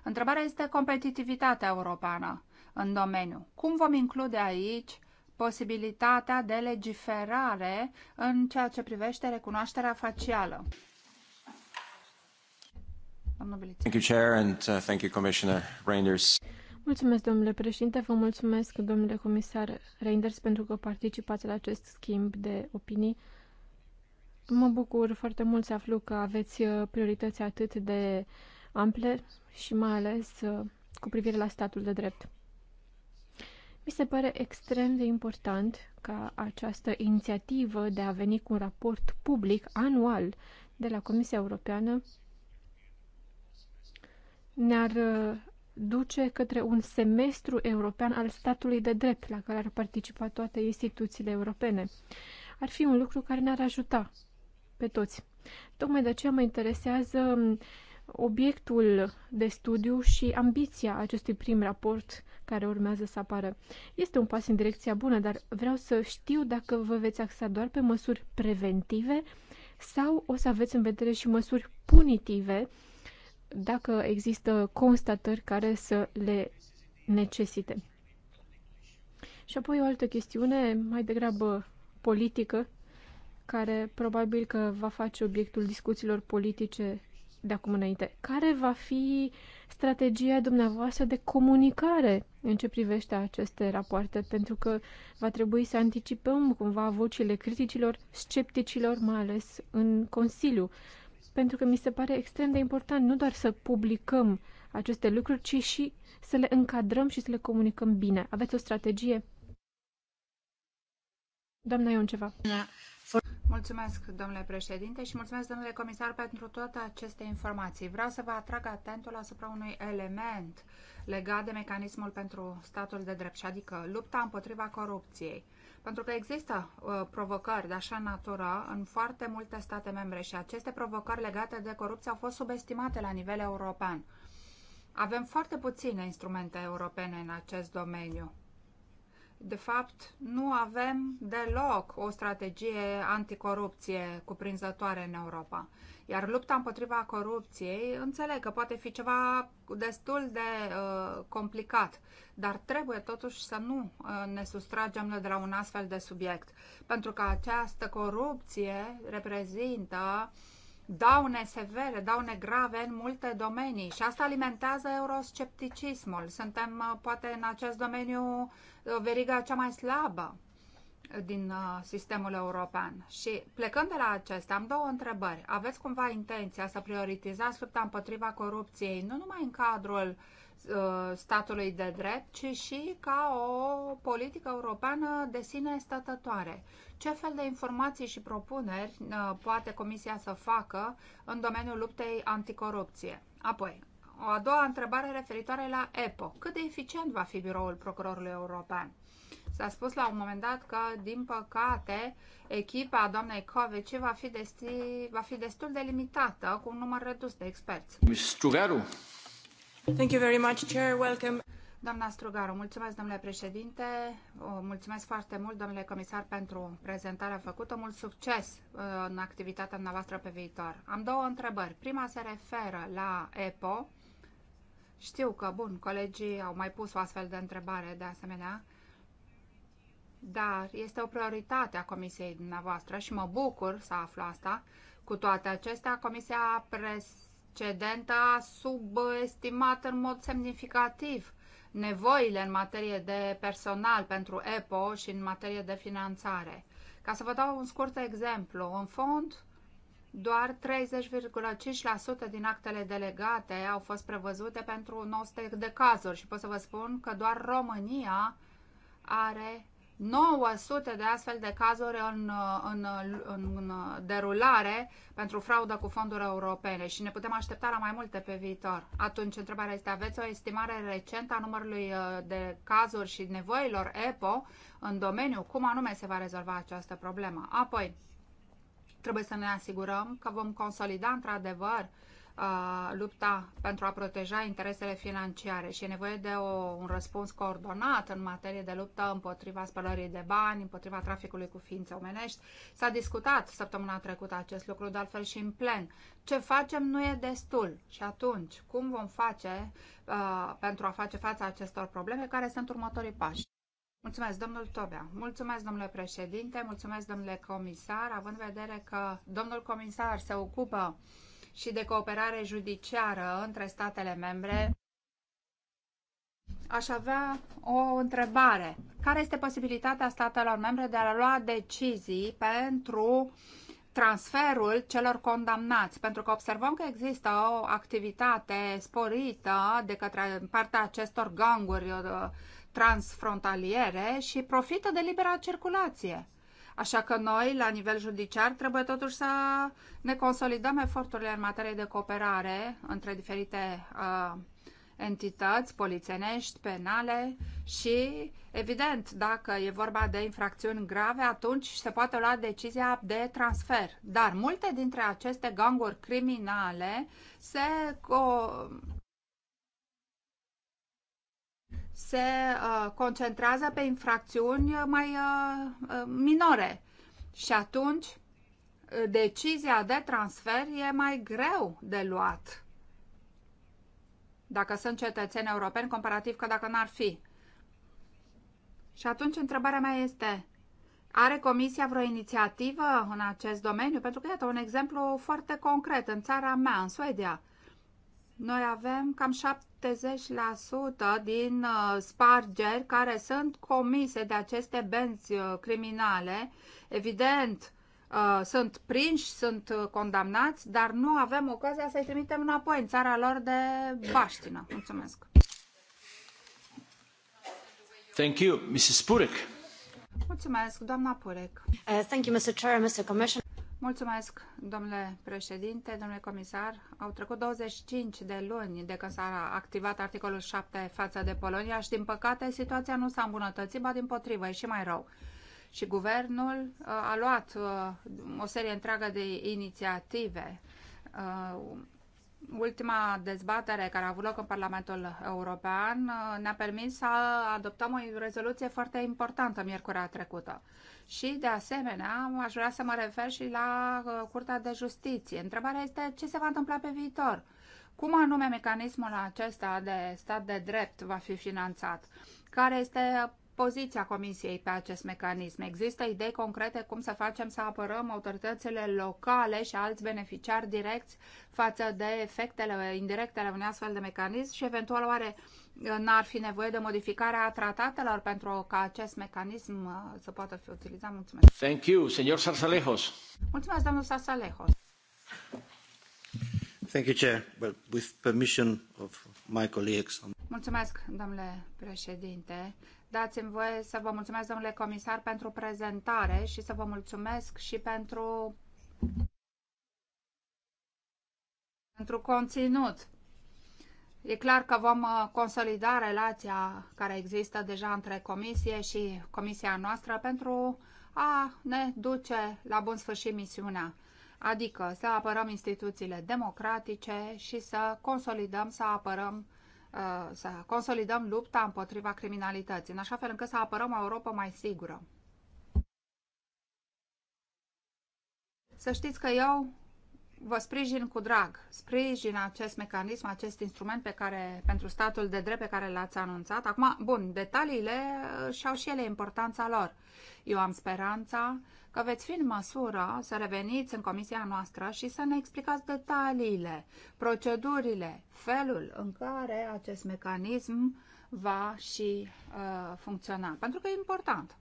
Întrebarea este competitivitatea europeană în domeniu. Cum vom include aici posibilitatea de legiferare în ceea ce privește recunoașterea facială? Uh, mulțumesc, domnule președinte, vă mulțumesc, domnule comisar Reinders, pentru că participați la acest schimb de opinii. Mă bucur foarte mult să aflu că aveți uh, priorități atât de ample și mai ales uh, cu privire la statul de drept. Mi se pare extrem de important ca această inițiativă de a veni cu un raport public anual de la Comisia Europeană ne-ar uh, duce către un semestru european al statului de drept, la care ar participa toate instituțiile europene. Ar fi un lucru care ne-ar ajuta pe toți. Tocmai de aceea mă interesează um, obiectul de studiu și ambiția acestui prim raport care urmează să apară. Este un pas în direcția bună, dar vreau să știu dacă vă veți axa doar pe măsuri preventive sau o să aveți în vedere și măsuri punitive dacă există constatări care să le necesite. Și apoi o altă chestiune, mai degrabă politică, care probabil că va face obiectul discuțiilor politice de acum înainte. Care va fi strategia dumneavoastră de comunicare în ce privește aceste rapoarte? Pentru că va trebui să anticipăm cumva vocile criticilor, scepticilor, mai ales în Consiliu pentru că mi se pare extrem de important nu doar să publicăm aceste lucruri, ci și să le încadrăm și să le comunicăm bine. Aveți o strategie? Doamna Ion, ceva. Mulțumesc, domnule președinte, și mulțumesc, domnule comisar, pentru toate aceste informații. Vreau să vă atrag atentul asupra unui element legat de mecanismul pentru statul de drept, și adică lupta împotriva corupției. Pentru că există uh, provocări de așa natură în foarte multe state membre și aceste provocări legate de corupție au fost subestimate la nivel european. Avem foarte puține instrumente europene în acest domeniu de fapt, nu avem deloc o strategie anticorupție cuprinzătoare în Europa. Iar lupta împotriva corupției, înțeleg că poate fi ceva destul de uh, complicat, dar trebuie totuși să nu uh, ne sustragem de la un astfel de subiect, pentru că această corupție reprezintă daune severe, daune grave în multe domenii și asta alimentează euroscepticismul. Suntem uh, poate în acest domeniu veriga cea mai slabă din uh, sistemul european. Și plecând de la acestea, am două întrebări. Aveți cumva intenția să prioritizați lupta împotriva corupției, nu numai în cadrul uh, statului de drept, ci și ca o politică europeană de sine stătătoare. Ce fel de informații și propuneri uh, poate Comisia să facă în domeniul luptei anticorupție? Apoi, o a doua întrebare referitoare la EPO. Cât de eficient va fi biroul procurorului european? S-a spus la un moment dat că, din păcate, echipa doamnei Covici va fi, desti, va fi destul de limitată cu un număr redus de experți. Thank you very much, Chair. Welcome. Doamna Strugaru, mulțumesc, domnule președinte, mulțumesc foarte mult, domnule comisar, pentru prezentarea făcută. Mult succes uh, în activitatea noastră pe viitor. Am două întrebări. Prima se referă la EPO știu că, bun, colegii au mai pus o astfel de întrebare de asemenea, dar este o prioritate a comisiei dumneavoastră și mă bucur să aflu asta. Cu toate acestea, comisia precedentă a subestimat în mod semnificativ nevoile în materie de personal pentru EPO și în materie de finanțare. Ca să vă dau un scurt exemplu, în fond, doar 30,5% din actele delegate au fost prevăzute pentru 900 de cazuri și pot să vă spun că doar România are 900 de astfel de cazuri în, în, în, în derulare pentru fraudă cu fonduri europene și ne putem aștepta la mai multe pe viitor. Atunci, întrebarea este, aveți o estimare recentă a numărului uh, de cazuri și nevoilor EPO în domeniu? Cum anume se va rezolva această problemă? Apoi, Trebuie să ne asigurăm că vom consolida într-adevăr uh, lupta pentru a proteja interesele financiare și e nevoie de o, un răspuns coordonat în materie de luptă împotriva spălării de bani, împotriva traficului cu ființe omenești. S-a discutat săptămâna trecută acest lucru, de altfel și în plen. Ce facem nu e destul și atunci cum vom face uh, pentru a face față acestor probleme care sunt următorii pași? Mulțumesc, domnul Tobea. Mulțumesc, domnule președinte, mulțumesc, domnule comisar, având în vedere că domnul comisar se ocupă și de cooperare judiciară între statele membre, aș avea o întrebare. Care este posibilitatea statelor membre de a lua decizii pentru transferul celor condamnați, pentru că observăm că există o activitate sporită de către partea acestor ganguri uh, transfrontaliere și profită de libera circulație. Așa că noi, la nivel judiciar, trebuie totuși să ne consolidăm eforturile în materie de cooperare între diferite uh, entități polițenești, penale și, evident, dacă e vorba de infracțiuni grave, atunci se poate lua decizia de transfer. Dar multe dintre aceste ganguri criminale se se uh, concentrează pe infracțiuni uh, mai uh, minore și atunci decizia de transfer e mai greu de luat dacă sunt cetățeni europeni, comparativ că dacă n-ar fi. Și atunci întrebarea mea este, are Comisia vreo inițiativă în acest domeniu? Pentru că, iată, un exemplu foarte concret în țara mea, în Suedia. Noi avem cam 70% din uh, spargeri care sunt comise de aceste benzi uh, criminale. Evident, uh, sunt prinși, sunt condamnați, dar nu avem ocazia să-i trimitem înapoi în țara lor de baștină. Mulțumesc! Thank you, Mrs. Purek. Mulțumesc, doamna Purek. Uh, thank you, Mr. Chair, Mr. Commissioner. Mulțumesc, domnule președinte, domnule comisar. Au trecut 25 de luni de când s-a activat articolul 7 față de Polonia și, din păcate, situația nu s-a îmbunătățit, ba din potrivă, e și mai rău. Și guvernul uh, a luat uh, o serie întreagă de inițiative uh, ultima dezbatere care a avut loc în Parlamentul European uh, ne-a permis să adoptăm o rezoluție foarte importantă miercurea trecută. Și, de asemenea, aș vrea să mă refer și la uh, Curtea de Justiție. Întrebarea este ce se va întâmpla pe viitor. Cum anume mecanismul acesta de stat de drept va fi finanțat? Care este poziția Comisiei pe acest mecanism? Există idei concrete cum să facem să apărăm autoritățile locale și alți beneficiari direcți față de efectele indirecte ale unui astfel de mecanism și eventual oare uh, n-ar fi nevoie de modificarea tratatelor pentru ca acest mecanism uh, să poată fi utilizat? Mulțumesc. Thank you, señor Sarsalejos. Mulțumesc, domnul Sarsalejos. Mulțumesc, domnule președinte. Dați-mi voie să vă mulțumesc, domnule comisar, pentru prezentare și să vă mulțumesc și pentru, pentru conținut. E clar că vom uh, consolida relația care există deja între comisie și comisia noastră pentru a ne duce la bun sfârșit misiunea adică să apărăm instituțiile democratice și să consolidăm, să apărăm uh, să consolidăm lupta împotriva criminalității, în așa fel încât să apărăm o Europa mai sigură. Să știți că eu vă sprijin cu drag, sprijin acest mecanism, acest instrument pe care, pentru statul de drept pe care l-ați anunțat. Acum, bun, detaliile și-au și ele importanța lor. Eu am speranța că veți fi în măsură să reveniți în comisia noastră și să ne explicați detaliile, procedurile, felul în care acest mecanism va și uh, funcționa. Pentru că e important.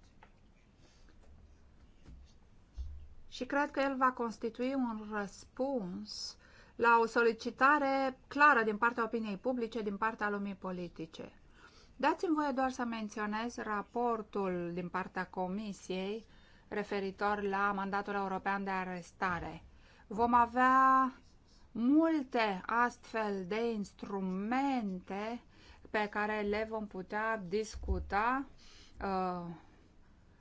și cred că el va constitui un răspuns la o solicitare clară din partea opiniei publice, din partea lumii politice. Dați-mi voie doar să menționez raportul din partea Comisiei referitor la mandatul european de arestare. Vom avea multe astfel de instrumente pe care le vom putea discuta uh,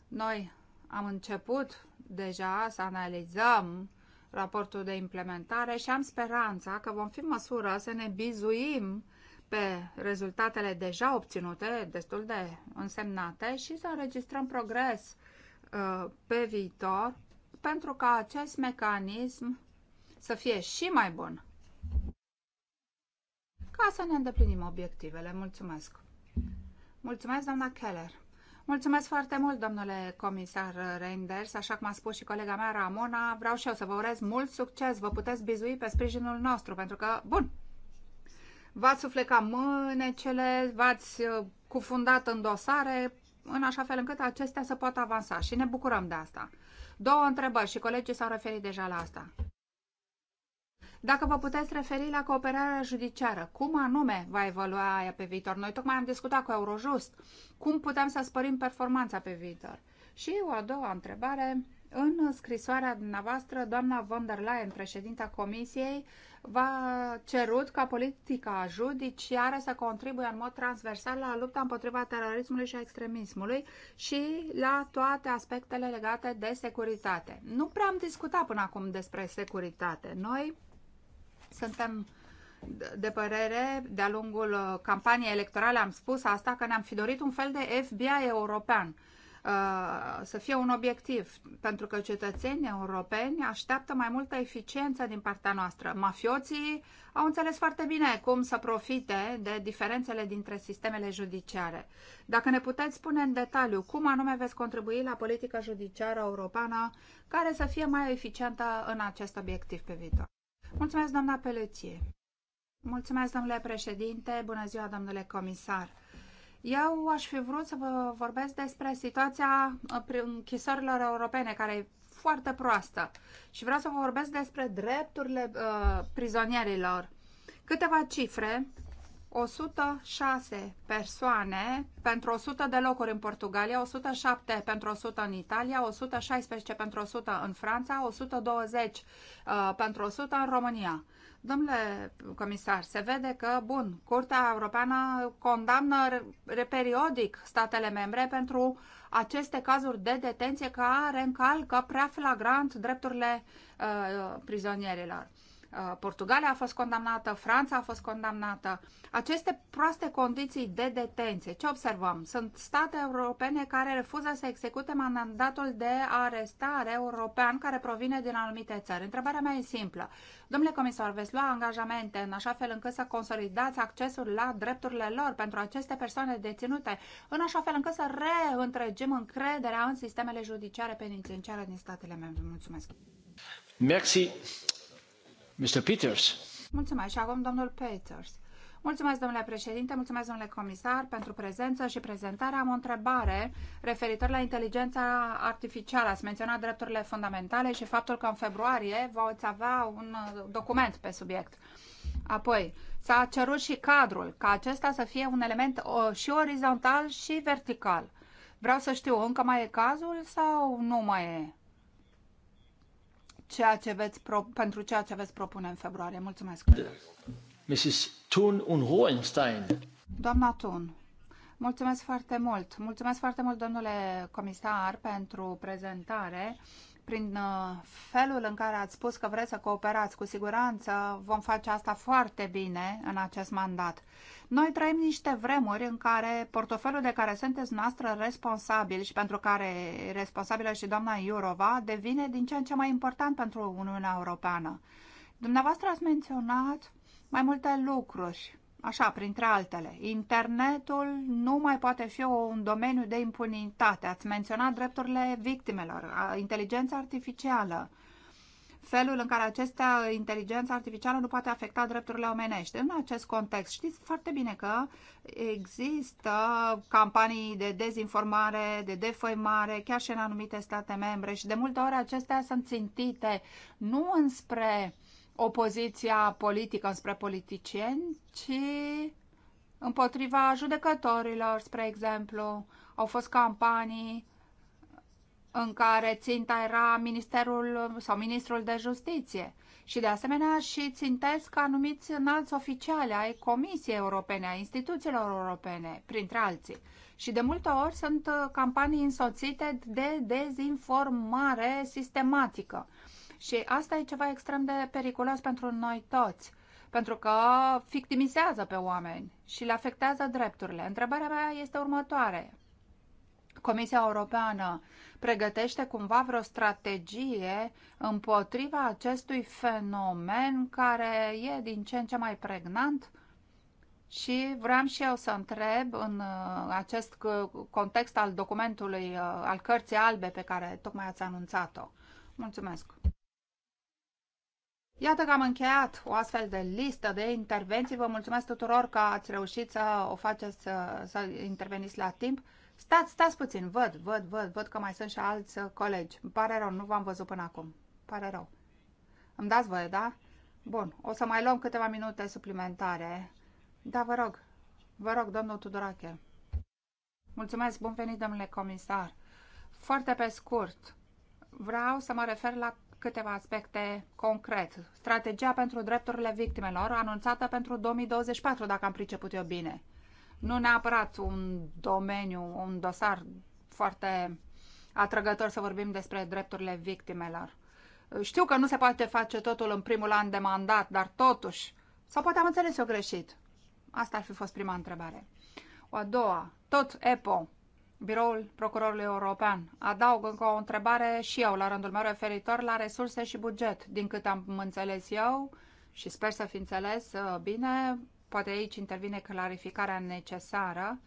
noi am început deja să analizăm raportul de implementare și am speranța că vom fi în măsură să ne bizuim pe rezultatele deja obținute, destul de însemnate, și să înregistrăm progres uh, pe viitor pentru ca acest mecanism să fie și mai bun ca să ne îndeplinim obiectivele. Mulțumesc! Mulțumesc, doamna Keller! Mulțumesc foarte mult, domnule comisar Reinders. Așa cum a spus și colega mea, Ramona, vreau și eu să vă urez mult succes. Vă puteți bizui pe sprijinul nostru, pentru că, bun, v-ați suflecat mânecele, v-ați uh, cufundat în dosare, în așa fel încât acestea să poată avansa și ne bucurăm de asta. Două întrebări și colegii s-au referit deja la asta. Dacă vă puteți referi la cooperarea judiciară, cum anume va evolua aia pe viitor? Noi tocmai am discutat cu Eurojust. Cum putem să spărim performanța pe viitor? Și o a doua întrebare, în scrisoarea dumneavoastră, doamna von der Leyen, președinta Comisiei, v-a cerut ca politica judiciară să contribuie în mod transversal la lupta împotriva terorismului și a extremismului și la toate aspectele legate de securitate. Nu prea am discutat până acum despre securitate. Noi suntem de părere, de-a lungul uh, campaniei electorale am spus asta, că ne-am fi dorit un fel de FBI european uh, să fie un obiectiv, pentru că cetățenii europeni așteaptă mai multă eficiență din partea noastră. Mafioții au înțeles foarte bine cum să profite de diferențele dintre sistemele judiciare. Dacă ne puteți spune în detaliu cum anume veți contribui la politica judiciară europeană care să fie mai eficientă în acest obiectiv pe viitor. Mulțumesc, doamna Peleție. Mulțumesc, domnule președinte. Bună ziua, domnule comisar. Eu aș fi vrut să vă vorbesc despre situația uh, închisorilor europene, care e foarte proastă. Și vreau să vă vorbesc despre drepturile uh, prizonierilor. Câteva cifre 106 persoane pentru 100 de locuri în Portugalia, 107 pentru 100 în Italia, 116 pentru 100 în Franța, 120 uh, pentru 100 în România. Domnule comisar, se vede că, bun, Curtea Europeană condamnă periodic statele membre pentru aceste cazuri de detenție care încalcă prea flagrant drepturile uh, prizonierilor. Uh, Portugalia a fost condamnată, Franța a fost condamnată. Aceste proaste condiții de detenție, ce observăm? Sunt state europene care refuză să execute mandatul de arestare european care provine din anumite țări. Întrebarea mea e simplă. Domnule comisar, veți lua angajamente în așa fel încât să consolidați accesul la drepturile lor pentru aceste persoane deținute, în așa fel încât să reîntregim încrederea în sistemele judiciare penitenciare din statele membre. Mulțumesc! Merci. Peters. Mulțumesc. Mulțumesc, domnule președinte, mulțumesc, domnule comisar, pentru prezență și prezentare. Am o întrebare referitor la inteligența artificială. Ați menționat drepturile fundamentale și faptul că în februarie voți avea un uh, document pe subiect. Apoi, s-a cerut și cadrul, ca acesta să fie un element uh, și orizontal și vertical. Vreau să știu, încă mai e cazul sau nu mai e? ceea ce veți pro- pentru ceea ce veți propune în februarie. Mulțumesc! Mrs. Thun und Hohenstein. Doamna Thun, mulțumesc foarte mult! Mulțumesc foarte mult, domnule comisar, pentru prezentare prin uh, felul în care ați spus că vreți să cooperați, cu siguranță vom face asta foarte bine în acest mandat. Noi trăim niște vremuri în care portofelul de care sunteți noastră responsabil și pentru care responsabilă și doamna Iurova devine din ce în ce mai important pentru Uniunea Europeană. Dumneavoastră ați menționat mai multe lucruri Așa, printre altele, internetul nu mai poate fi un domeniu de impunitate. Ați menționat drepturile victimelor, inteligența artificială, felul în care acestea, inteligența artificială nu poate afecta drepturile omenești. În acest context, știți foarte bine că există campanii de dezinformare, de defăimare, chiar și în anumite state membre și de multe ori acestea sunt țintite nu înspre uh, opoziția politică spre politicieni, ci împotriva judecătorilor, spre exemplu. Au fost campanii în care ținta era ministerul sau ministrul de justiție și de asemenea și țintesc anumiți înalți oficiali ai Comisiei Europene, a instituțiilor europene, printre alții. Și de multe ori sunt campanii însoțite de dezinformare sistematică. Și asta e ceva extrem de periculos pentru noi toți, pentru că victimizează pe oameni și le afectează drepturile. Întrebarea mea este următoare. Comisia Europeană pregătește cumva vreo strategie împotriva acestui fenomen care e din ce în ce mai pregnant? Și vreau și eu să întreb în uh, acest uh, context al documentului, uh, al cărții albe pe care tocmai ați anunțat-o. Mulțumesc! Iată că am încheiat o astfel de listă de intervenții. Vă mulțumesc tuturor că ați reușit să o faceți, să, să interveniți la timp. Stați, stați puțin, văd, văd, văd, văd că mai sunt și alți colegi. Îmi pare rău, nu v-am văzut până acum. Pare rău. Îmi dați voie, da? Bun, o să mai luăm câteva minute suplimentare. Da, vă rog, vă rog, domnul Tudorache. Mulțumesc, bun venit, domnule comisar. Foarte pe scurt, vreau să mă refer la câteva aspecte concret. Strategia pentru drepturile victimelor, anunțată pentru 2024, dacă am priceput eu bine. Nu neapărat un domeniu, un dosar foarte atrăgător să vorbim despre drepturile victimelor. Știu că nu se poate face totul în primul an de mandat, dar totuși, sau poate am înțeles eu greșit. Asta ar fi fost prima întrebare. O a doua, tot EPO, Biroul Procurorului European. Adaug încă o întrebare și eu, la rândul meu, referitor la resurse și buget. Din cât am înțeles eu și sper să fi înțeles uh, bine, poate aici intervine clarificarea necesară.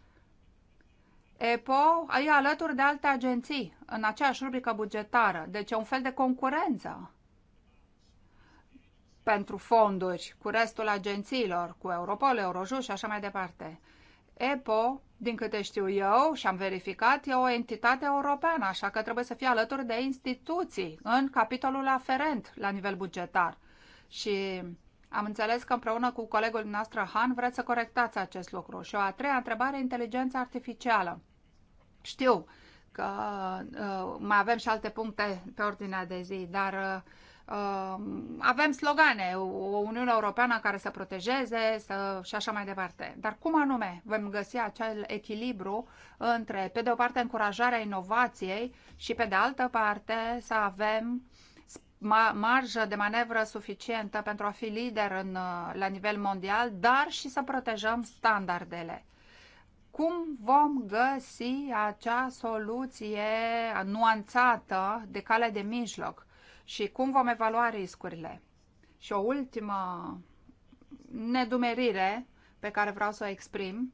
EPO e alături de alte agenții, în aceeași rubrică bugetară, deci e un fel de concurență pentru fonduri cu restul agențiilor, cu Europol, Eurojust și așa mai departe. EPO din câte știu eu și am verificat, e o entitate europeană, așa că trebuie să fie alături de instituții în capitolul aferent la nivel bugetar. Și am înțeles că împreună cu colegul nostru Han vreți să corectați acest lucru. Și o a treia întrebare, inteligența artificială. Știu că uh, mai avem și alte puncte pe ordinea de zi, dar uh, Um, avem slogane, o Uniune Europeană care să protejeze să, și așa mai departe. Dar cum anume vom găsi acel echilibru între, pe de o parte, încurajarea inovației și, pe de altă parte, să avem marjă de manevră suficientă pentru a fi lider în, uh, la nivel mondial, dar și să protejăm standardele cum vom găsi acea soluție nuanțată de cale de mijloc și cum vom evalua riscurile. Și o ultimă nedumerire pe care vreau să o exprim,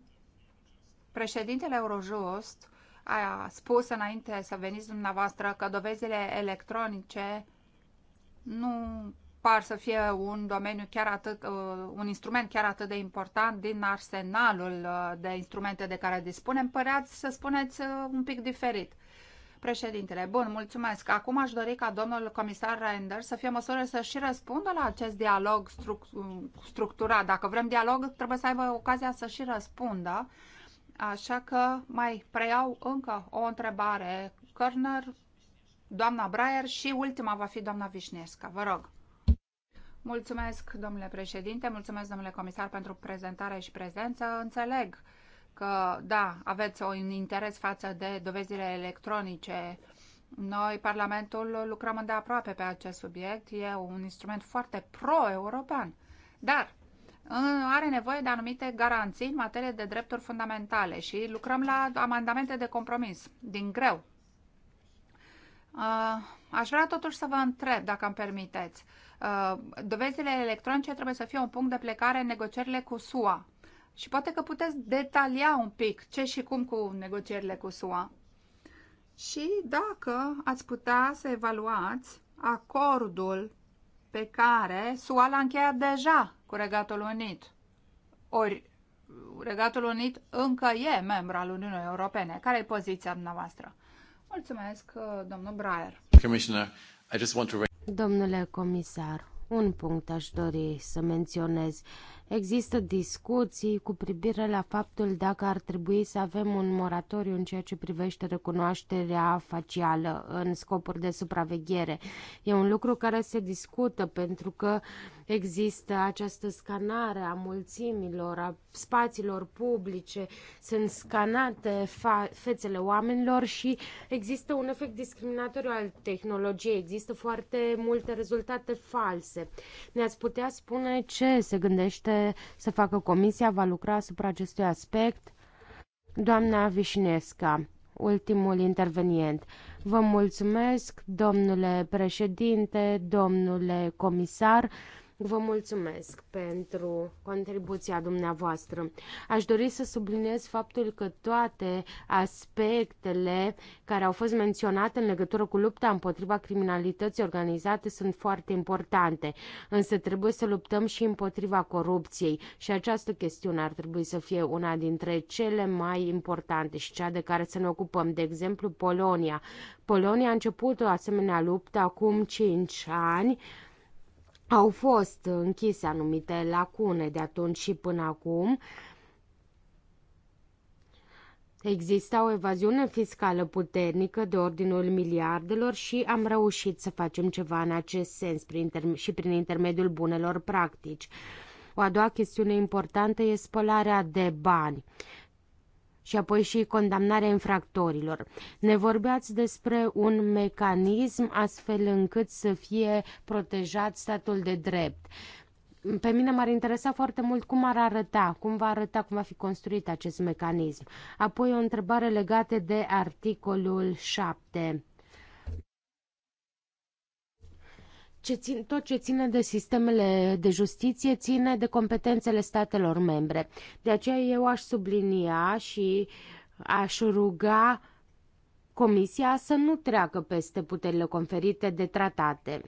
președintele Eurojust a spus înainte să veniți dumneavoastră că dovezile electronice nu par să fie un domeniu chiar atât, uh, un instrument chiar atât de important din arsenalul uh, de instrumente de care dispunem, păreați să spuneți uh, un pic diferit. Președintele, bun, mulțumesc. Acum aș dori ca domnul comisar Render să fie măsură să și răspundă la acest dialog structurat. Dacă vrem dialog, trebuie să aibă ocazia să și răspundă. Așa că mai preiau încă o întrebare. Körner, doamna Braier și ultima va fi doamna Vișnescă. Vă rog. Mulțumesc, domnule președinte, mulțumesc, domnule comisar, pentru prezentare și prezență. Înțeleg că, da, aveți un interes față de dovezile electronice. Noi, Parlamentul, lucrăm îndeaproape pe acest subiect. E un instrument foarte pro-european. Dar are nevoie de anumite garanții în materie de drepturi fundamentale și lucrăm la amendamente de compromis, din greu. Uh, aș vrea totuși să vă întreb, dacă îmi permiteți. Uh, dovezile electronice trebuie să fie un punct de plecare în negocierile cu SUA și poate că puteți detalia un pic ce și cum cu negocierile cu SUA. Și dacă ați putea să evaluați acordul pe care SUA l-a încheiat deja cu Regatul Unit. Ori Regatul Unit încă e membru al Uniunii Europene. Care e poziția dumneavoastră? Mulțumesc, uh, domnul Breyer. Domnule comisar, un punct aș dori să menționez. Există discuții cu privire la faptul dacă ar trebui să avem un moratoriu în ceea ce privește recunoașterea facială în scopuri de supraveghere. E un lucru care se discută pentru că există această scanare a mulțimilor, a spațiilor publice, sunt scanate fețele oamenilor și există un efect discriminatoriu al tehnologiei, există foarte multe rezultate false. Ne-ați putea spune ce se gândește care să facă comisia va lucra asupra acestui aspect. Doamna Vișnesca, ultimul intervenient. Vă mulțumesc, domnule președinte, domnule comisar. Vă mulțumesc pentru contribuția dumneavoastră. Aș dori să subliniez faptul că toate aspectele care au fost menționate în legătură cu lupta împotriva criminalității organizate sunt foarte importante, însă trebuie să luptăm și împotriva corupției și această chestiune ar trebui să fie una dintre cele mai importante și cea de care să ne ocupăm, de exemplu Polonia. Polonia a început o asemenea luptă acum 5 ani, au fost închise anumite lacune de atunci și până acum. Exista o evaziune fiscală puternică de ordinul miliardelor și am reușit să facem ceva în acest sens prin și prin intermediul bunelor practici. O a doua chestiune importantă e spălarea de bani și apoi și condamnarea infractorilor. Ne vorbeați despre un mecanism astfel încât să fie protejat statul de drept. Pe mine m-ar interesa foarte mult cum ar arăta, cum va arăta, cum va fi construit acest mecanism. Apoi o întrebare legată de articolul 7. ce țin, tot ce ține de sistemele de justiție ține de competențele statelor membre. De aceea eu aș sublinia și aș ruga Comisia să nu treacă peste puterile conferite de tratate.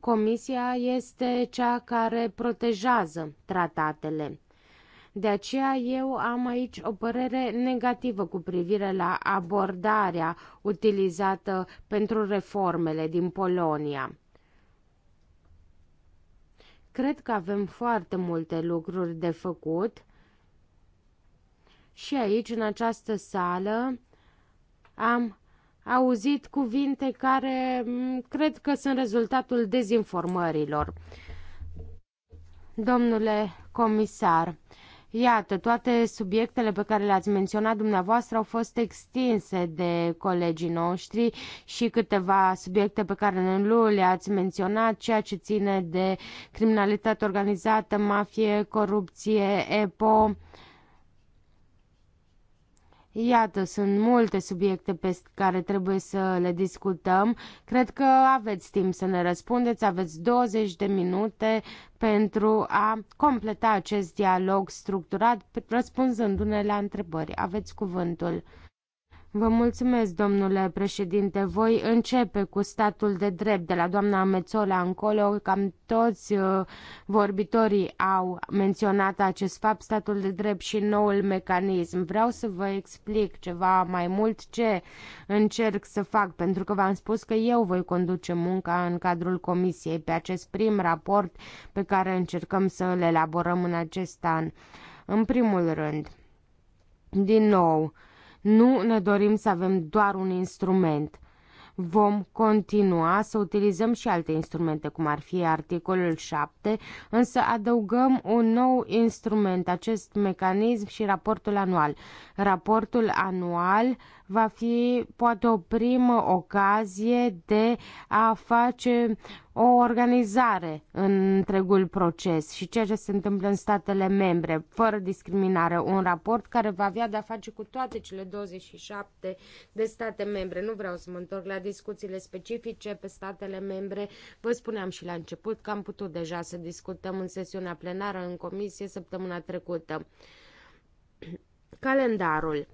Comisia este cea care protejează tratatele. De aceea eu am aici o părere negativă cu privire la abordarea utilizată pentru reformele din Polonia. Cred că avem foarte multe lucruri de făcut și aici, în această sală, am auzit cuvinte care mm, cred că sunt rezultatul dezinformărilor. Domnule comisar, Iată, toate subiectele pe care le-ați menționat dumneavoastră au fost extinse de colegii noștri și câteva subiecte pe care în lui le-ați menționat, ceea ce ține de criminalitate organizată, mafie, corupție, EPO, Iată, sunt multe subiecte pe care trebuie să le discutăm. Cred că aveți timp să ne răspundeți, aveți 20 de minute pentru a completa acest dialog structurat, răspunzându-ne la întrebări. Aveți cuvântul. Vă mulțumesc, domnule președinte. Voi începe cu statul de drept de la doamna Amețola încolo. Cam toți uh, vorbitorii au menționat acest fapt, statul de drept și noul mecanism. Vreau să vă explic ceva mai mult ce încerc să fac, pentru că v-am spus că eu voi conduce munca în cadrul comisiei pe acest prim raport pe care încercăm să îl elaborăm în acest an. În primul rând, din nou, nu ne dorim să avem doar un instrument. Vom continua să utilizăm și alte instrumente, cum ar fi articolul 7, însă adăugăm un nou instrument, acest mecanism și raportul anual. Raportul anual uh, va fi poate o primă ocazie de a face o organizare în întregul proces și ceea ce se întâmplă în statele membre, fără discriminare. Un raport care va avea de-a face cu toate cele 27 de state membre. Nu vreau să mă întorc la discuțiile specifice pe statele membre. Vă spuneam și la început că am putut deja să discutăm în sesiunea plenară în comisie săptămâna trecută. Calendarul.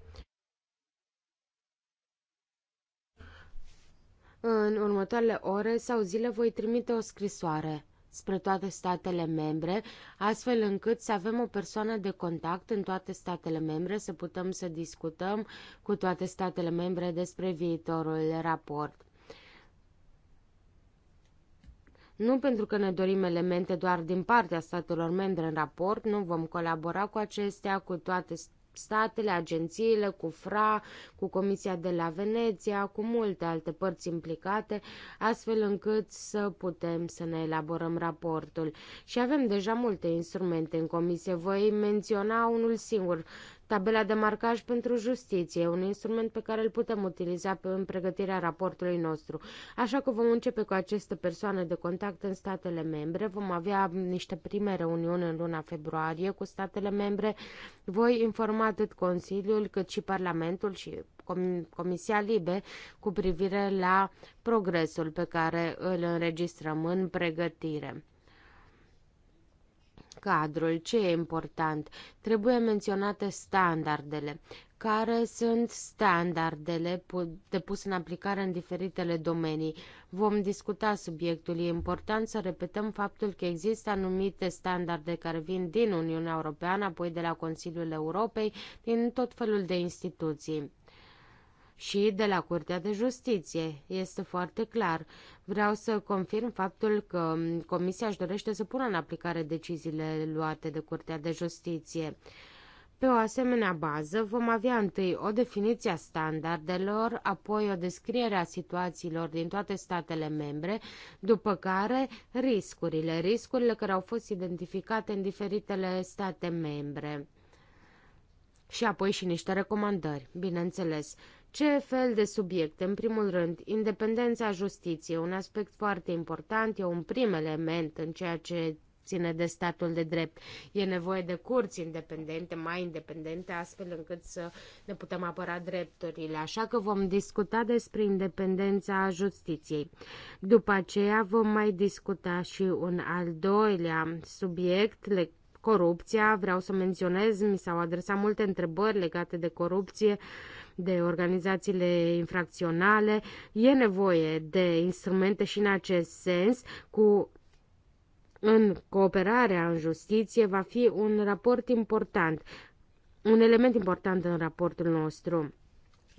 În următoarele ore sau zile voi trimite o scrisoare spre toate statele membre, astfel încât să avem o persoană de contact în toate statele membre, să putem să discutăm cu toate statele membre despre viitorul raport. Nu pentru că ne dorim elemente doar din partea statelor membre în raport, nu vom colabora cu acestea, cu toate statele, agențiile, cu FRA, cu Comisia de la Veneția, cu multe alte părți implicate, astfel încât să putem să ne elaborăm raportul. Și avem deja multe instrumente în comisie. Voi menționa unul singur, Tabela de marcaj pentru justiție, un instrument pe care îl putem utiliza în pregătirea raportului nostru. Așa că vom începe cu aceste persoane de contact în statele membre. Vom avea niște prime reuniuni în luna februarie cu statele membre. Voi informa atât Consiliul cât și Parlamentul și Comisia Libe cu privire la progresul pe care îl înregistrăm în pregătire cadrul, ce e important. Trebuie menționate standardele. Care sunt standardele depuse în aplicare în diferitele domenii? Vom discuta subiectul. E important să repetăm faptul că există anumite standarde care vin din Uniunea Europeană, apoi de la Consiliul Europei, din tot felul de instituții și de la Curtea de Justiție. Este foarte clar. Vreau să confirm faptul că Comisia își dorește să pună în aplicare deciziile luate de Curtea de Justiție. Pe o asemenea bază vom avea întâi o definiție a standardelor, apoi o descriere a situațiilor din toate statele membre, după care riscurile, riscurile care au fost identificate în diferitele state membre. Și apoi și niște recomandări, bineînțeles. Ce fel de subiecte? În primul rând, independența justiției, un aspect foarte important, e un prim element în ceea ce ține de statul de drept. E nevoie de curți independente, mai independente, astfel încât să ne putem apăra drepturile. Așa că vom discuta despre independența justiției. După aceea vom mai discuta și un al doilea subiect corupția. Vreau să menționez, mi s-au adresat multe întrebări legate de corupție. Uh, de organizațiile infracționale. E nevoie de instrumente și în acest sens cu în cooperarea în justiție va fi un raport important, un element important în raportul nostru.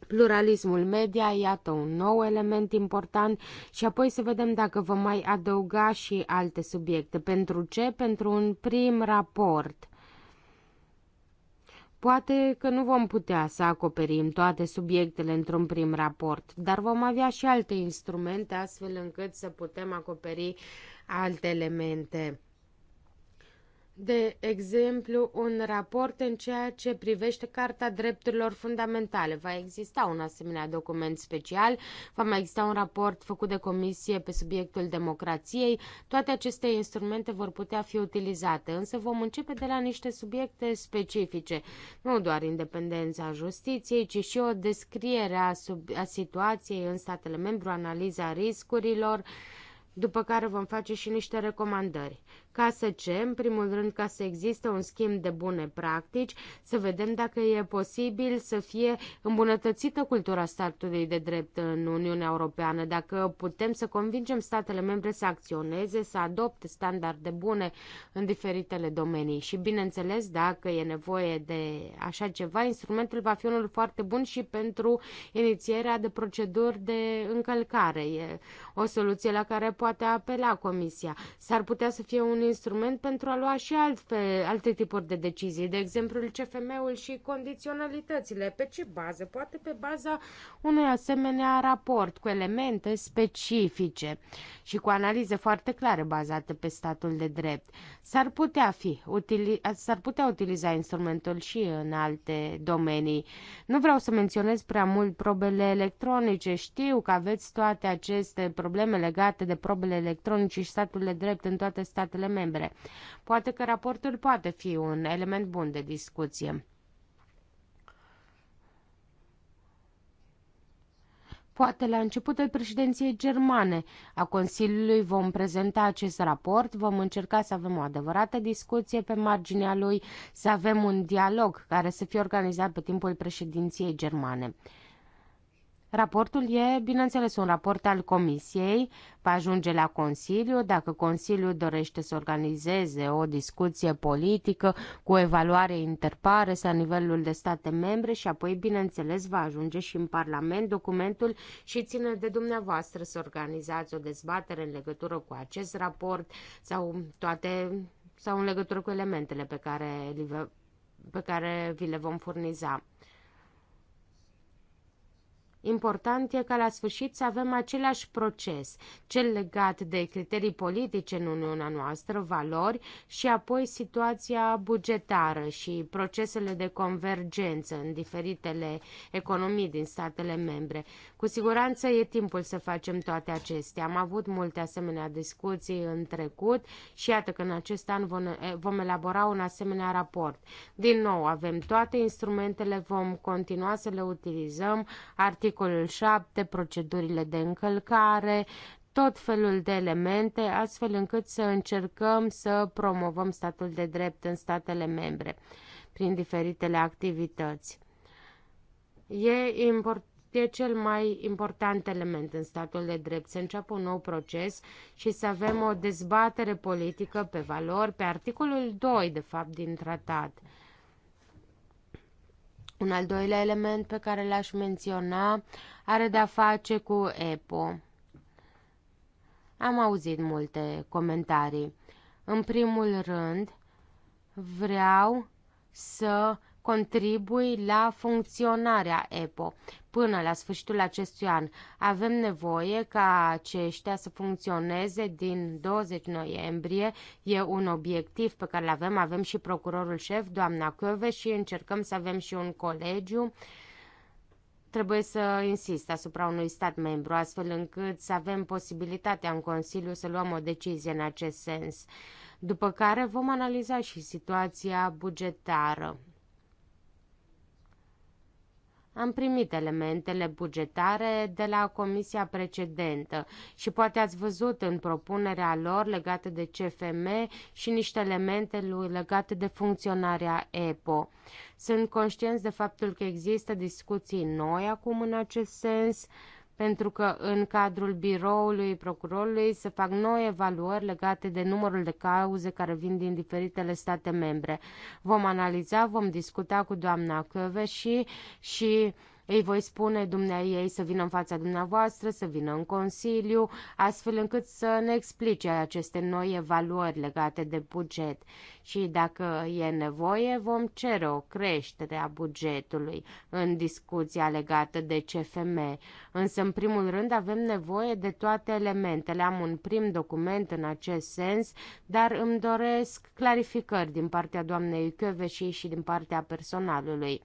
Pluralismul media, iată un nou element important și apoi să vedem dacă vom mai adăuga și alte subiecte. Pentru ce? Pentru un prim raport. Poate că nu vom putea să acoperim toate subiectele într-un prim raport, dar vom avea și alte instrumente astfel încât să putem acoperi alte elemente de exemplu, un raport în ceea ce privește Carta Drepturilor Fundamentale. Va exista un asemenea document special, va mai exista un raport făcut de comisie pe subiectul democrației. Toate aceste instrumente vor putea fi utilizate, însă vom începe de la niște subiecte specifice, nu doar independența justiției, ci și o descriere a, sub, a situației în statele membru, analiza riscurilor, uh, după care vom face și niște recomandări. Ca să ce, în primul rând, ca să existe un schimb de bune practici, să vedem dacă e posibil să fie îmbunătățită cultura statului de drept în Uniunea Europeană, dacă putem să convingem statele membre să acționeze, să adopte standarde bune în diferitele domenii. Și, bineînțeles, dacă e nevoie de așa ceva, instrumentul va fi unul foarte bun și pentru inițierea de proceduri de încălcare. E o soluție la care poate apela Comisia. S-ar putea să fie un instrument pentru a lua și altfe, alte tipuri de decizii, de exemplu CFM-ul și condiționalitățile. Pe ce bază? Poate pe baza unui asemenea raport cu elemente specifice și cu analize foarte clare bazate pe statul de drept. S-ar putea, fi, utili, s-ar putea utiliza instrumentul și în alte domenii. Nu vreau să menționez prea mult probele electronice. Știu că aveți toate aceste probleme legate de probe probele electronice și statul de drept în toate statele membre. Poate că raportul poate fi un element bun de discuție. Poate la începutul președinției germane a Consiliului vom prezenta acest raport, vom încerca să avem o adevărată discuție pe marginea lui, să avem un dialog care să fie organizat pe timpul președinției germane. Raportul e, bineînțeles, un raport al Comisiei, va ajunge la Consiliu. Dacă Consiliul dorește să organizeze o discuție politică cu o evaluare interpare la nivelul de state membre și apoi, bineînțeles, va ajunge și în Parlament documentul și ține de dumneavoastră să organizați o dezbatere în legătură cu acest raport sau toate sau în legătură cu elementele pe care, pe care vi le vom furniza. Important e ca la sfârșit să avem același proces, cel legat de criterii politice în Uniunea noastră, valori și apoi situația bugetară și procesele de convergență în diferitele economii din statele membre. Cu siguranță e timpul să facem toate acestea. Am avut multe asemenea discuții în trecut și iată că în acest an vom, vom elabora un asemenea raport. Din nou, avem toate instrumentele, vom continua să le utilizăm, articul articolul 7, procedurile de încălcare, tot felul de elemente, astfel încât să încercăm să promovăm statul de drept în statele membre prin diferitele activități. E, import, e cel mai important element în statul de drept, să înceapă un nou proces și să avem o dezbatere politică pe valori, pe articolul 2, de fapt, din tratat. Un al doilea element pe care l-aș menționa are de-a face cu EPO. Am auzit multe comentarii. În primul rând, vreau să contribui la funcționarea EPO. Până la sfârșitul acestui an avem nevoie ca aceștia să funcționeze din 20 noiembrie. E un obiectiv pe care îl avem. Avem și procurorul șef, doamna Căve, și încercăm să avem și un colegiu trebuie să insist asupra unui stat membru, astfel încât să avem posibilitatea în Consiliu să luăm o decizie în acest sens, după care vom analiza și situația bugetară. Am primit elementele bugetare de la comisia precedentă și poate ați văzut în propunerea lor legată de CFM și niște elemente legate de funcționarea EPO. Sunt conștienți de faptul că există discuții noi acum în acest sens, pentru că în cadrul biroului procurorului se fac noi evaluări legate de numărul de cauze care vin din diferitele state membre. Vom analiza, vom discuta cu doamna Căve și, și ei voi spune dumneai ei să vină în fața dumneavoastră, să vină în Consiliu, astfel încât să ne explice aceste noi evaluări legate de buget. Și dacă e nevoie, vom cere o creștere a bugetului în discuția legată de CFM. Însă, în primul rând, avem nevoie de toate elementele. Am un prim document în acest sens, dar îmi doresc clarificări din partea doamnei Căveșii și din partea personalului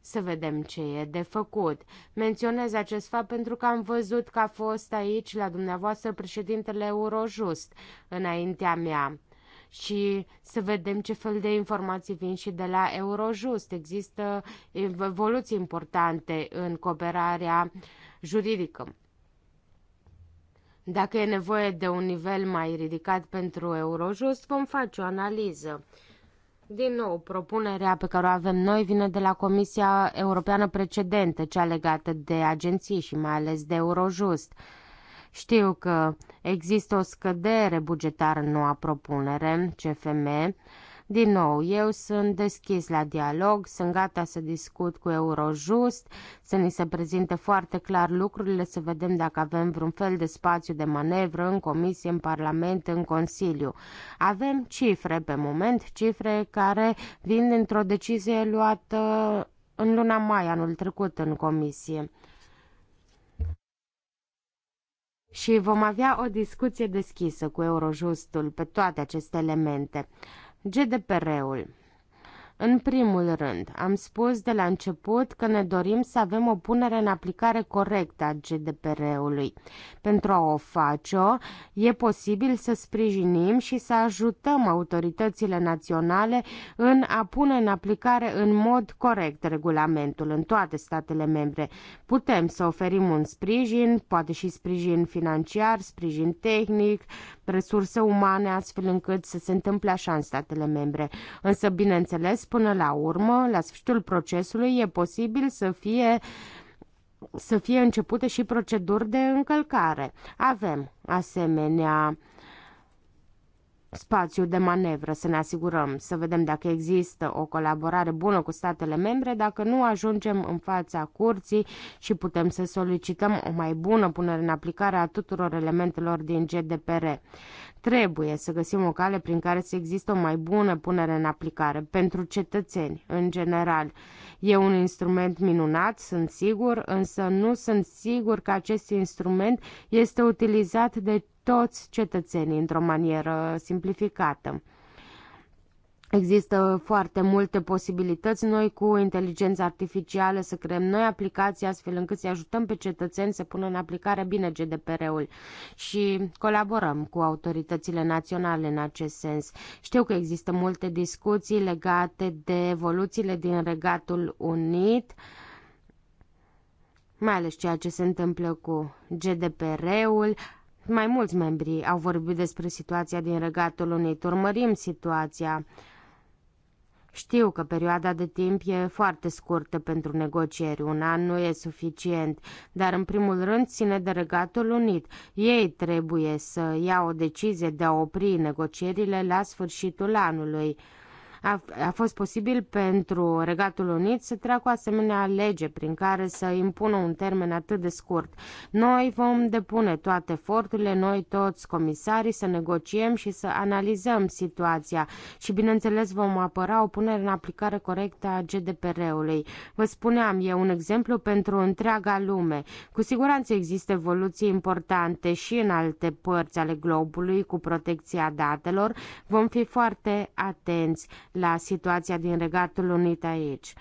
să vedem ce e de făcut. Menționez acest fapt pentru că am văzut că a fost aici la dumneavoastră președintele Eurojust înaintea mea și să vedem ce fel de informații vin și de la Eurojust. Există evoluții importante în cooperarea juridică. Dacă e nevoie de un nivel mai ridicat pentru Eurojust, vom face o analiză. Din nou, propunerea pe care o avem noi vine de la Comisia Europeană precedentă, cea legată de agenții și mai ales de Eurojust. Știu că există o scădere bugetară în noua propunere, CFM, din nou, eu sunt deschis la dialog, sunt gata să discut cu Eurojust, să ni se prezinte foarte clar lucrurile, să vedem dacă avem vreun fel de spațiu de manevră în Comisie, în Parlament, în Consiliu. Avem cifre pe moment, cifre care vin dintr-o decizie luată în luna mai anul trecut în Comisie și vom avea o discuție deschisă cu Eurojustul pe toate aceste elemente. GDPR-ul. În primul rând, am spus de la început că ne dorim să avem o punere în aplicare corectă a GDPR-ului. Pentru a o face-o, e posibil să sprijinim și să ajutăm autoritățile naționale în a pune în aplicare în mod corect regulamentul în toate statele membre. Putem să oferim un sprijin, poate și sprijin financiar, sprijin tehnic, resurse umane astfel încât să se întâmple așa în statele membre. Însă, bineînțeles, până la urmă, la sfârșitul procesului, e posibil să fie să fie începute și proceduri de încălcare. Avem asemenea spațiu de manevră, să ne asigurăm, să vedem dacă există o colaborare bună cu statele membre, dacă nu ajungem în fața curții și putem să solicităm o mai bună punere în aplicare a tuturor elementelor din GDPR. Trebuie să găsim o cale prin care să există o mai bună punere în aplicare pentru cetățeni în general E un instrument minunat, sunt sigur, însă nu sunt sigur că acest instrument este utilizat de toți cetățenii într-o manieră simplificată. Există foarte multe posibilități noi cu inteligența artificială să creăm noi aplicații astfel încât să ajutăm pe cetățeni să pună în aplicare bine GDPR-ul și colaborăm cu autoritățile naționale în acest sens. Știu că există multe discuții legate de evoluțiile din Regatul Unit, mai ales ceea ce se întâmplă cu GDPR-ul, mai mulți membri au vorbit despre situația din Regatul Unit. Urmărim situația știu că perioada de timp e foarte scurtă pentru negocieri, un an nu e suficient, dar în primul rând ține de Regatul Unit. Ei trebuie să ia o decizie de a opri negocierile la sfârșitul anului. A, a fost posibil pentru Regatul Unit să treacă o asemenea lege prin care să impună un termen atât de scurt. Noi vom depune toate eforturile, noi toți comisarii, să negociem și să analizăm situația și, bineînțeles, vom apăra o punere în aplicare corectă a GDPR-ului. Vă spuneam, e un exemplu pentru întreaga lume. Cu siguranță există evoluții importante și în alte părți ale globului cu protecția datelor. Vom fi foarte atenți la situația din Regatul Unit aici.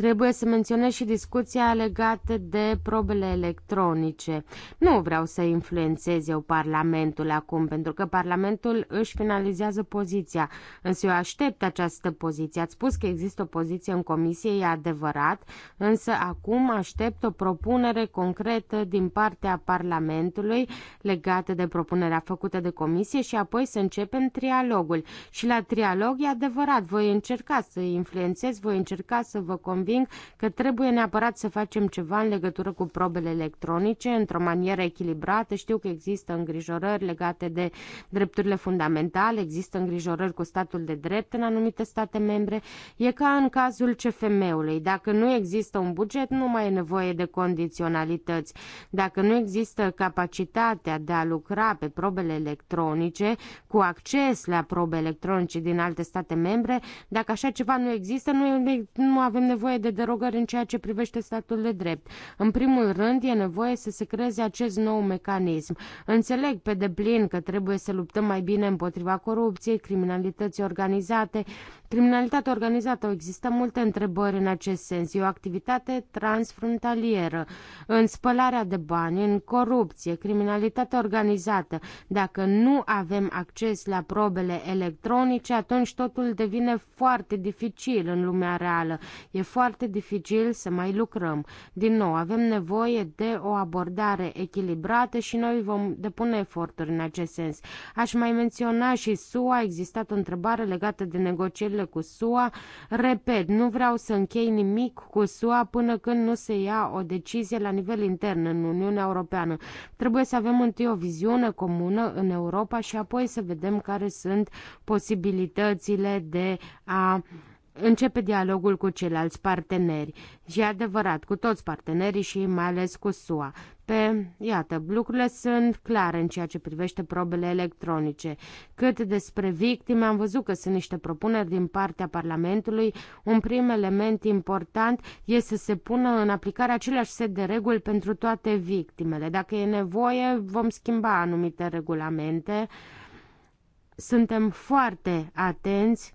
Trebuie să menționez și discuția legată de probele electronice. Nu vreau să influențez eu Parlamentul acum, pentru că Parlamentul își finalizează poziția. Însă eu aștept această poziție. Ați spus că există o poziție în comisie, e adevărat, însă acum aștept o propunere concretă din partea Parlamentului legată de propunerea făcută de comisie și apoi să începem trialogul. Și la trialog e adevărat, voi încerca să influențez, voi încerca să vă convinc Reding că trebuie neapărat să facem ceva în legătură cu probele electronice într-o manieră echilibrată. Știu că există îngrijorări legate de drepturile fundamentale, există îngrijorări cu statul de drept în anumite state membre. E ca în cazul CFM-ului. Dacă nu există un buget, nu mai e nevoie de condiționalități. Dacă nu există capacitatea de a lucra pe probele electronice, cu acces la probe electronice din alte state membre, dacă așa ceva nu există, nu, nu avem nevoie de derogări în ceea ce privește statul de drept. În primul rând, e nevoie să se creeze acest nou mecanism. Înțeleg pe deplin că trebuie să luptăm mai bine împotriva corupției, criminalității organizate, Criminalitatea organizată, există multe întrebări în acest sens. E o activitate transfrontalieră, în spălarea de bani, în corupție, criminalitate organizată. Dacă nu avem acces la probele electronice, atunci totul devine foarte dificil în lumea reală. E foarte dificil să mai lucrăm. Din nou, avem nevoie de o abordare echilibrată și noi vom depune eforturi în acest sens. Aș mai menționa și SUA, a existat o întrebare legată de negocierile comercială cu SUA. Repet, nu vreau să închei nimic cu SUA până când nu se ia o decizie la nivel intern în Uniunea Europeană. Trebuie să avem întâi o viziune comună în Europa și apoi să vedem care sunt posibilitățile de a începe dialogul cu ceilalți parteneri. E adevărat, cu toți partenerii și mai ales cu SUA pe... Iată, lucrurile sunt clare în ceea ce privește probele electronice. Cât despre victime, am văzut că sunt niște propuneri din partea Parlamentului. Un prim element important este să se pună în aplicare același set de reguli pentru toate victimele. Dacă e nevoie, vom schimba anumite regulamente. Suntem foarte atenți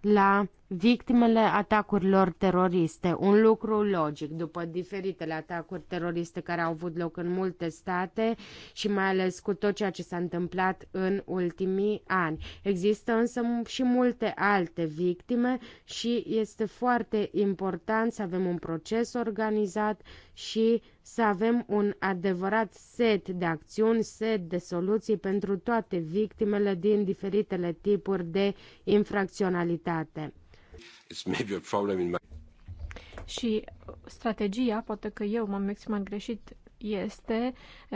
la victimele atacurilor teroriste. Un lucru logic după diferitele atacuri teroriste care au avut loc în multe state și mai ales cu tot ceea ce s-a întâmplat în ultimii ani. Există însă și multe alte victime și este foarte important să avem un proces organizat și să avem un adevărat set de acțiuni, set de soluții pentru toate victimele din diferitele tipuri de infracționalitate. My... Și strategia, poate că eu m-am exprimat greșit, este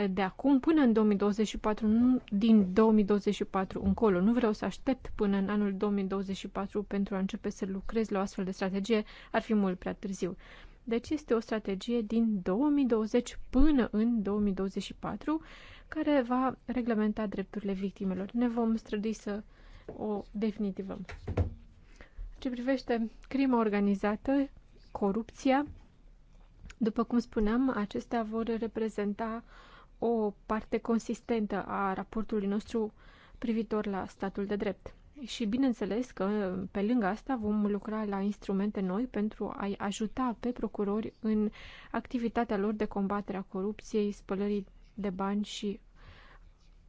de acum până în 2024, din 2024 încolo. Nu vreau să aștept până în anul 2024 pentru a începe să lucrez la o astfel de strategie, ar fi mult prea târziu. Deci este o strategie din 2020 până în 2024 care va reglementa drepturile victimelor. Ne vom strădui să o definitivăm ce privește crima organizată, corupția, după cum spuneam, acestea vor reprezenta o parte consistentă a raportului nostru privitor la statul de drept. Și bineînțeles că pe lângă asta vom lucra la instrumente noi pentru a-i ajuta pe procurori în activitatea lor de combatere a corupției, spălării de bani și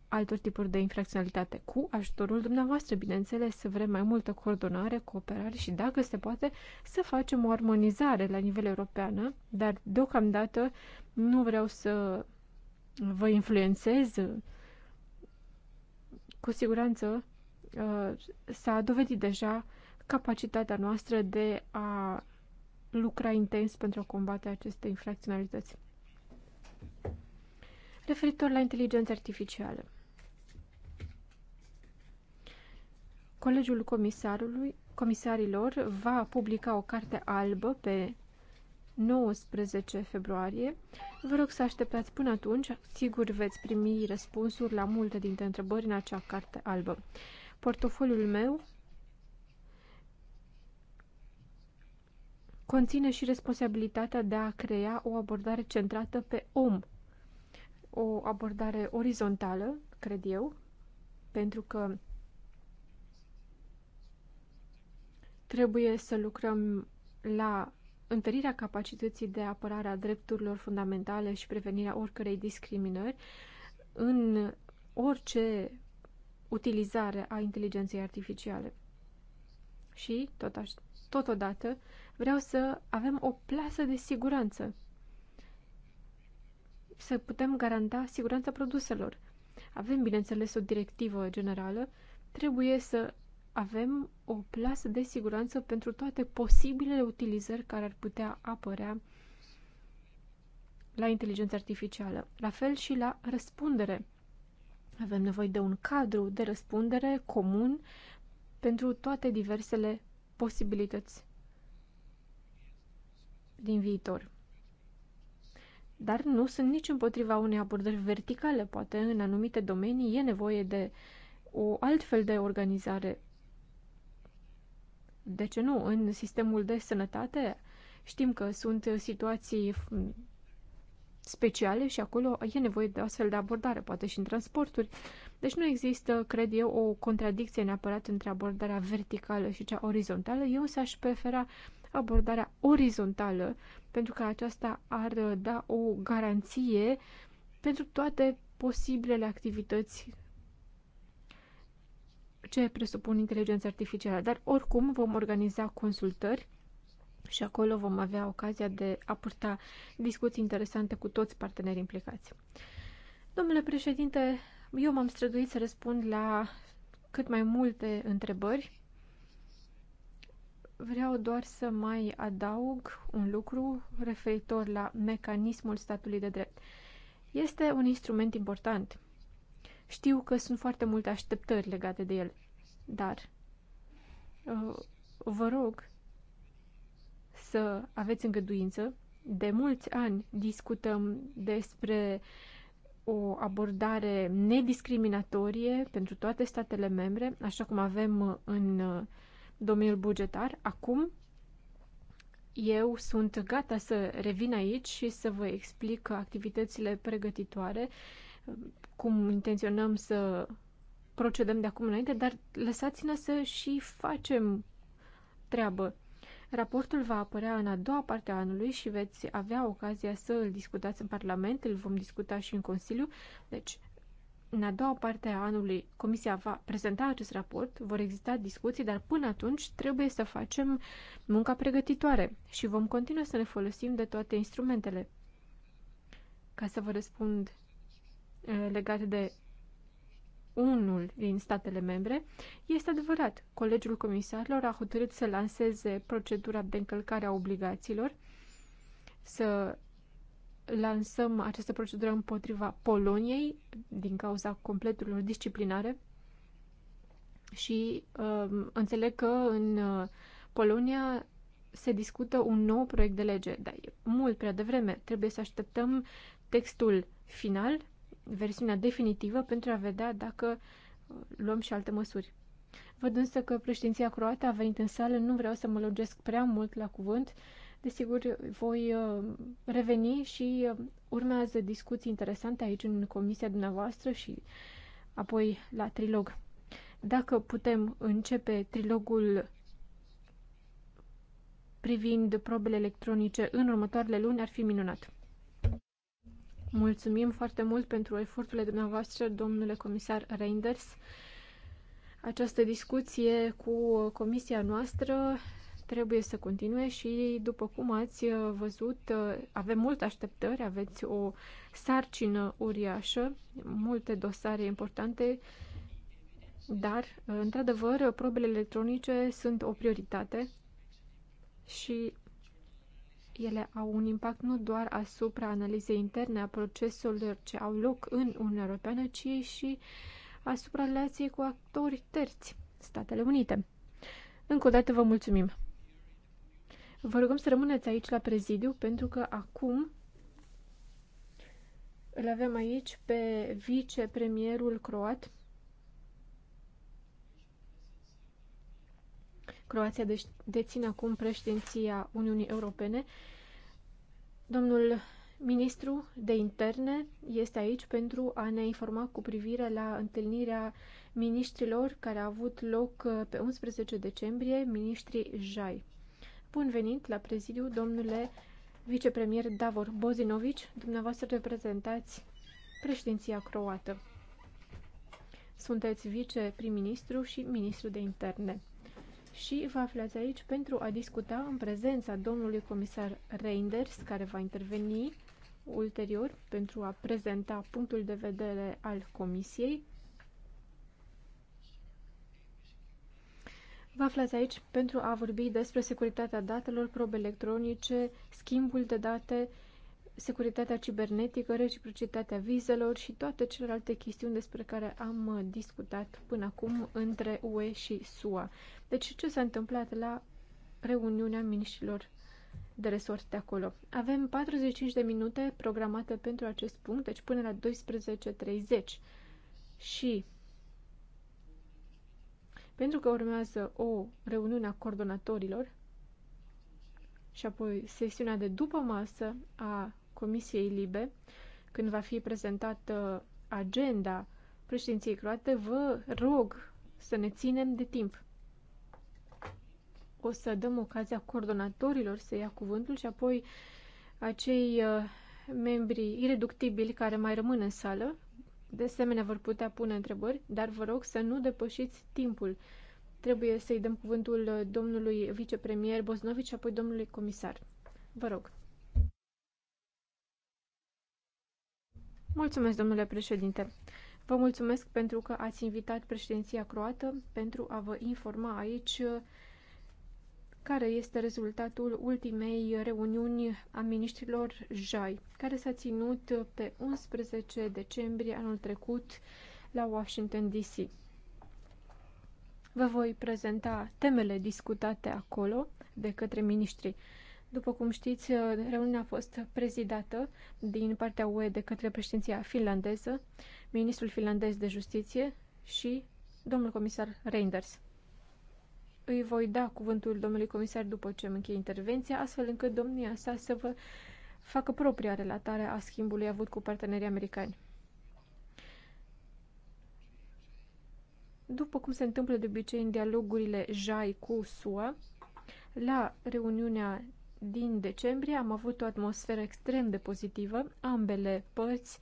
altor tipuri de infracționalitate. Cu ajutorul dumneavoastră, bineînțeles, să vrem mai multă coordonare, cooperare și, dacă se poate, să facem o armonizare la nivel european, dar deocamdată nu vreau să vă influențez. Cu siguranță uh, s-a dovedit deja capacitatea noastră de a lucra intens pentru a combate aceste infracționalități referitor la inteligența artificială. Colegiul Comisarului, Comisarilor va publica o carte albă pe 19 februarie. Vă rog să așteptați până atunci. Sigur veți primi răspunsuri la multe dintre întrebări în acea carte albă. Portofoliul meu conține și responsabilitatea de a crea o abordare centrată pe om. O abordare orizontală, cred eu, pentru că Trebuie să lucrăm la întărirea capacității de apărare a drepturilor fundamentale și prevenirea oricărei discriminări în orice utilizare a inteligenței artificiale. Și, tot aș, totodată, vreau să avem o plasă de siguranță. Să putem garanta siguranța produselor. Avem, bineînțeles, o directivă generală. Trebuie să avem o plasă de siguranță pentru toate posibilele utilizări care ar putea apărea la inteligența artificială. La fel și la răspundere. Avem nevoie de un cadru de răspundere comun pentru toate diversele posibilități din viitor. Dar nu sunt nici împotriva unei abordări verticale. Poate în anumite domenii e nevoie de o altfel de organizare de ce nu, în sistemul de sănătate. Știm că sunt situații speciale și acolo e nevoie de astfel de abordare, poate și în transporturi. Deci nu există, cred eu, o contradicție neapărat între abordarea verticală și cea orizontală. Eu însă aș prefera abordarea orizontală, pentru că aceasta ar uh, da o garanție pentru toate posibilele activități ce presupun inteligența artificială, dar oricum vom organiza consultări și acolo vom avea ocazia de a purta discuții interesante cu toți partenerii implicați. Domnule președinte, eu m-am străduit să răspund la cât mai multe întrebări. Vreau doar să mai adaug un lucru referitor la mecanismul statului de drept. Este un instrument important știu că sunt foarte multe așteptări legate de el, dar uh, vă rog să aveți îngăduință. De mulți ani discutăm despre o abordare nediscriminatorie pentru toate statele membre, așa cum avem în uh, domeniul bugetar. Acum eu sunt gata să revin aici și să vă explic activitățile pregătitoare uh, cum intenționăm să procedăm de acum înainte, dar lăsați-ne să și facem treabă. Raportul va apărea în a doua parte a anului și veți avea ocazia să îl discutați în Parlament, îl vom discuta și în Consiliu. Deci, în a doua parte a anului, Comisia va prezenta acest raport, vor exista discuții, dar până atunci trebuie să facem munca pregătitoare și vom continua să ne folosim de toate instrumentele. Ca să vă răspund Eh, legate de unul din statele membre, este adevărat. Colegiul Comisarilor a hotărât să lanseze procedura de încălcare a obligațiilor, să lansăm această procedură împotriva Poloniei din cauza completurilor disciplinare și uh, înțeleg că în uh, Polonia se discută un nou proiect de lege, dar e mult prea devreme. Trebuie să așteptăm textul final versiunea definitivă pentru a vedea dacă uh, luăm și alte măsuri. Văd însă că președinția croată a venit în sală, nu vreau să mă lungesc prea mult la cuvânt. Desigur, voi uh, reveni și uh, urmează discuții interesante aici în comisia dumneavoastră și apoi la trilog. Dacă putem începe trilogul privind probele electronice în următoarele luni, ar fi minunat. Mulțumim foarte mult pentru eforturile dumneavoastră, domnule comisar Reinders. Această discuție cu comisia noastră trebuie să continue și, după cum ați văzut, avem multe așteptări, aveți o sarcină uriașă, multe dosare importante, dar, într-adevăr, probele electronice sunt o prioritate și ele au un impact nu doar asupra analizei interne a proceselor ce au loc în Uniunea Europeană, ci și asupra relației cu actorii terți, Statele Unite. Încă o dată vă mulțumim! Vă rugăm să rămâneți aici la prezidiu, pentru că acum îl avem aici pe vicepremierul croat, Croația deci deține acum președinția Uniunii Europene. Domnul ministru de interne este aici pentru a ne informa cu privire la întâlnirea ministrilor care a avut loc uh, pe 11 decembrie, ministrii Jai. Bun venit la prezidiu, domnule vicepremier Davor Bozinovici, dumneavoastră reprezentați președinția croată. Sunteți prim ministru și ministru de interne și vă aflați aici pentru a discuta în prezența domnului comisar Reinders, care va interveni ulterior pentru a prezenta punctul de vedere al comisiei. Vă aflați aici pentru a vorbi despre securitatea datelor, probe electronice, schimbul de date, securitatea cibernetică, reciprocitatea vizelor și toate celelalte chestiuni despre care am discutat până acum între UE și SUA. Deci ce s-a întâmplat la reuniunea miniștilor de resort de acolo? Avem 45 de minute programate pentru acest punct, deci până la 12.30 și pentru că urmează o reuniune a coordonatorilor și apoi sesiunea de după masă a Comisiei Libe, când va fi prezentată agenda președinției croate, vă rog să ne ținem de timp o să dăm ocazia coordonatorilor să ia cuvântul și apoi acei uh, membri ireductibili care mai rămân în sală, de asemenea vor putea pune întrebări, dar vă rog să nu depășiți timpul. Trebuie să-i dăm cuvântul uh, domnului vicepremier Boznovici și apoi domnului comisar. Vă rog. Mulțumesc, domnule președinte. Vă mulțumesc pentru că ați invitat președinția croată pentru a vă informa aici uh, care este rezultatul ultimei reuniuni a ministrilor JAI, care s-a ținut pe 11 decembrie anul trecut la Washington, D.C. Vă voi prezenta temele discutate acolo de către ministrii. După cum știți, reuniunea a fost prezidată din partea UE de către președinția finlandeză, ministrul finlandez de justiție și domnul comisar Reinders îi voi da cuvântul domnului comisar după ce îmi încheie intervenția, astfel încât domnia sa să vă facă propria relatare a schimbului avut cu partenerii americani. După cum se întâmplă de obicei în dialogurile JAI cu SUA, la reuniunea din decembrie am avut o atmosferă extrem de pozitivă. Ambele părți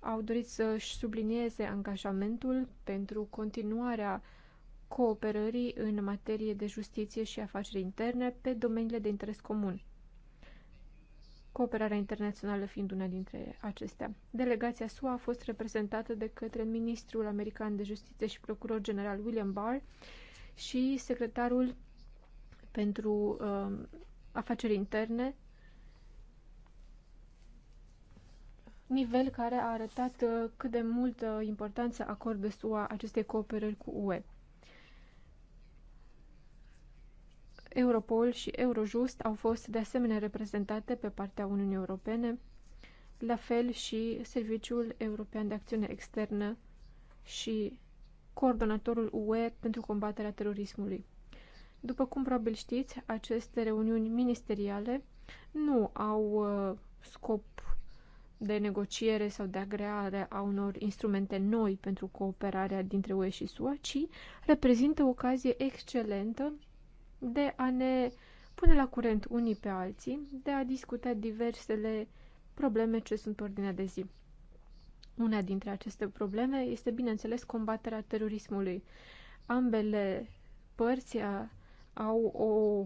au dorit să-și sublinieze angajamentul pentru continuarea uh, cooperării în materie de justiție și afaceri interne pe domeniile de interes comun cooperarea internațională fiind una dintre acestea. Delegația SUA a fost reprezentată de către ministrul american de justiție și procuror general William Barr și secretarul pentru uh, afaceri interne, nivel care a arătat uh, cât de multă importanță acordă SUA acestei cooperări cu UE. Europol și Eurojust au fost de asemenea reprezentate pe partea Uniunii Europene, la fel și Serviciul European de Acțiune Externă și coordonatorul UE pentru combaterea terorismului. După cum probabil știți, aceste reuniuni ministeriale nu au uh, scop de negociere sau de agreare a unor instrumente noi pentru cooperarea dintre UE și SUA, ci reprezintă o ocazie excelentă de a ne pune la curent unii pe alții, de a discuta diversele probleme ce sunt pe ordinea de zi. Una dintre aceste probleme este, bineînțeles, combaterea terorismului. Ambele părți au o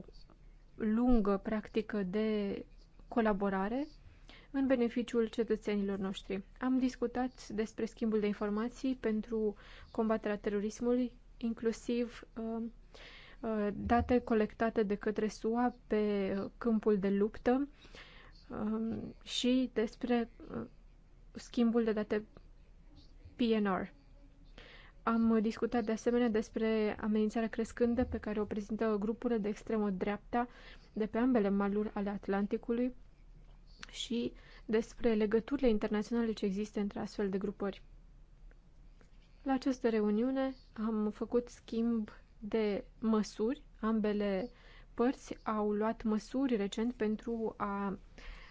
lungă practică de colaborare în beneficiul cetățenilor noștri. Am discutat despre schimbul de informații pentru combaterea terorismului, inclusiv uh, Uh, date colectate de către SUA pe uh, câmpul de luptă um, și despre uh, schimbul de date PNR. Am discutat de asemenea despre amenințarea crescândă pe care o prezintă grupurile de extremă dreapta de pe ambele maluri ale Atlanticului și despre legăturile internaționale ce există între astfel de grupări. La această reuniune am făcut schimb de măsuri. Ambele părți au luat măsuri recent pentru a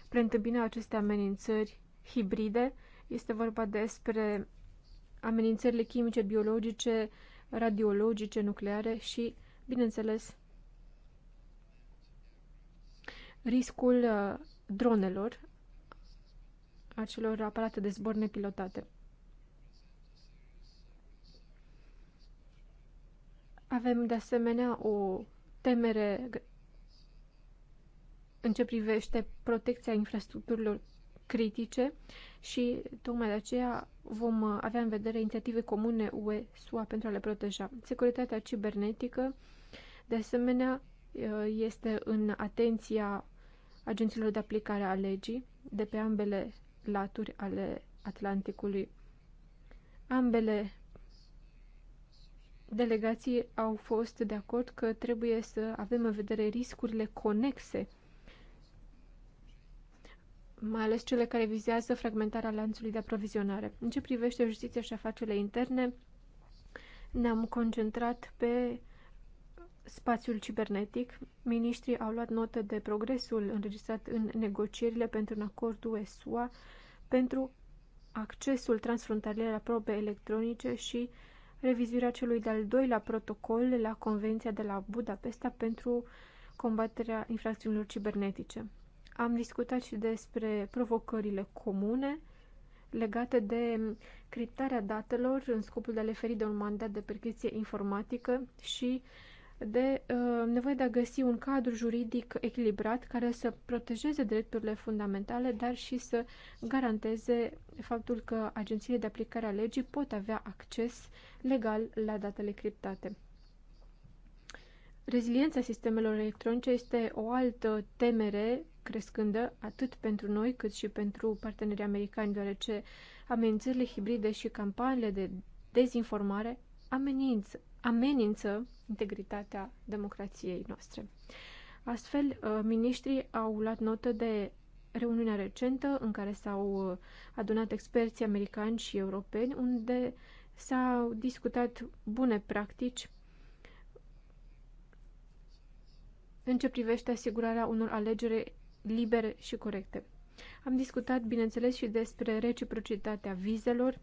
preîntâmpina aceste amenințări hibride. Este vorba despre amenințările chimice, biologice, radiologice, nucleare și, bineînțeles, riscul uh, dronelor, acelor aparate de zbor nepilotate. Avem de asemenea o temere în ce privește protecția infrastructurilor critice și tocmai de aceea vom avea în vedere inițiative comune UE-SUA pentru a le proteja. Securitatea cibernetică, de asemenea, este în atenția agenților de aplicare a legii de pe ambele laturi ale Atlanticului. Ambele delegații au fost de acord că trebuie să avem în vedere riscurile conexe, mai ales cele care vizează fragmentarea lanțului de aprovizionare. În ce privește justiția și afacerile interne, ne-am concentrat pe spațiul cibernetic. Ministrii au luat notă de progresul înregistrat în negocierile pentru un acord USUA pentru accesul transfrontalier la probe electronice și uh, revizuirea celui de-al doilea protocol la Convenția de la Budapesta pentru combaterea infracțiunilor cibernetice. Am discutat și despre provocările comune legate de criptarea datelor în scopul de a le feri de un mandat de percheție informatică și uh, de uh, nevoie de a găsi un cadru juridic echilibrat care să protejeze drepturile fundamentale, dar și să garanteze faptul că agențiile de aplicare a legii pot avea acces legal la datele criptate. Reziliența sistemelor electronice este o altă temere crescândă atât pentru noi cât și pentru partenerii americani, deoarece amenințările hibride și campaniile de dezinformare amenință, amenință integritatea democrației noastre. Astfel, uh, miniștrii au luat notă de reuniunea recentă în care s-au uh, adunat experții americani și europeni, unde s-au discutat bune practici în ce privește asigurarea unor alegeri libere și corecte. Am discutat, bineînțeles, și despre reciprocitatea vizelor.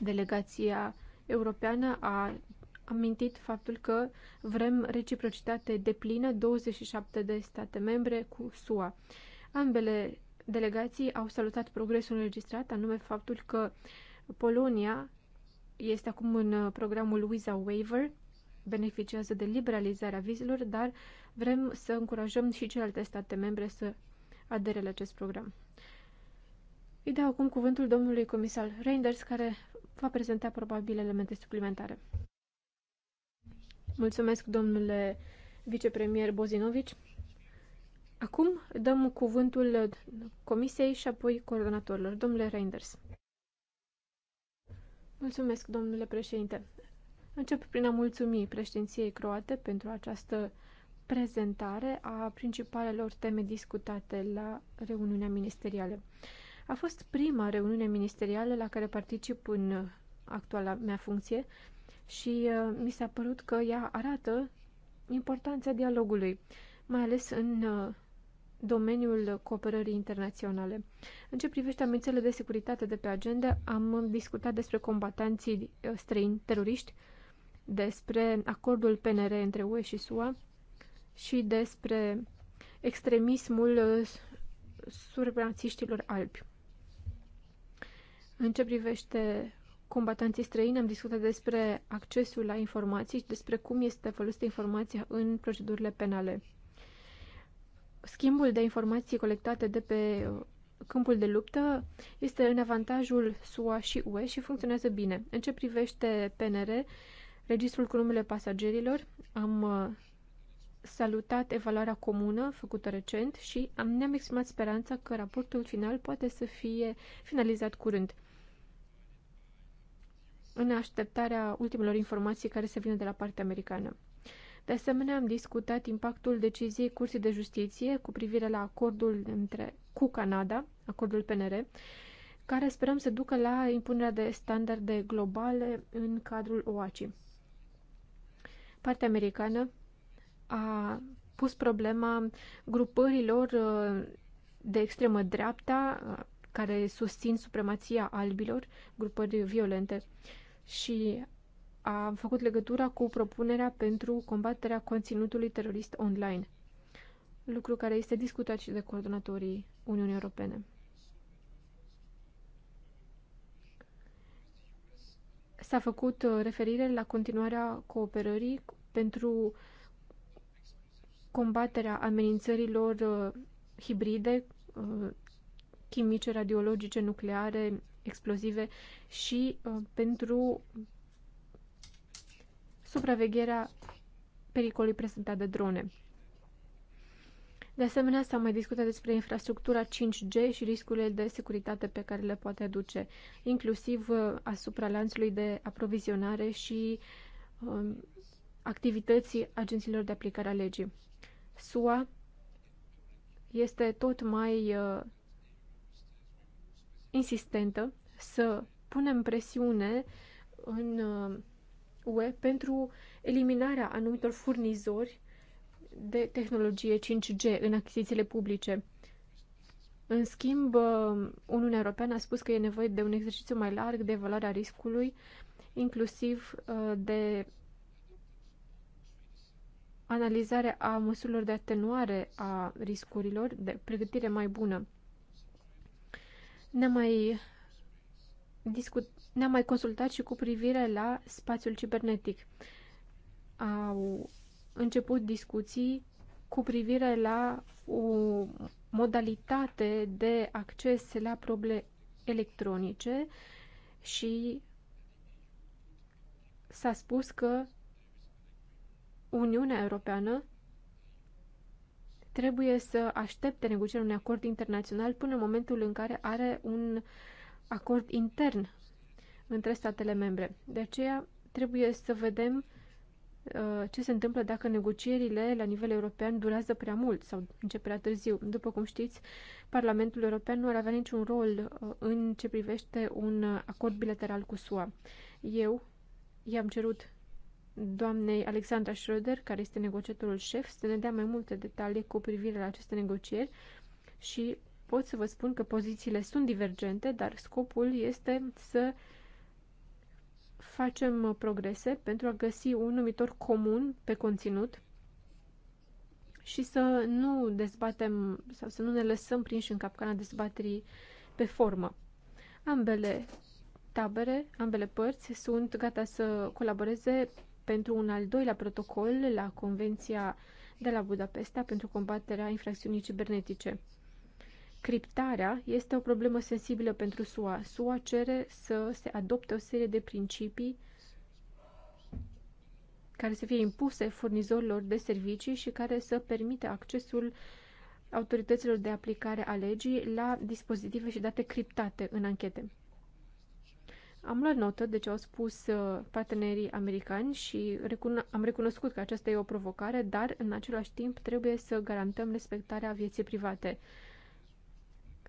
Delegația europeană a am mintit faptul că vrem reciprocitate deplină 27 de state membre cu SUA. Ambele delegații au salutat progresul înregistrat, anume faptul că Polonia este acum în programul Visa Waiver, beneficiază de liberalizarea vizelor, dar vrem să încurajăm și celelalte state membre să adere la acest program. Îi dau acum cuvântul domnului comisar Reinders, care va prezenta probabil elemente suplimentare. Mulțumesc, domnule vicepremier Bozinovici. Acum dăm cuvântul comisiei și apoi coordonatorilor. Domnule Reinders. Mulțumesc, domnule președinte. Încep prin a mulțumi președinției croate pentru această prezentare a principalelor teme discutate la reuniunea ministerială. A fost prima reuniune ministerială la care particip în actuala mea funcție și uh, mi s-a părut că ea arată importanța dialogului, mai ales în uh, domeniul cooperării internaționale. În ce privește amenințele de securitate de pe agenda, am discutat despre combatanții uh, străini teroriști, despre acordul PNR între UE și SUA și despre extremismul supremațiștilor albi. În ce privește combatanții străini, am discutat despre accesul la informații și despre cum este folosită informația în procedurile penale. Schimbul de informații colectate de pe câmpul de luptă este în avantajul SUA și UE și funcționează bine. În ce privește PNR, registrul cu numele pasagerilor, am uh, salutat evaluarea comună făcută recent și am, ne-am exprimat speranța că raportul final poate să fie finalizat curând în așteptarea ultimelor informații care se vină de la partea americană. De asemenea, am discutat impactul deciziei Curții de Justiție cu privire la acordul între, cu Canada, acordul PNR, care sperăm să ducă la impunerea de standarde globale în cadrul OACI. Partea americană a pus problema grupărilor uh, de extremă dreapta uh, care susțin supremația albilor, grupări violente. Uh, și a făcut legătura cu propunerea pentru combaterea conținutului terorist online, lucru care este discutat și de coordonatorii Uniunii Europene. S-a făcut uh, referire la continuarea cooperării pentru combaterea amenințărilor uh, hibride, uh, chimice, radiologice, nucleare, explozive și uh, pentru supravegherea pericolului prezentat de drone. De asemenea, s-a mai discutat despre infrastructura 5G și riscurile de securitate pe care le poate aduce, inclusiv uh, asupra lanțului de aprovizionare și um, activității agențiilor de aplicare a legii. SUA este tot mai uh, insistentă să punem presiune în uh, UE pentru eliminarea anumitor furnizori de tehnologie 5G în achizițiile publice. În schimb, uh, Uniunea Europeană a spus că e nevoie de un exercițiu mai larg de evaluarea riscului, inclusiv uh, de analizarea a măsurilor de atenuare a riscurilor, de pregătire mai bună. Ne-am mai, discut, ne-am mai consultat și cu privire la spațiul cibernetic. Au început discuții cu privire la o modalitate de acces la probleme electronice și s-a spus că Uniunea Europeană trebuie să aștepte negocierea unui acord internațional până în momentul în care are un acord intern între statele membre. De aceea trebuie să vedem uh, ce se întâmplă dacă negocierile la nivel european durează prea mult sau începe prea târziu. După cum știți, Parlamentul European nu ar avea niciun rol uh, în ce privește un uh, acord bilateral cu SUA. Eu i-am cerut doamnei Alexandra Schroeder, care este negociatorul șef, să ne dea mai multe detalii cu privire la aceste negocieri și pot să vă spun că pozițiile sunt divergente, dar scopul este să facem progrese pentru a găsi un numitor comun pe conținut și să nu dezbatem sau să nu ne lăsăm prinși în capcana dezbaterii pe formă. Ambele tabere, ambele părți sunt gata să colaboreze pentru un al doilea protocol la Convenția de la Budapesta pentru combaterea infracțiunii cibernetice. Criptarea este o problemă sensibilă pentru SUA. SUA cere să se adopte o serie de principii care să fie impuse furnizorilor de servicii și care să permită accesul autorităților de aplicare a legii la dispozitive și date criptate în anchete. Am luat notă de ce au spus uh, partenerii americani și am recunoscut că aceasta e o provocare, dar în același timp trebuie să garantăm respectarea vieții private.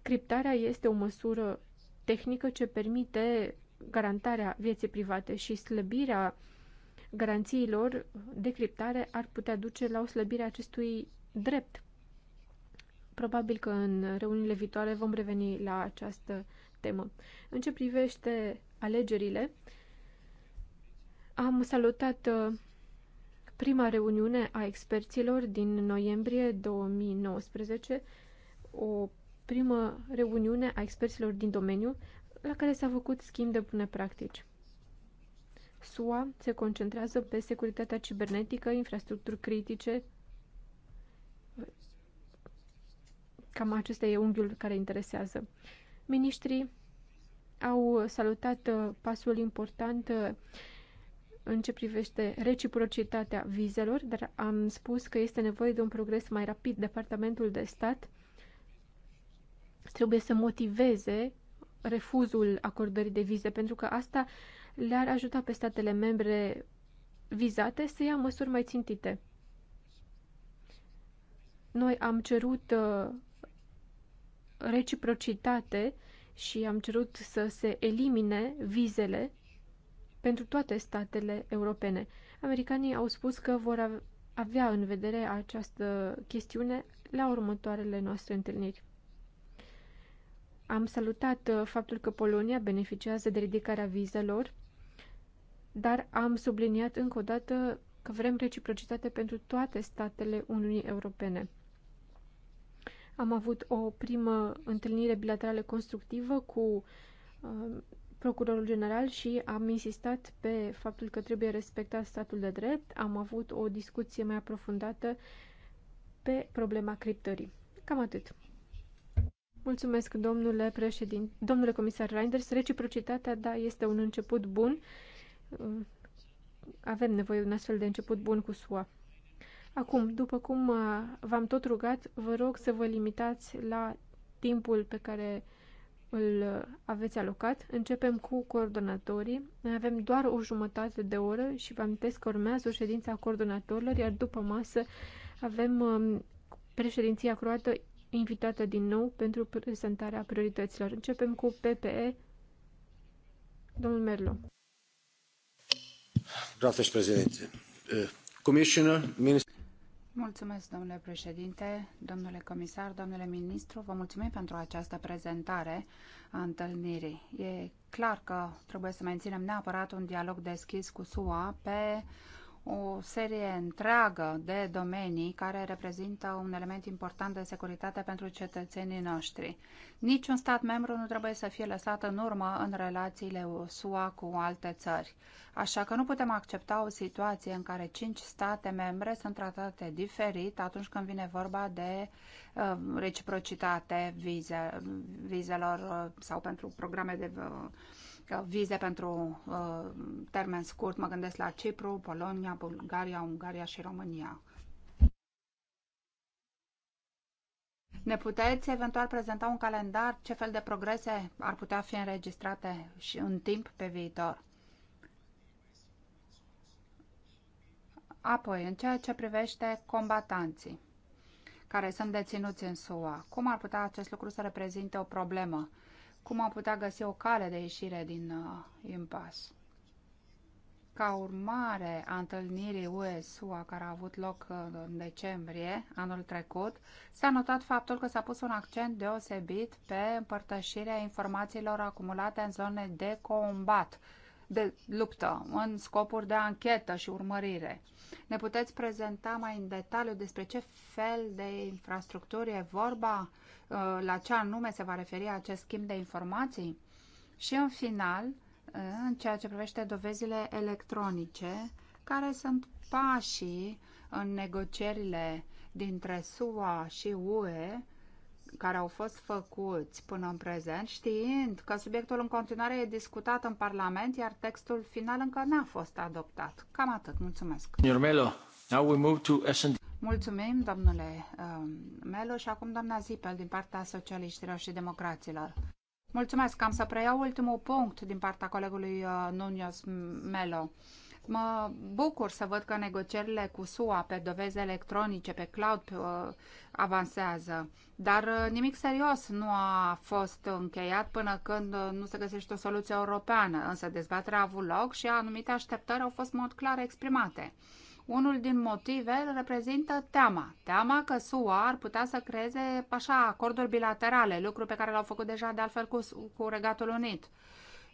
Criptarea este o măsură tehnică ce permite garantarea vieții private și slăbirea garanțiilor de criptare ar putea duce la o slăbire a acestui drept. Probabil că în reuniile viitoare vom reveni la această temă. În ce privește alegerile, am salutat uh, prima reuniune a experților din noiembrie 2019, o primă reuniune a experților din domeniu la care s-a făcut schimb de bune practici. SUA se concentrează pe securitatea cibernetică, infrastructuri critice. Cam acesta e unghiul care interesează. Ministrii au salutat uh, pasul important uh, în ce privește reciprocitatea vizelor, dar am spus că este nevoie de un progres mai rapid. Departamentul de stat trebuie să motiveze refuzul acordării de vize, pentru că asta le-ar ajuta pe statele membre vizate să ia măsuri mai țintite. Noi am cerut uh, reciprocitate și am cerut să se elimine vizele pentru toate statele europene. Americanii au spus că vor avea în vedere această chestiune la următoarele noastre întâlniri. Am salutat uh, faptul că Polonia beneficiază de ridicarea vizelor, dar am subliniat încă o dată că vrem reciprocitate pentru toate statele Uniunii Europene. Am avut o primă întâlnire bilaterală constructivă cu uh, Procurorul General și am insistat pe faptul că trebuie respectat statul de drept. Am avut o discuție mai aprofundată pe problema criptării. Cam atât. Mulțumesc, domnule președinte, domnule comisar Reinders. Reciprocitatea, da, este un început bun. Avem nevoie de un astfel de început bun cu SUA. Acum, după cum uh, v-am tot rugat, vă rog să vă limitați la timpul pe care îl uh, aveți alocat. Începem cu coordonatorii. Noi avem doar o jumătate de oră și vă amintesc că urmează o ședință a coordonatorilor, iar după masă avem um, președinția croată invitată din nou pentru prezentarea priorităților. Începem cu PPE. Domnul Merlo. Gracias, președinte. Eh, Commissioner, Minister... Mulțumesc, domnule președinte, domnule comisar, domnule ministru. Vă mulțumim pentru această prezentare a întâlnirii. E clar că trebuie să menținem neapărat un dialog deschis cu SUA pe o serie întreagă de domenii care reprezintă un element important de securitate pentru cetățenii noștri. Niciun stat membru nu trebuie să fie lăsat în urmă în relațiile SUA cu alte țări. Așa că nu putem accepta o situație în care cinci state membre sunt tratate diferit atunci când vine vorba de uh, reciprocitate vize, vizelor uh, sau pentru programe de uh, vize pentru uh, termen scurt, mă gândesc la Cipru, Polonia, Bulgaria, Ungaria și România. Ne puteți eventual prezenta un calendar? Ce fel de progrese ar putea fi înregistrate și în timp pe viitor? Apoi, în ceea ce privește combatanții care sunt deținuți în SUA, cum ar putea acest lucru să reprezinte o problemă? cum am putea găsi o cale de ieșire din uh, impas. Ca urmare a întâlnirii USUA sua care a avut loc uh, în decembrie anul trecut, s-a notat faptul că s-a pus un accent deosebit pe împărtășirea informațiilor acumulate în zone de combat, de luptă, în scopuri de anchetă și urmărire. Ne puteți prezenta mai în detaliu despre ce fel de infrastructuri e vorba? Uh, la ce anume se va referi acest schimb de informații și în final, uh, în ceea ce privește dovezile electronice, care sunt pașii în negocierile dintre SUA și UE care au fost făcuți până în prezent, știind că subiectul în continuare e discutat în Parlament, iar textul final încă n-a fost adoptat. Cam atât. Mulțumesc. now we move to S&D. Mulțumim, domnule um, Melu, și acum doamna Zipel din partea socialiștilor și democraților. Mulțumesc, am să preiau ultimul punct din partea colegului uh, Nunios Melo. Mă bucur să văd că negocierile cu SUA pe dovezi electronice, pe cloud, uh, avansează. Dar uh, nimic serios nu a fost încheiat până când nu se găsește o soluție europeană, însă dezbaterea a avut loc și anumite așteptări au fost mod clar exprimate. Unul din motive reprezintă teama. Teama că SUA ar putea să creeze așa acorduri bilaterale, lucru pe care l-au făcut deja de altfel cu, cu Regatul Unit.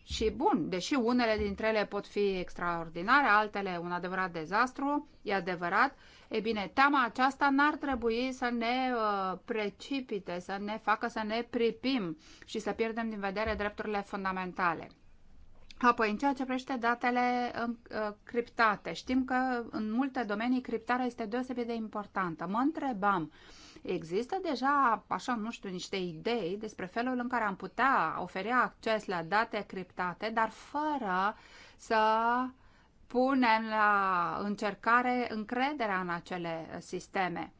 Și bun, deși unele dintre ele pot fi extraordinare, altele un adevărat dezastru, e adevărat, e bine, teama aceasta n-ar trebui să ne uh, precipite, să ne facă să ne pripim și să pierdem din vedere drepturile fundamentale. Apoi, în ceea ce prește datele uh, criptate, știm că în multe domenii criptarea este deosebit de importantă. Mă întrebam, există deja, așa, nu știu, niște idei despre felul în care am putea oferi acces la date criptate, dar fără să punem la încercare încrederea în acele sisteme.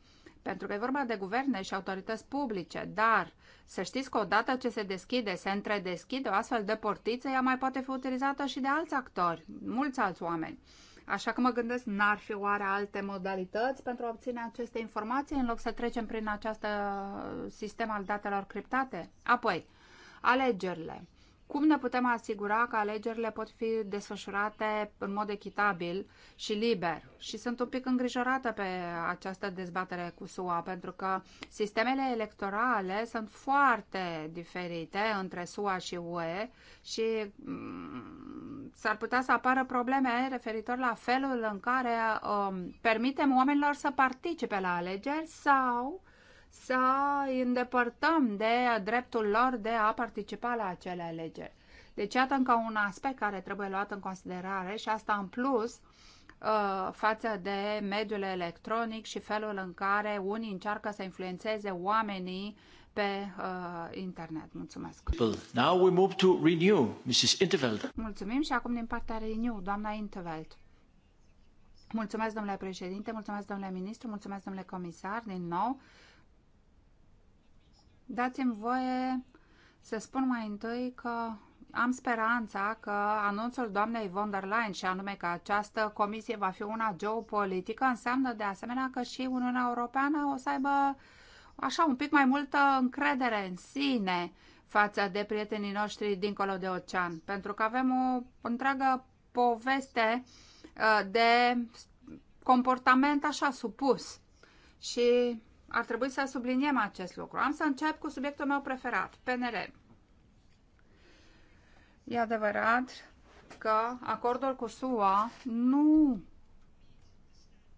Pentru că e vorba de guverne și autorități publice, dar să știți că odată ce se deschide, se întredeschide o astfel de portiță, ea mai poate fi utilizată și de alți actori, mulți alți oameni. Așa că mă gândesc, n-ar fi oare alte modalități pentru a obține aceste informații în loc să trecem prin acest sistem al datelor criptate? Apoi, alegerile. Cum ne putem asigura că alegerile pot fi desfășurate în mod echitabil și liber? Și sunt un pic îngrijorată pe această dezbatere cu SUA, pentru că sistemele electorale sunt foarte diferite între SUA și UE și mm, s-ar putea să apară probleme referitor la felul în care um, permitem oamenilor să participe la alegeri sau să îi îndepărtăm de dreptul lor de a participa la acele alegeri. Deci iată încă un aspect care trebuie luat în considerare și asta în plus uh, față de mediul electronic și felul în care unii încearcă să influențeze oamenii pe uh, internet. Mulțumesc. Now we move to Renew, Mrs. Interveld. Mulțumim și acum din partea Renew, doamna Interveld. Mulțumesc, domnule președinte, mulțumesc, domnule ministru, mulțumesc, domnule comisar, din nou. Uh, Dați-mi voie să spun mai întâi că am speranța că anunțul doamnei von der Leyen și anume că această comisie va fi una geopolitică înseamnă de asemenea că și Uniunea Europeană o să aibă așa un pic mai multă încredere în sine față de prietenii noștri dincolo de ocean. Pentru că avem o întreagă poveste uh, de comportament așa supus. Și ar trebui să subliniem acest lucru. Am să încep cu subiectul meu preferat, PNL. E adevărat că acordul cu SUA nu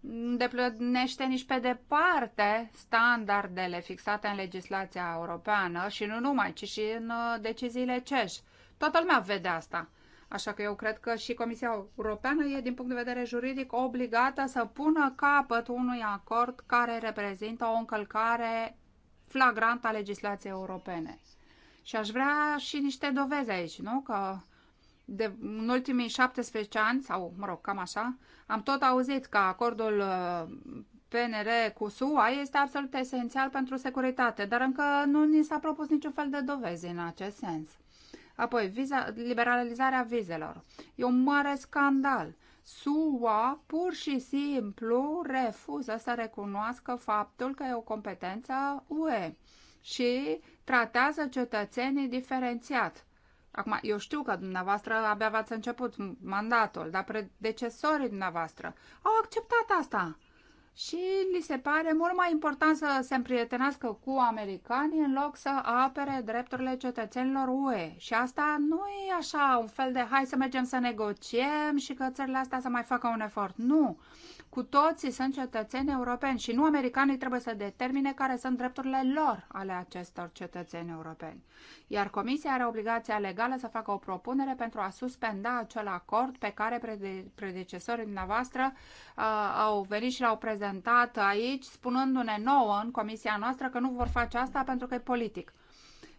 îndeplinește nici pe departe standardele fixate în legislația europeană și nu numai, ci și în uh, deciziile CEJ. Toată lumea vede asta. Așa că eu cred că și Comisia Europeană e, din punct de vedere juridic, obligată să pună capăt unui acord care reprezintă o încălcare flagrantă a legislației europene. Și aș vrea și niște dovezi aici, nu? Că de, în ultimii 17 ani, sau mă rog, cam așa, am tot auzit că acordul uh, PNR cu SUA este absolut esențial pentru securitate, dar încă nu ni s-a propus niciun fel de dovezi în acest sens. Apoi, viza, liberalizarea vizelor. E un mare scandal. SUA pur și simplu refuză să recunoască faptul că e o competență UE și tratează cetățenii diferențiat. Acum, eu știu că dumneavoastră abia v-ați început mandatul, dar predecesorii dumneavoastră au acceptat asta și li se pare mult mai important să se împrietenească cu americanii în loc să apere drepturile cetățenilor UE. Și asta nu e așa un fel de hai să mergem să negociem și că țările astea să mai facă un efort. Nu! Cu toții sunt cetățeni europeni și nu americanii trebuie să determine care sunt drepturile lor ale acestor cetățeni europeni. Iar Comisia are obligația legală să facă o propunere pentru a suspenda acel acord pe care predecesorii dumneavoastră uh, au venit și l-au prezentat aici, spunându-ne nouă în Comisia noastră că nu vor face asta pentru că e politic.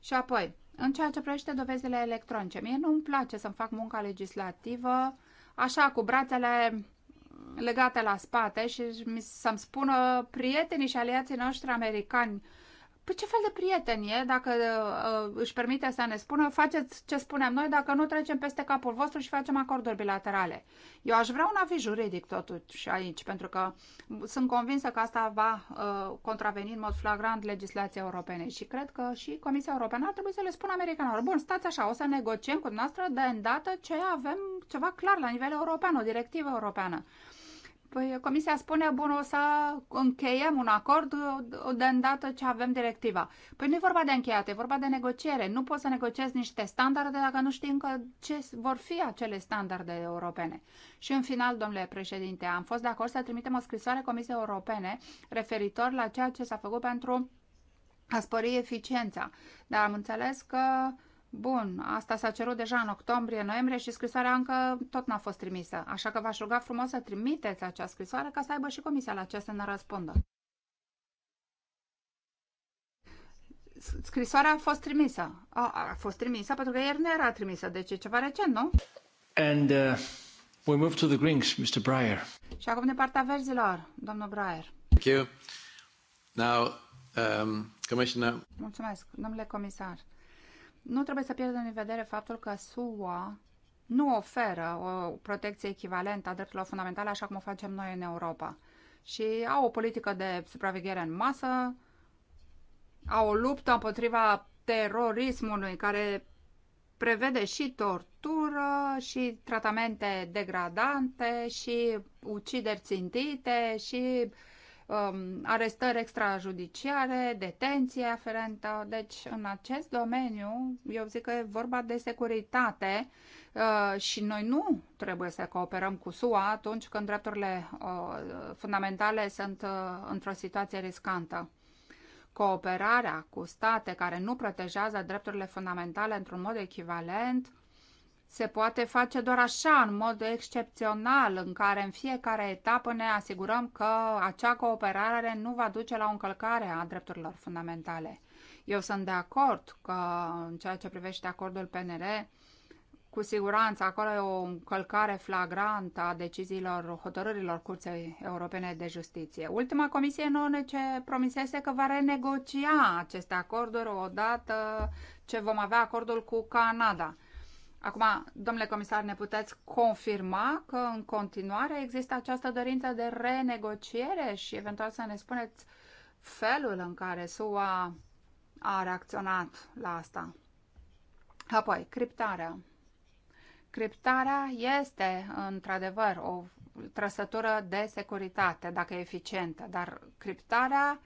Și apoi, în ceea ce privește dovezile electronice, mie nu-mi place să-mi fac munca legislativă așa, cu brațele legate la spate și să-mi spună prietenii și aliații noștri americani Păi ce fel de prieten e dacă uh, își permite să ne spună faceți ce spunem noi dacă nu trecem peste capul vostru și facem acorduri bilaterale? Eu aș vrea un aviz juridic totuși aici, pentru că sunt convinsă că asta va uh, contraveni în mod flagrant legislația europene și cred că și Comisia Europeană ar trebui să le spună americanilor. Bun, stați așa, o să negociem cu dumneavoastră de îndată ce avem ceva clar la nivel european, o directivă europeană. Păi Comisia spune, bun, o să încheiem un acord de îndată ce avem directiva. Păi nu e vorba de încheiat, e vorba de negociere. Nu poți să negociezi niște standarde dacă nu știi încă ce vor fi acele standarde europene. Și în final, domnule președinte, am fost de acord să trimitem o scrisoare Comisiei Europene referitor la ceea ce s-a făcut pentru a spori eficiența. Dar am înțeles că uh, Bun, asta s-a cerut deja în octombrie, noiembrie și scrisoarea încă tot n-a fost trimisă, așa că v-aș ruga frumos să trimiteți acea scrisoare ca să aibă și comisia la ce să ne răspundă. Scrisoarea a fost trimisă. A, a fost trimisă pentru că ieri nu era trimisă, deci e ceva recent, nu? And uh, we move to the Greens, Mr. Breyer. Și acum de partea verzilor, domnul Breyer. Thank you. Now, um, Commissioner... Mulțumesc, domnule comisar. Nu trebuie să pierdem în vedere faptul că SUA nu oferă o protecție echivalentă a drepturilor fundamentale așa cum o facem noi în Europa. Și au o politică de supraveghere în masă, au o luptă împotriva terorismului care prevede și tortură, și tratamente degradante, și ucideri țintite, și uh, um, arestări extrajudiciare, detenție aferentă. Deci, în acest domeniu, eu zic că e vorba de securitate uh, și noi nu trebuie să cooperăm cu SUA atunci când drepturile uh, fundamentale sunt uh, într-o situație riscantă. Cooperarea cu state care nu protejează drepturile fundamentale într-un mod echivalent se poate face doar așa, în mod excepțional, în care în fiecare etapă ne asigurăm că acea cooperare nu va duce la o încălcare a drepturilor fundamentale. Eu sunt de acord că în ceea ce privește acordul PNR, cu siguranță acolo e o încălcare flagrantă a deciziilor, hotărârilor Curții Europene de Justiție. Ultima comisie în ce promisese că va renegocia aceste acorduri odată ce vom avea acordul cu Canada. Acum, domnule comisar, ne puteți confirma că în continuare există această dorință de renegociere și eventual să ne spuneți felul în care SUA a reacționat la asta? Apoi, criptarea. Criptarea este, într-adevăr, o trăsătură de securitate, dacă e eficientă, dar criptarea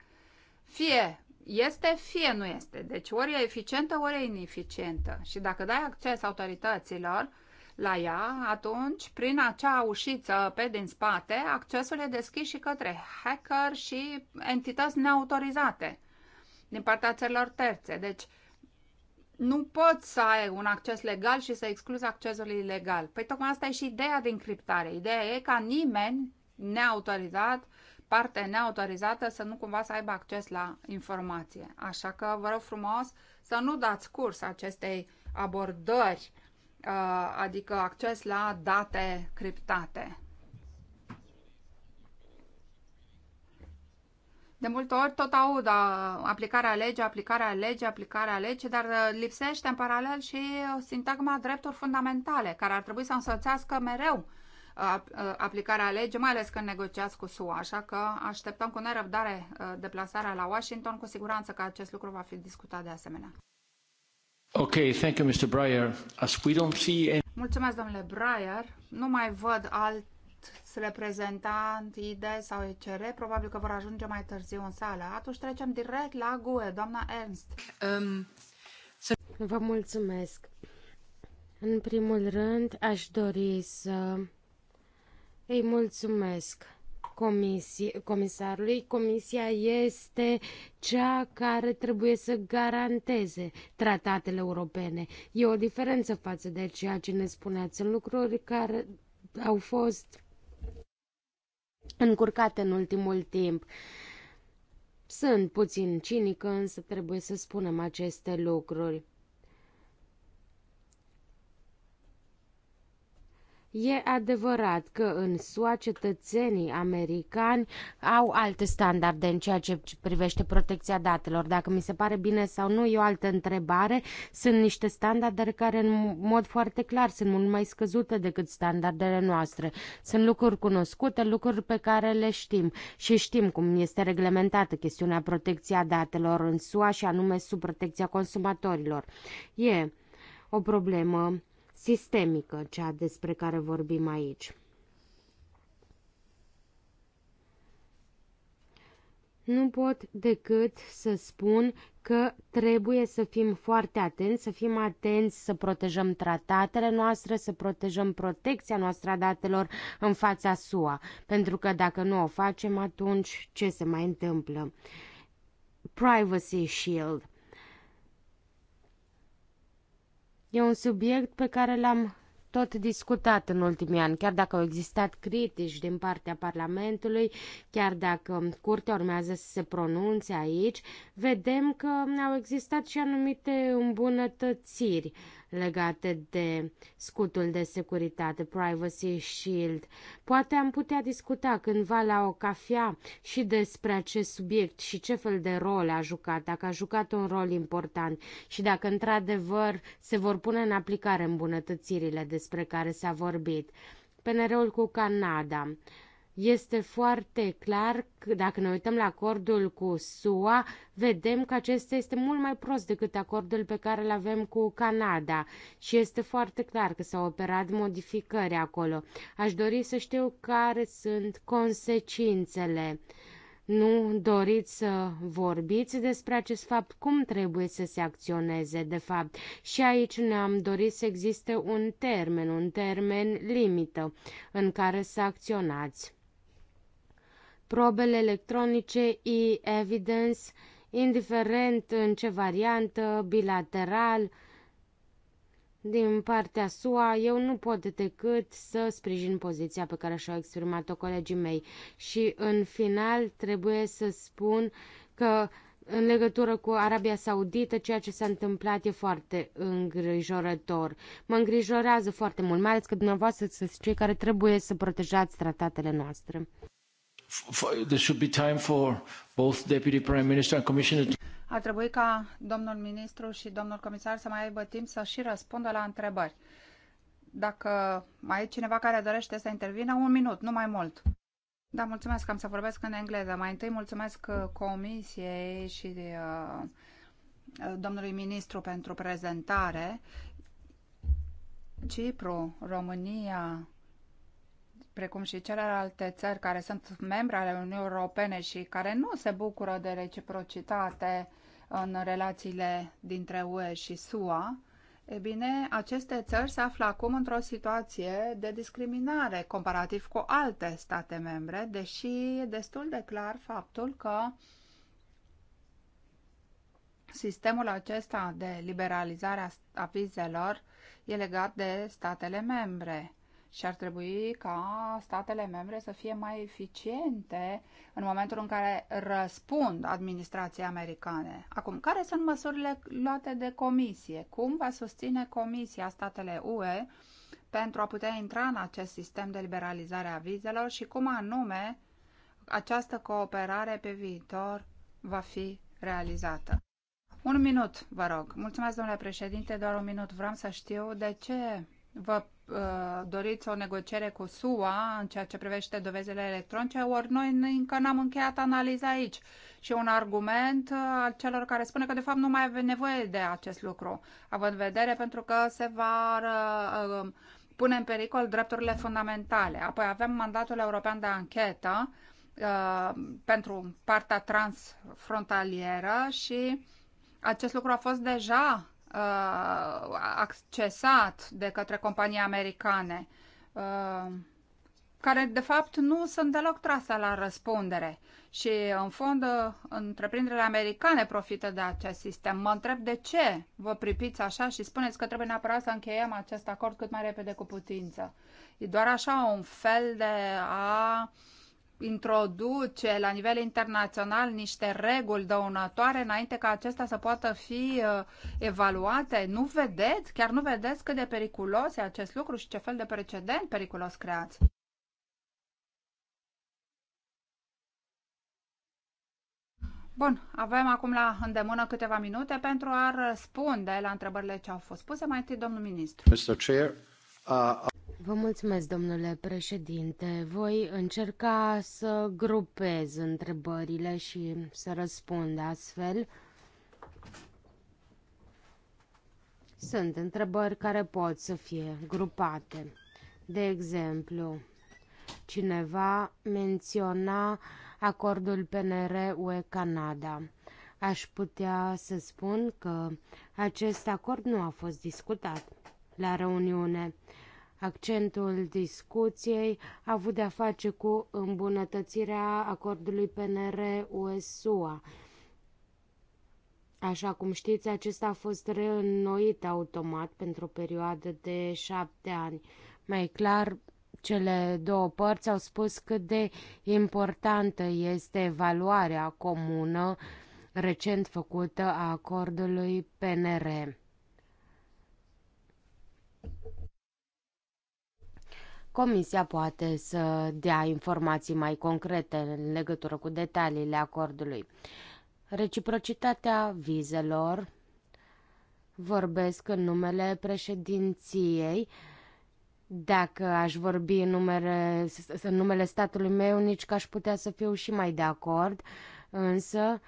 fie este, fie nu este. Deci ori e eficientă, ori e ineficientă. Și dacă dai acces autorităților la ea, atunci, prin acea ușiță pe din spate, accesul e deschis și către hacker și entități neautorizate din partea țărilor terțe. Deci, nu poți să ai un acces legal și să excluzi accesul ilegal. Păi tocmai asta e și ideea din criptare. Ideea e ca nimeni neautorizat parte neautorizată să nu cumva să aibă acces la informație. Așa că vă rog frumos să nu dați curs acestei abordări, uh, adică acces la date criptate. De multe ori tot aud uh, aplicarea legii, aplicarea legii, aplicarea legii, dar uh, lipsește în paralel și sintagma drepturi fundamentale, care ar trebui să însoțească mereu Ă, aplicarea legii, mai ales când negociați cu SUA, așa că așteptăm cu nerăbdare ă, deplasarea la Washington, cu siguranță că acest lucru va fi discutat de asemenea. Okay, thank you, Mr. Breyer. As we don't see any... Mulțumesc, domnule Breyer. Nu mai văd alt reprezentant, ID sau ECR, probabil că vor ajunge mai târziu în sală. Atunci trecem direct la GUE, doamna Ernst. Um, să... Vă mulțumesc. În primul rând, aș dori să îi mulțumesc comisie, comisarului. Comisia este cea care trebuie să garanteze tratatele europene. E o diferență față de ceea ce ne spuneați în lucruri care au fost încurcate în ultimul timp. Sunt puțin cinică, însă trebuie să spunem aceste lucruri. E adevărat că în SUA cetățenii americani au alte standarde în ceea ce privește protecția datelor. Dacă mi se pare bine sau nu e o altă întrebare. Sunt niște standarde care în mod foarte clar sunt mult mai scăzute decât standardele noastre. Sunt lucruri cunoscute, lucruri pe care le știm și știm cum este reglementată chestiunea protecția datelor în SUA și anume sub protecția consumatorilor. E o problemă sistemică, cea despre care vorbim aici. Nu pot decât să spun că trebuie să fim foarte atenți, să fim atenți să protejăm tratatele noastre, să protejăm protecția noastră a datelor în fața SUA. Pentru că dacă nu o facem, atunci ce se mai întâmplă? Privacy Shield E un subiect pe care l-am tot discutat în ultimii ani, chiar dacă au existat critici din partea Parlamentului, chiar dacă curtea urmează să se pronunțe aici, vedem că au existat și anumite îmbunătățiri legate de scutul de securitate, Privacy Shield. Poate am putea discuta cândva la o cafea și despre acest subiect și ce fel de rol a jucat, dacă a jucat un rol important și dacă într-adevăr se vor pune în aplicare îmbunătățirile despre care s-a vorbit. PNR-ul cu Canada este foarte clar că dacă ne uităm la acordul cu SUA, vedem că acesta este mult mai prost decât acordul pe care îl avem cu Canada și este foarte clar că s-au operat modificări acolo. Aș dori să știu care sunt consecințele. Nu doriți să vorbiți despre acest fapt, cum trebuie să se acționeze, de fapt. Și aici ne-am dorit să existe un termen, un termen limită în care să acționați probele electronice, e-evidence, indiferent în ce variantă, bilateral, din partea SUA, eu nu pot decât să sprijin poziția pe care și-au exprimat-o colegii mei. Și în final trebuie să spun că în legătură cu Arabia Saudită, ceea ce s-a întâmplat e foarte îngrijorător. Mă îngrijorează foarte mult, mai ales că dumneavoastră sunteți cei care trebuie să protejați tratatele noastre for, there should be time for both Deputy Prime Minister and Commissioner to... Ar trebui ca domnul ministru și domnul comisar să mai aibă timp să și răspundă la întrebări. Dacă mai e cineva care dorește să intervină, un minut, nu mai mult. Da, mulțumesc, am să vorbesc în engleză. Mai întâi mulțumesc uh, comisiei și uh, domnului ministru pentru prezentare. Cipru, România, precum și celelalte țări care sunt membre ale Uniunii Europene și care nu se bucură de reciprocitate în relațiile dintre UE și SUA, e bine, aceste țări se află acum într-o situație de discriminare comparativ cu alte state membre, deși e destul de clar faptul că sistemul acesta de liberalizare a vizelor e legat de statele membre și ar trebui ca statele membre să fie mai eficiente în momentul în care răspund administrației americane. Acum, care sunt măsurile luate de comisie? Cum va susține comisia statele UE pentru a putea intra în acest sistem de liberalizare a vizelor și cum anume această cooperare pe viitor va fi realizată? Un minut, vă rog. Mulțumesc, domnule președinte, doar un minut. Vreau să știu de ce vă Uh, doriți o negociere cu SUA în ceea ce privește dovezile electronice, ori noi încă n-am încheiat analiza aici. Și un argument uh, al celor care spune că de fapt nu mai avem nevoie de acest lucru, având vedere pentru că se va uh, pune în pericol drepturile fundamentale. Apoi avem mandatul european de anchetă pentru partea transfrontalieră și acest lucru a fost deja uh, accesat de către companii americane, uh, care de fapt nu sunt deloc trase la răspundere. Și în fond, uh, întreprinderile americane profită de acest sistem. Mă întreb de ce vă pripiți așa și spuneți că trebuie neapărat să încheiem acest acord cât mai repede cu putință. E doar așa un fel de a uh, introduce la nivel internațional niște reguli dăunătoare înainte ca acestea să poată fi uh, evaluate? Nu vedeți? Chiar nu vedeți cât de periculos e acest lucru și ce fel de precedent periculos creați? Bun, avem acum la îndemână câteva minute pentru a răspunde la întrebările ce au fost puse. Mai întâi, domnul ministru. Mr. Chair, uh, Vă mulțumesc, domnule președinte. Voi încerca să grupez întrebările și să răspund astfel. Sunt întrebări care pot să fie grupate. De exemplu, cineva menționa acordul PNR-UE-Canada. Aș putea să spun că acest acord nu a fost discutat la reuniune. Accentul discuției a avut de-a face cu îmbunătățirea acordului PNR-USUA. Așa cum știți, acesta a fost reînnoit automat pentru o perioadă de șapte ani. Mai clar, cele două părți au spus cât de importantă este evaluarea comună recent făcută a acordului PNR. Comisia poate să dea informații mai concrete în legătură cu detaliile acordului. Reciprocitatea vizelor, vorbesc în numele președinției, dacă aș vorbi în numele, în numele statului meu, nici că aș putea să fiu și mai de acord, însă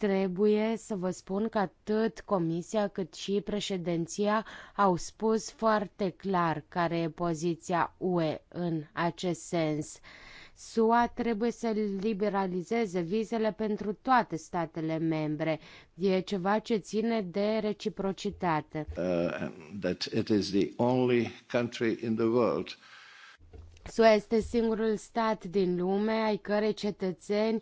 Trebuie să vă spun că atât Comisia cât și președinția au spus foarte clar care e poziția UE în acest sens. SUA trebuie să liberalizeze vizele pentru toate statele membre. E ceva ce ține de reciprocitate. Uh, SUA este singurul stat din lume ai cărei cetățeni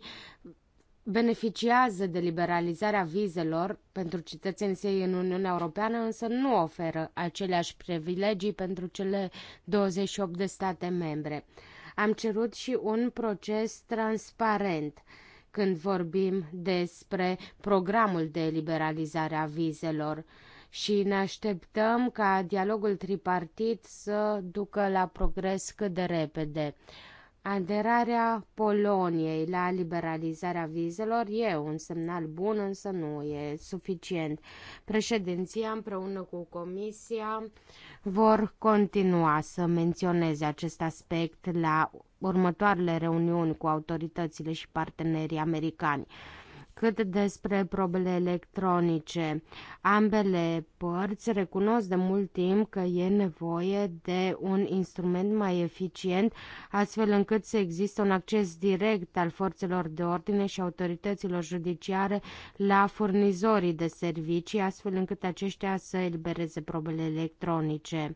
beneficiază de liberalizarea vizelor pentru cetățenii săi în Uniunea Europeană, însă nu oferă aceleași privilegii pentru cele 28 de state membre. Am cerut și un proces transparent când vorbim despre programul de liberalizare a vizelor și ne așteptăm ca dialogul tripartit să ducă la progres cât de repede. Aderarea Poloniei la liberalizarea vizelor e un semnal bun, însă nu e suficient. Președinția împreună cu Comisia vor continua să menționeze acest aspect la următoarele reuniuni cu autoritățile și partenerii americani cât despre probele electronice. Ambele părți recunosc de mult timp că e nevoie de un instrument mai eficient, astfel încât să există un acces direct al forțelor de ordine și autorităților judiciare la furnizorii de servicii, astfel încât aceștia să elibereze probele electronice.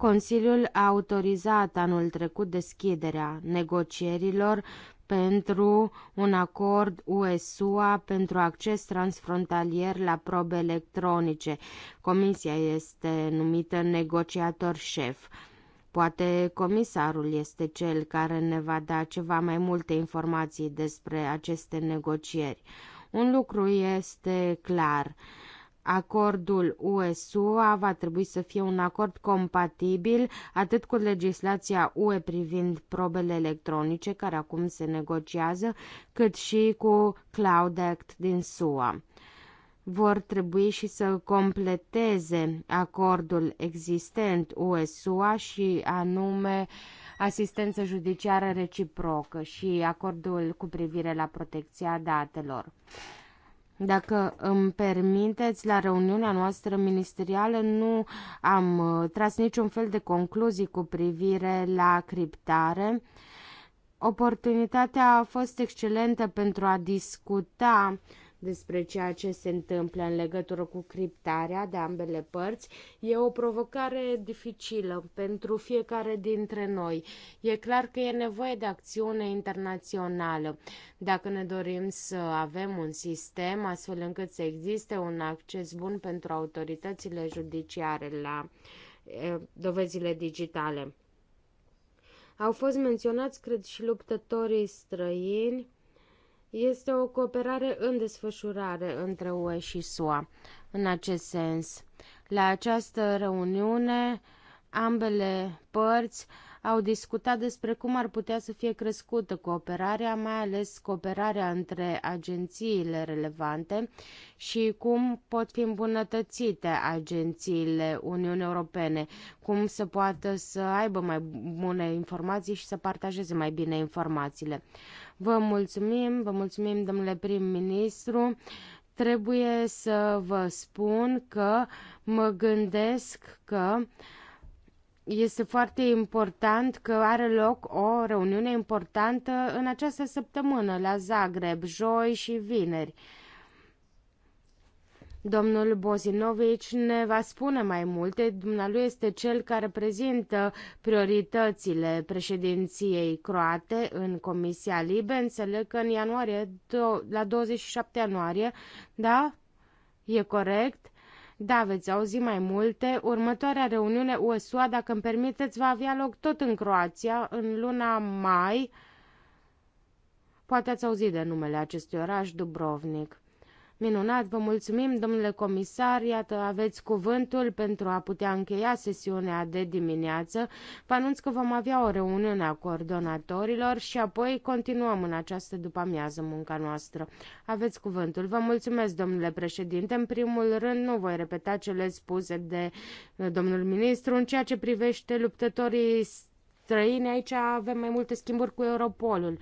Consiliul a autorizat anul trecut deschiderea negocierilor pentru un acord USUA pentru acces transfrontalier la probe electronice. Comisia este numită negociator șef. Poate comisarul este cel care ne va da ceva mai multe informații despre aceste negocieri. Un lucru este clar acordul UE-SUA va trebui să fie un acord compatibil atât cu legislația UE privind probele electronice care acum se negociază, cât și cu Cloud Act din SUA. Vor trebui și să completeze acordul existent UE-SUA și anume asistență judiciară reciprocă și acordul cu privire la protecția datelor. Dacă îmi permiteți, la reuniunea noastră ministerială nu am uh, tras niciun fel de concluzii cu privire la criptare. Oportunitatea a fost excelentă pentru a discuta uh, despre ceea ce se întâmplă în legătură cu criptarea de ambele părți. E o provocare dificilă pentru fiecare dintre noi. E clar că e nevoie de acțiune internațională. Dacă ne dorim să avem un sistem astfel încât să existe un acces bun pentru autoritățile judiciare la dovezile digitale. Au fost menționați, cred, și luptătorii străini este o cooperare în desfășurare între UE și SUA în acest sens. La această reuniune, ambele părți au discutat despre cum ar putea să fie crescută cooperarea, mai ales cooperarea între agențiile relevante și cum pot fi îmbunătățite agențiile Uniunii Europene, cum să poată să aibă mai bune informații și să partajeze mai bine informațiile. Vă mulțumim, vă mulțumim, domnule prim-ministru trebuie să vă spun că mă gândesc că este foarte important că are loc o reuniune importantă în această săptămână la Zagreb, joi și vineri. Domnul Bozinovic ne va spune mai multe. Dumnealui este cel care prezintă prioritățile președinției croate în Comisia Libe. Înțeleg că în ianuarie, la 27 ianuarie, da? E corect? Da, veți auzi mai multe. Următoarea reuniune USUA, dacă îmi permiteți, va avea loc tot în Croația, în luna mai. Poate ați auzit de numele acestui oraș, Dubrovnik. Minunat, vă mulțumim, domnule comisar, iată, aveți cuvântul pentru a putea încheia sesiunea de dimineață. Vă anunț că vom avea o reuniune a coordonatorilor și apoi continuăm în această după-amiază munca noastră. Aveți cuvântul. Vă mulțumesc, domnule președinte. În primul rând, nu voi repeta cele spuse de uh, domnul ministru în ceea ce privește luptătorii străini. Aici avem mai multe schimburi cu Europolul.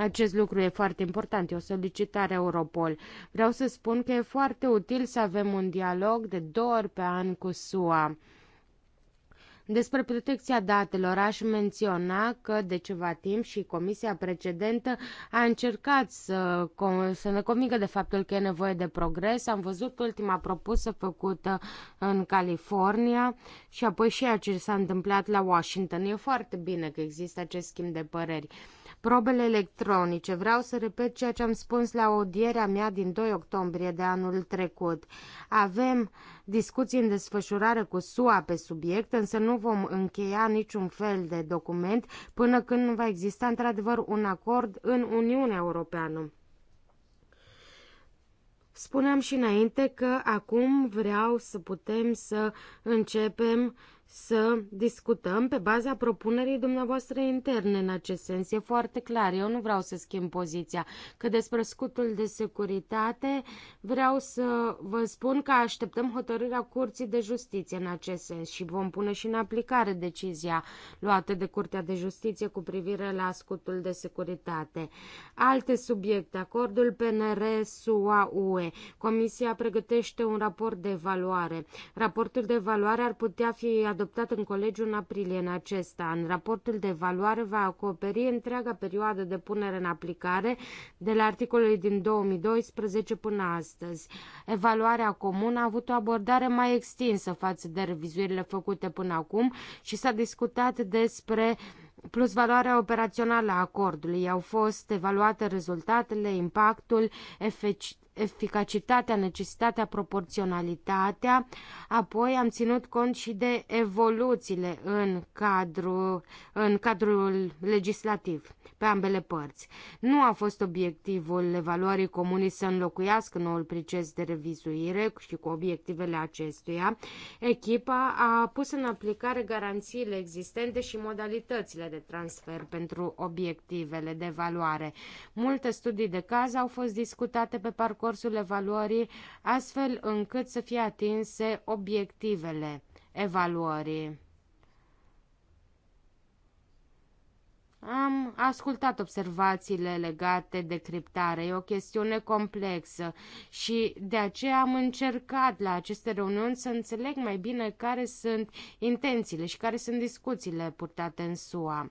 Acest lucru e foarte important, e o solicitare Europol. Vreau să spun că e foarte util să avem un dialog de două ori pe an cu SUA. Despre protecția datelor aș menționa că de ceva timp și comisia precedentă a încercat să, să ne convingă de faptul că e nevoie de progres. Am văzut ultima propusă făcută în California și apoi și ceea ce s-a întâmplat la Washington. E foarte bine că există acest schimb de păreri probele electronice. Vreau să repet ceea ce am spus la audierea mea din 2 octombrie de anul trecut. Avem discuții în desfășurare cu SUA pe subiect, însă nu vom încheia niciun fel de document până când nu va exista într-adevăr un acord în Uniunea Europeană. Spuneam și înainte că acum vreau să putem să începem să discutăm pe baza propunerii dumneavoastră interne în acest sens. E foarte clar, eu nu vreau să schimb poziția. Că despre scutul de securitate vreau să vă spun că așteptăm hotărârea Curții de Justiție în acest sens și vom pune și în aplicare decizia luată de Curtea de Justiție cu privire la scutul de securitate. Alte subiecte, acordul PNR-SUA-UE. Comisia pregătește un raport de evaluare. Raportul de evaluare ar putea fi adus adoptat în colegiu în aprilie în acest an. Raportul de evaluare va acoperi întreaga perioadă de punere în aplicare de la articolul din 2012 până astăzi. Evaluarea comună a avut o abordare mai extinsă față de revizuirile făcute până acum și s-a discutat despre plus valoarea operațională a acordului. Au fost evaluate rezultatele, impactul, eficacitatea, necesitatea, proporționalitatea. Apoi am ținut cont și de evoluțiile în cadrul, în cadrul legislativ pe ambele părți. Nu a fost obiectivul evaluării comunii să înlocuiască noul proces de revizuire și cu obiectivele acestuia. Echipa a pus în aplicare garanțiile existente și modalitățile de transfer pentru obiectivele de evaluare. Multe studii de caz au fost discutate pe parcurs parcursul evaluării, astfel încât să fie atinse obiectivele evaluării. Am ascultat observațiile legate de criptare, e o chestiune complexă și de aceea am încercat la aceste reuniuni să înțeleg mai bine care sunt intențiile și care sunt discuțiile purtate în SUA.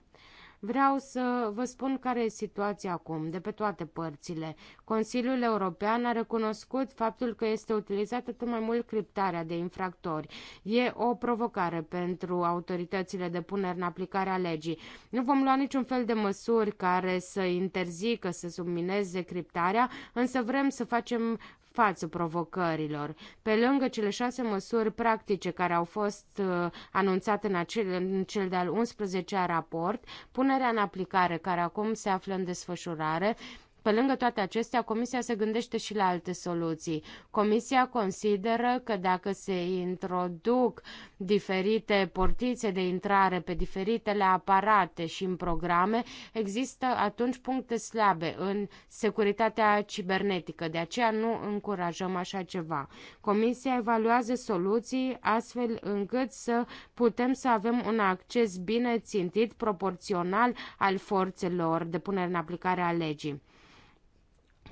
Vreau să vă spun care e situația acum, de pe toate părțile. Consiliul European a recunoscut faptul că este utilizată tot mai mult criptarea de infractori. E o provocare pentru autoritățile de punere în aplicare a legii. Nu vom lua niciun fel de măsuri care să interzică, să submineze criptarea, însă vrem să facem față provocărilor. Pe lângă cele șase măsuri practice care au fost uh, anunțate în, acel, în cel de-al 11-a raport, punerea în aplicare care acum se află în desfășurare pe lângă toate acestea, Comisia se gândește și la alte soluții. Comisia consideră că dacă se introduc diferite portițe de intrare pe diferitele aparate și în programe, există atunci puncte slabe în securitatea cibernetică. De aceea nu încurajăm așa ceva. Comisia evaluează soluții astfel încât să putem să avem un acces bine țintit, proporțional al forțelor de punere în aplicare a legii.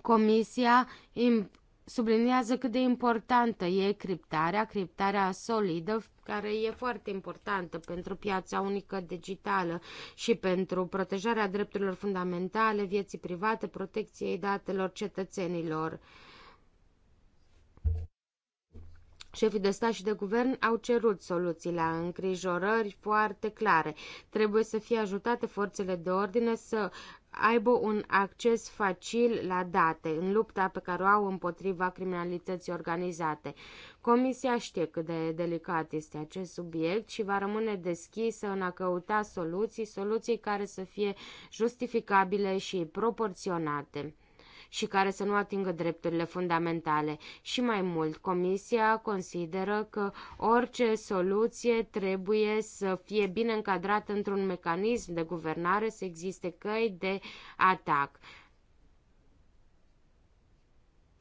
Comisia subliniază cât de importantă e criptarea, criptarea solidă, care e foarte importantă pentru piața unică digitală și pentru protejarea drepturilor fundamentale, vieții private, protecției datelor cetățenilor. Șefii de stat și de guvern au cerut soluții la îngrijorări foarte clare. Trebuie să fie ajutate forțele de ordine să aibă un acces facil la date în lupta pe care o au împotriva criminalității organizate. Comisia știe cât de delicat este acest subiect și va rămâne deschisă în a căuta soluții, soluții care să fie justificabile și proporționate și care să nu atingă drepturile fundamentale. Și mai mult, Comisia consideră că orice soluție trebuie să fie bine încadrată într-un mecanism de guvernare, să existe căi de atac.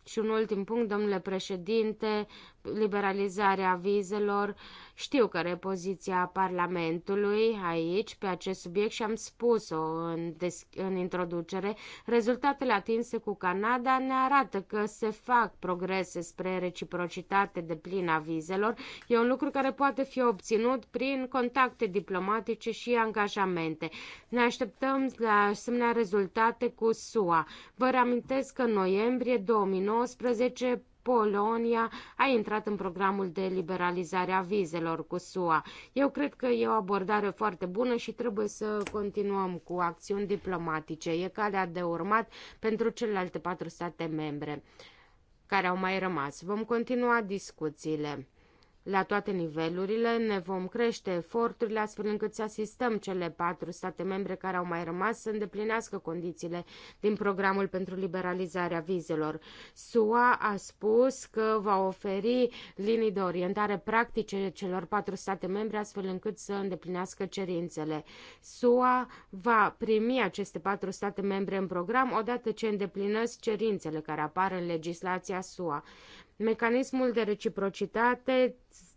Și un ultim punct, domnule președinte, liberalizarea vizelor. Știu care e poziția Parlamentului aici pe acest subiect și am spus-o în, în introducere. Rezultatele atinse cu Canada ne arată că se fac progrese spre reciprocitate de plină a vizelor. E un lucru care poate fi obținut prin contacte diplomatice și angajamente. Ne așteptăm la asemenea rezultate cu SUA. Vă reamintesc că în noiembrie 2019 Polonia a intrat în programul de liberalizare a vizelor cu SUA. Eu cred că e o abordare foarte bună și trebuie să continuăm cu acțiuni diplomatice. E calea de urmat pentru celelalte patru state membre care au mai rămas. Vom continua discuțiile la toate nivelurile, ne vom crește eforturile astfel încât să asistăm cele patru state membre care au mai rămas să îndeplinească condițiile din programul pentru liberalizarea vizelor. SUA a spus că va oferi linii de orientare practice celor patru state membre astfel încât să îndeplinească cerințele. SUA va primi aceste patru state membre în program odată ce îndeplinesc cerințele care apar în legislația SUA. Mecanismul de reciprocitate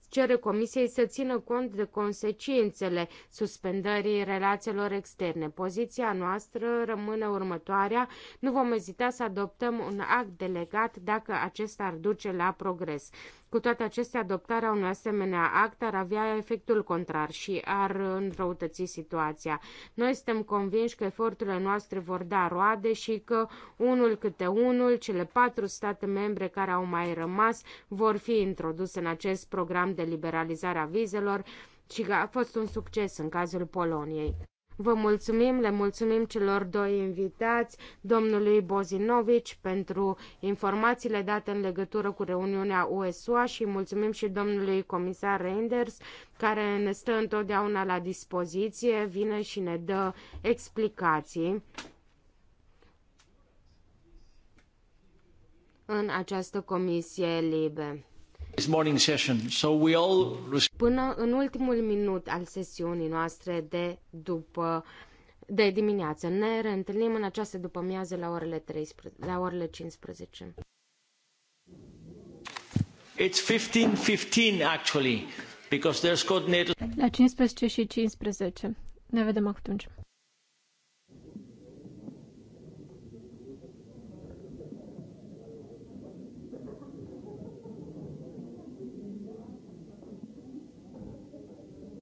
cere Comisiei să țină cont de consecințele suspendării relațiilor externe. Poziția noastră rămâne următoarea. Nu vom ezita să adoptăm un act delegat dacă acesta ar duce la progres. Cu toate acestea, adoptarea unui asemenea act ar avea efectul contrar și ar înrăutăți situația. Noi suntem convinși că eforturile noastre vor da roade și că unul câte unul, cele patru state membre care au mai rămas vor fi introduse în acest program de liberalizare a vizelor și că a fost un succes în cazul Poloniei. Vă mulțumim, le mulțumim celor doi invitați, domnului Bozinovici pentru informațiile date în legătură cu reuniunea USUA și mulțumim și domnului comisar Reinders care ne stă întotdeauna la dispoziție, vine și ne dă explicații. în această comisie libe. Până în ultimul minut al sesiunii noastre de după de dimineață. Ne reîntâlnim în această după amiază la orele 13, la orele 15. It's 15:15 actually because there's coordinated La 15 și 15. Ne vedem atunci.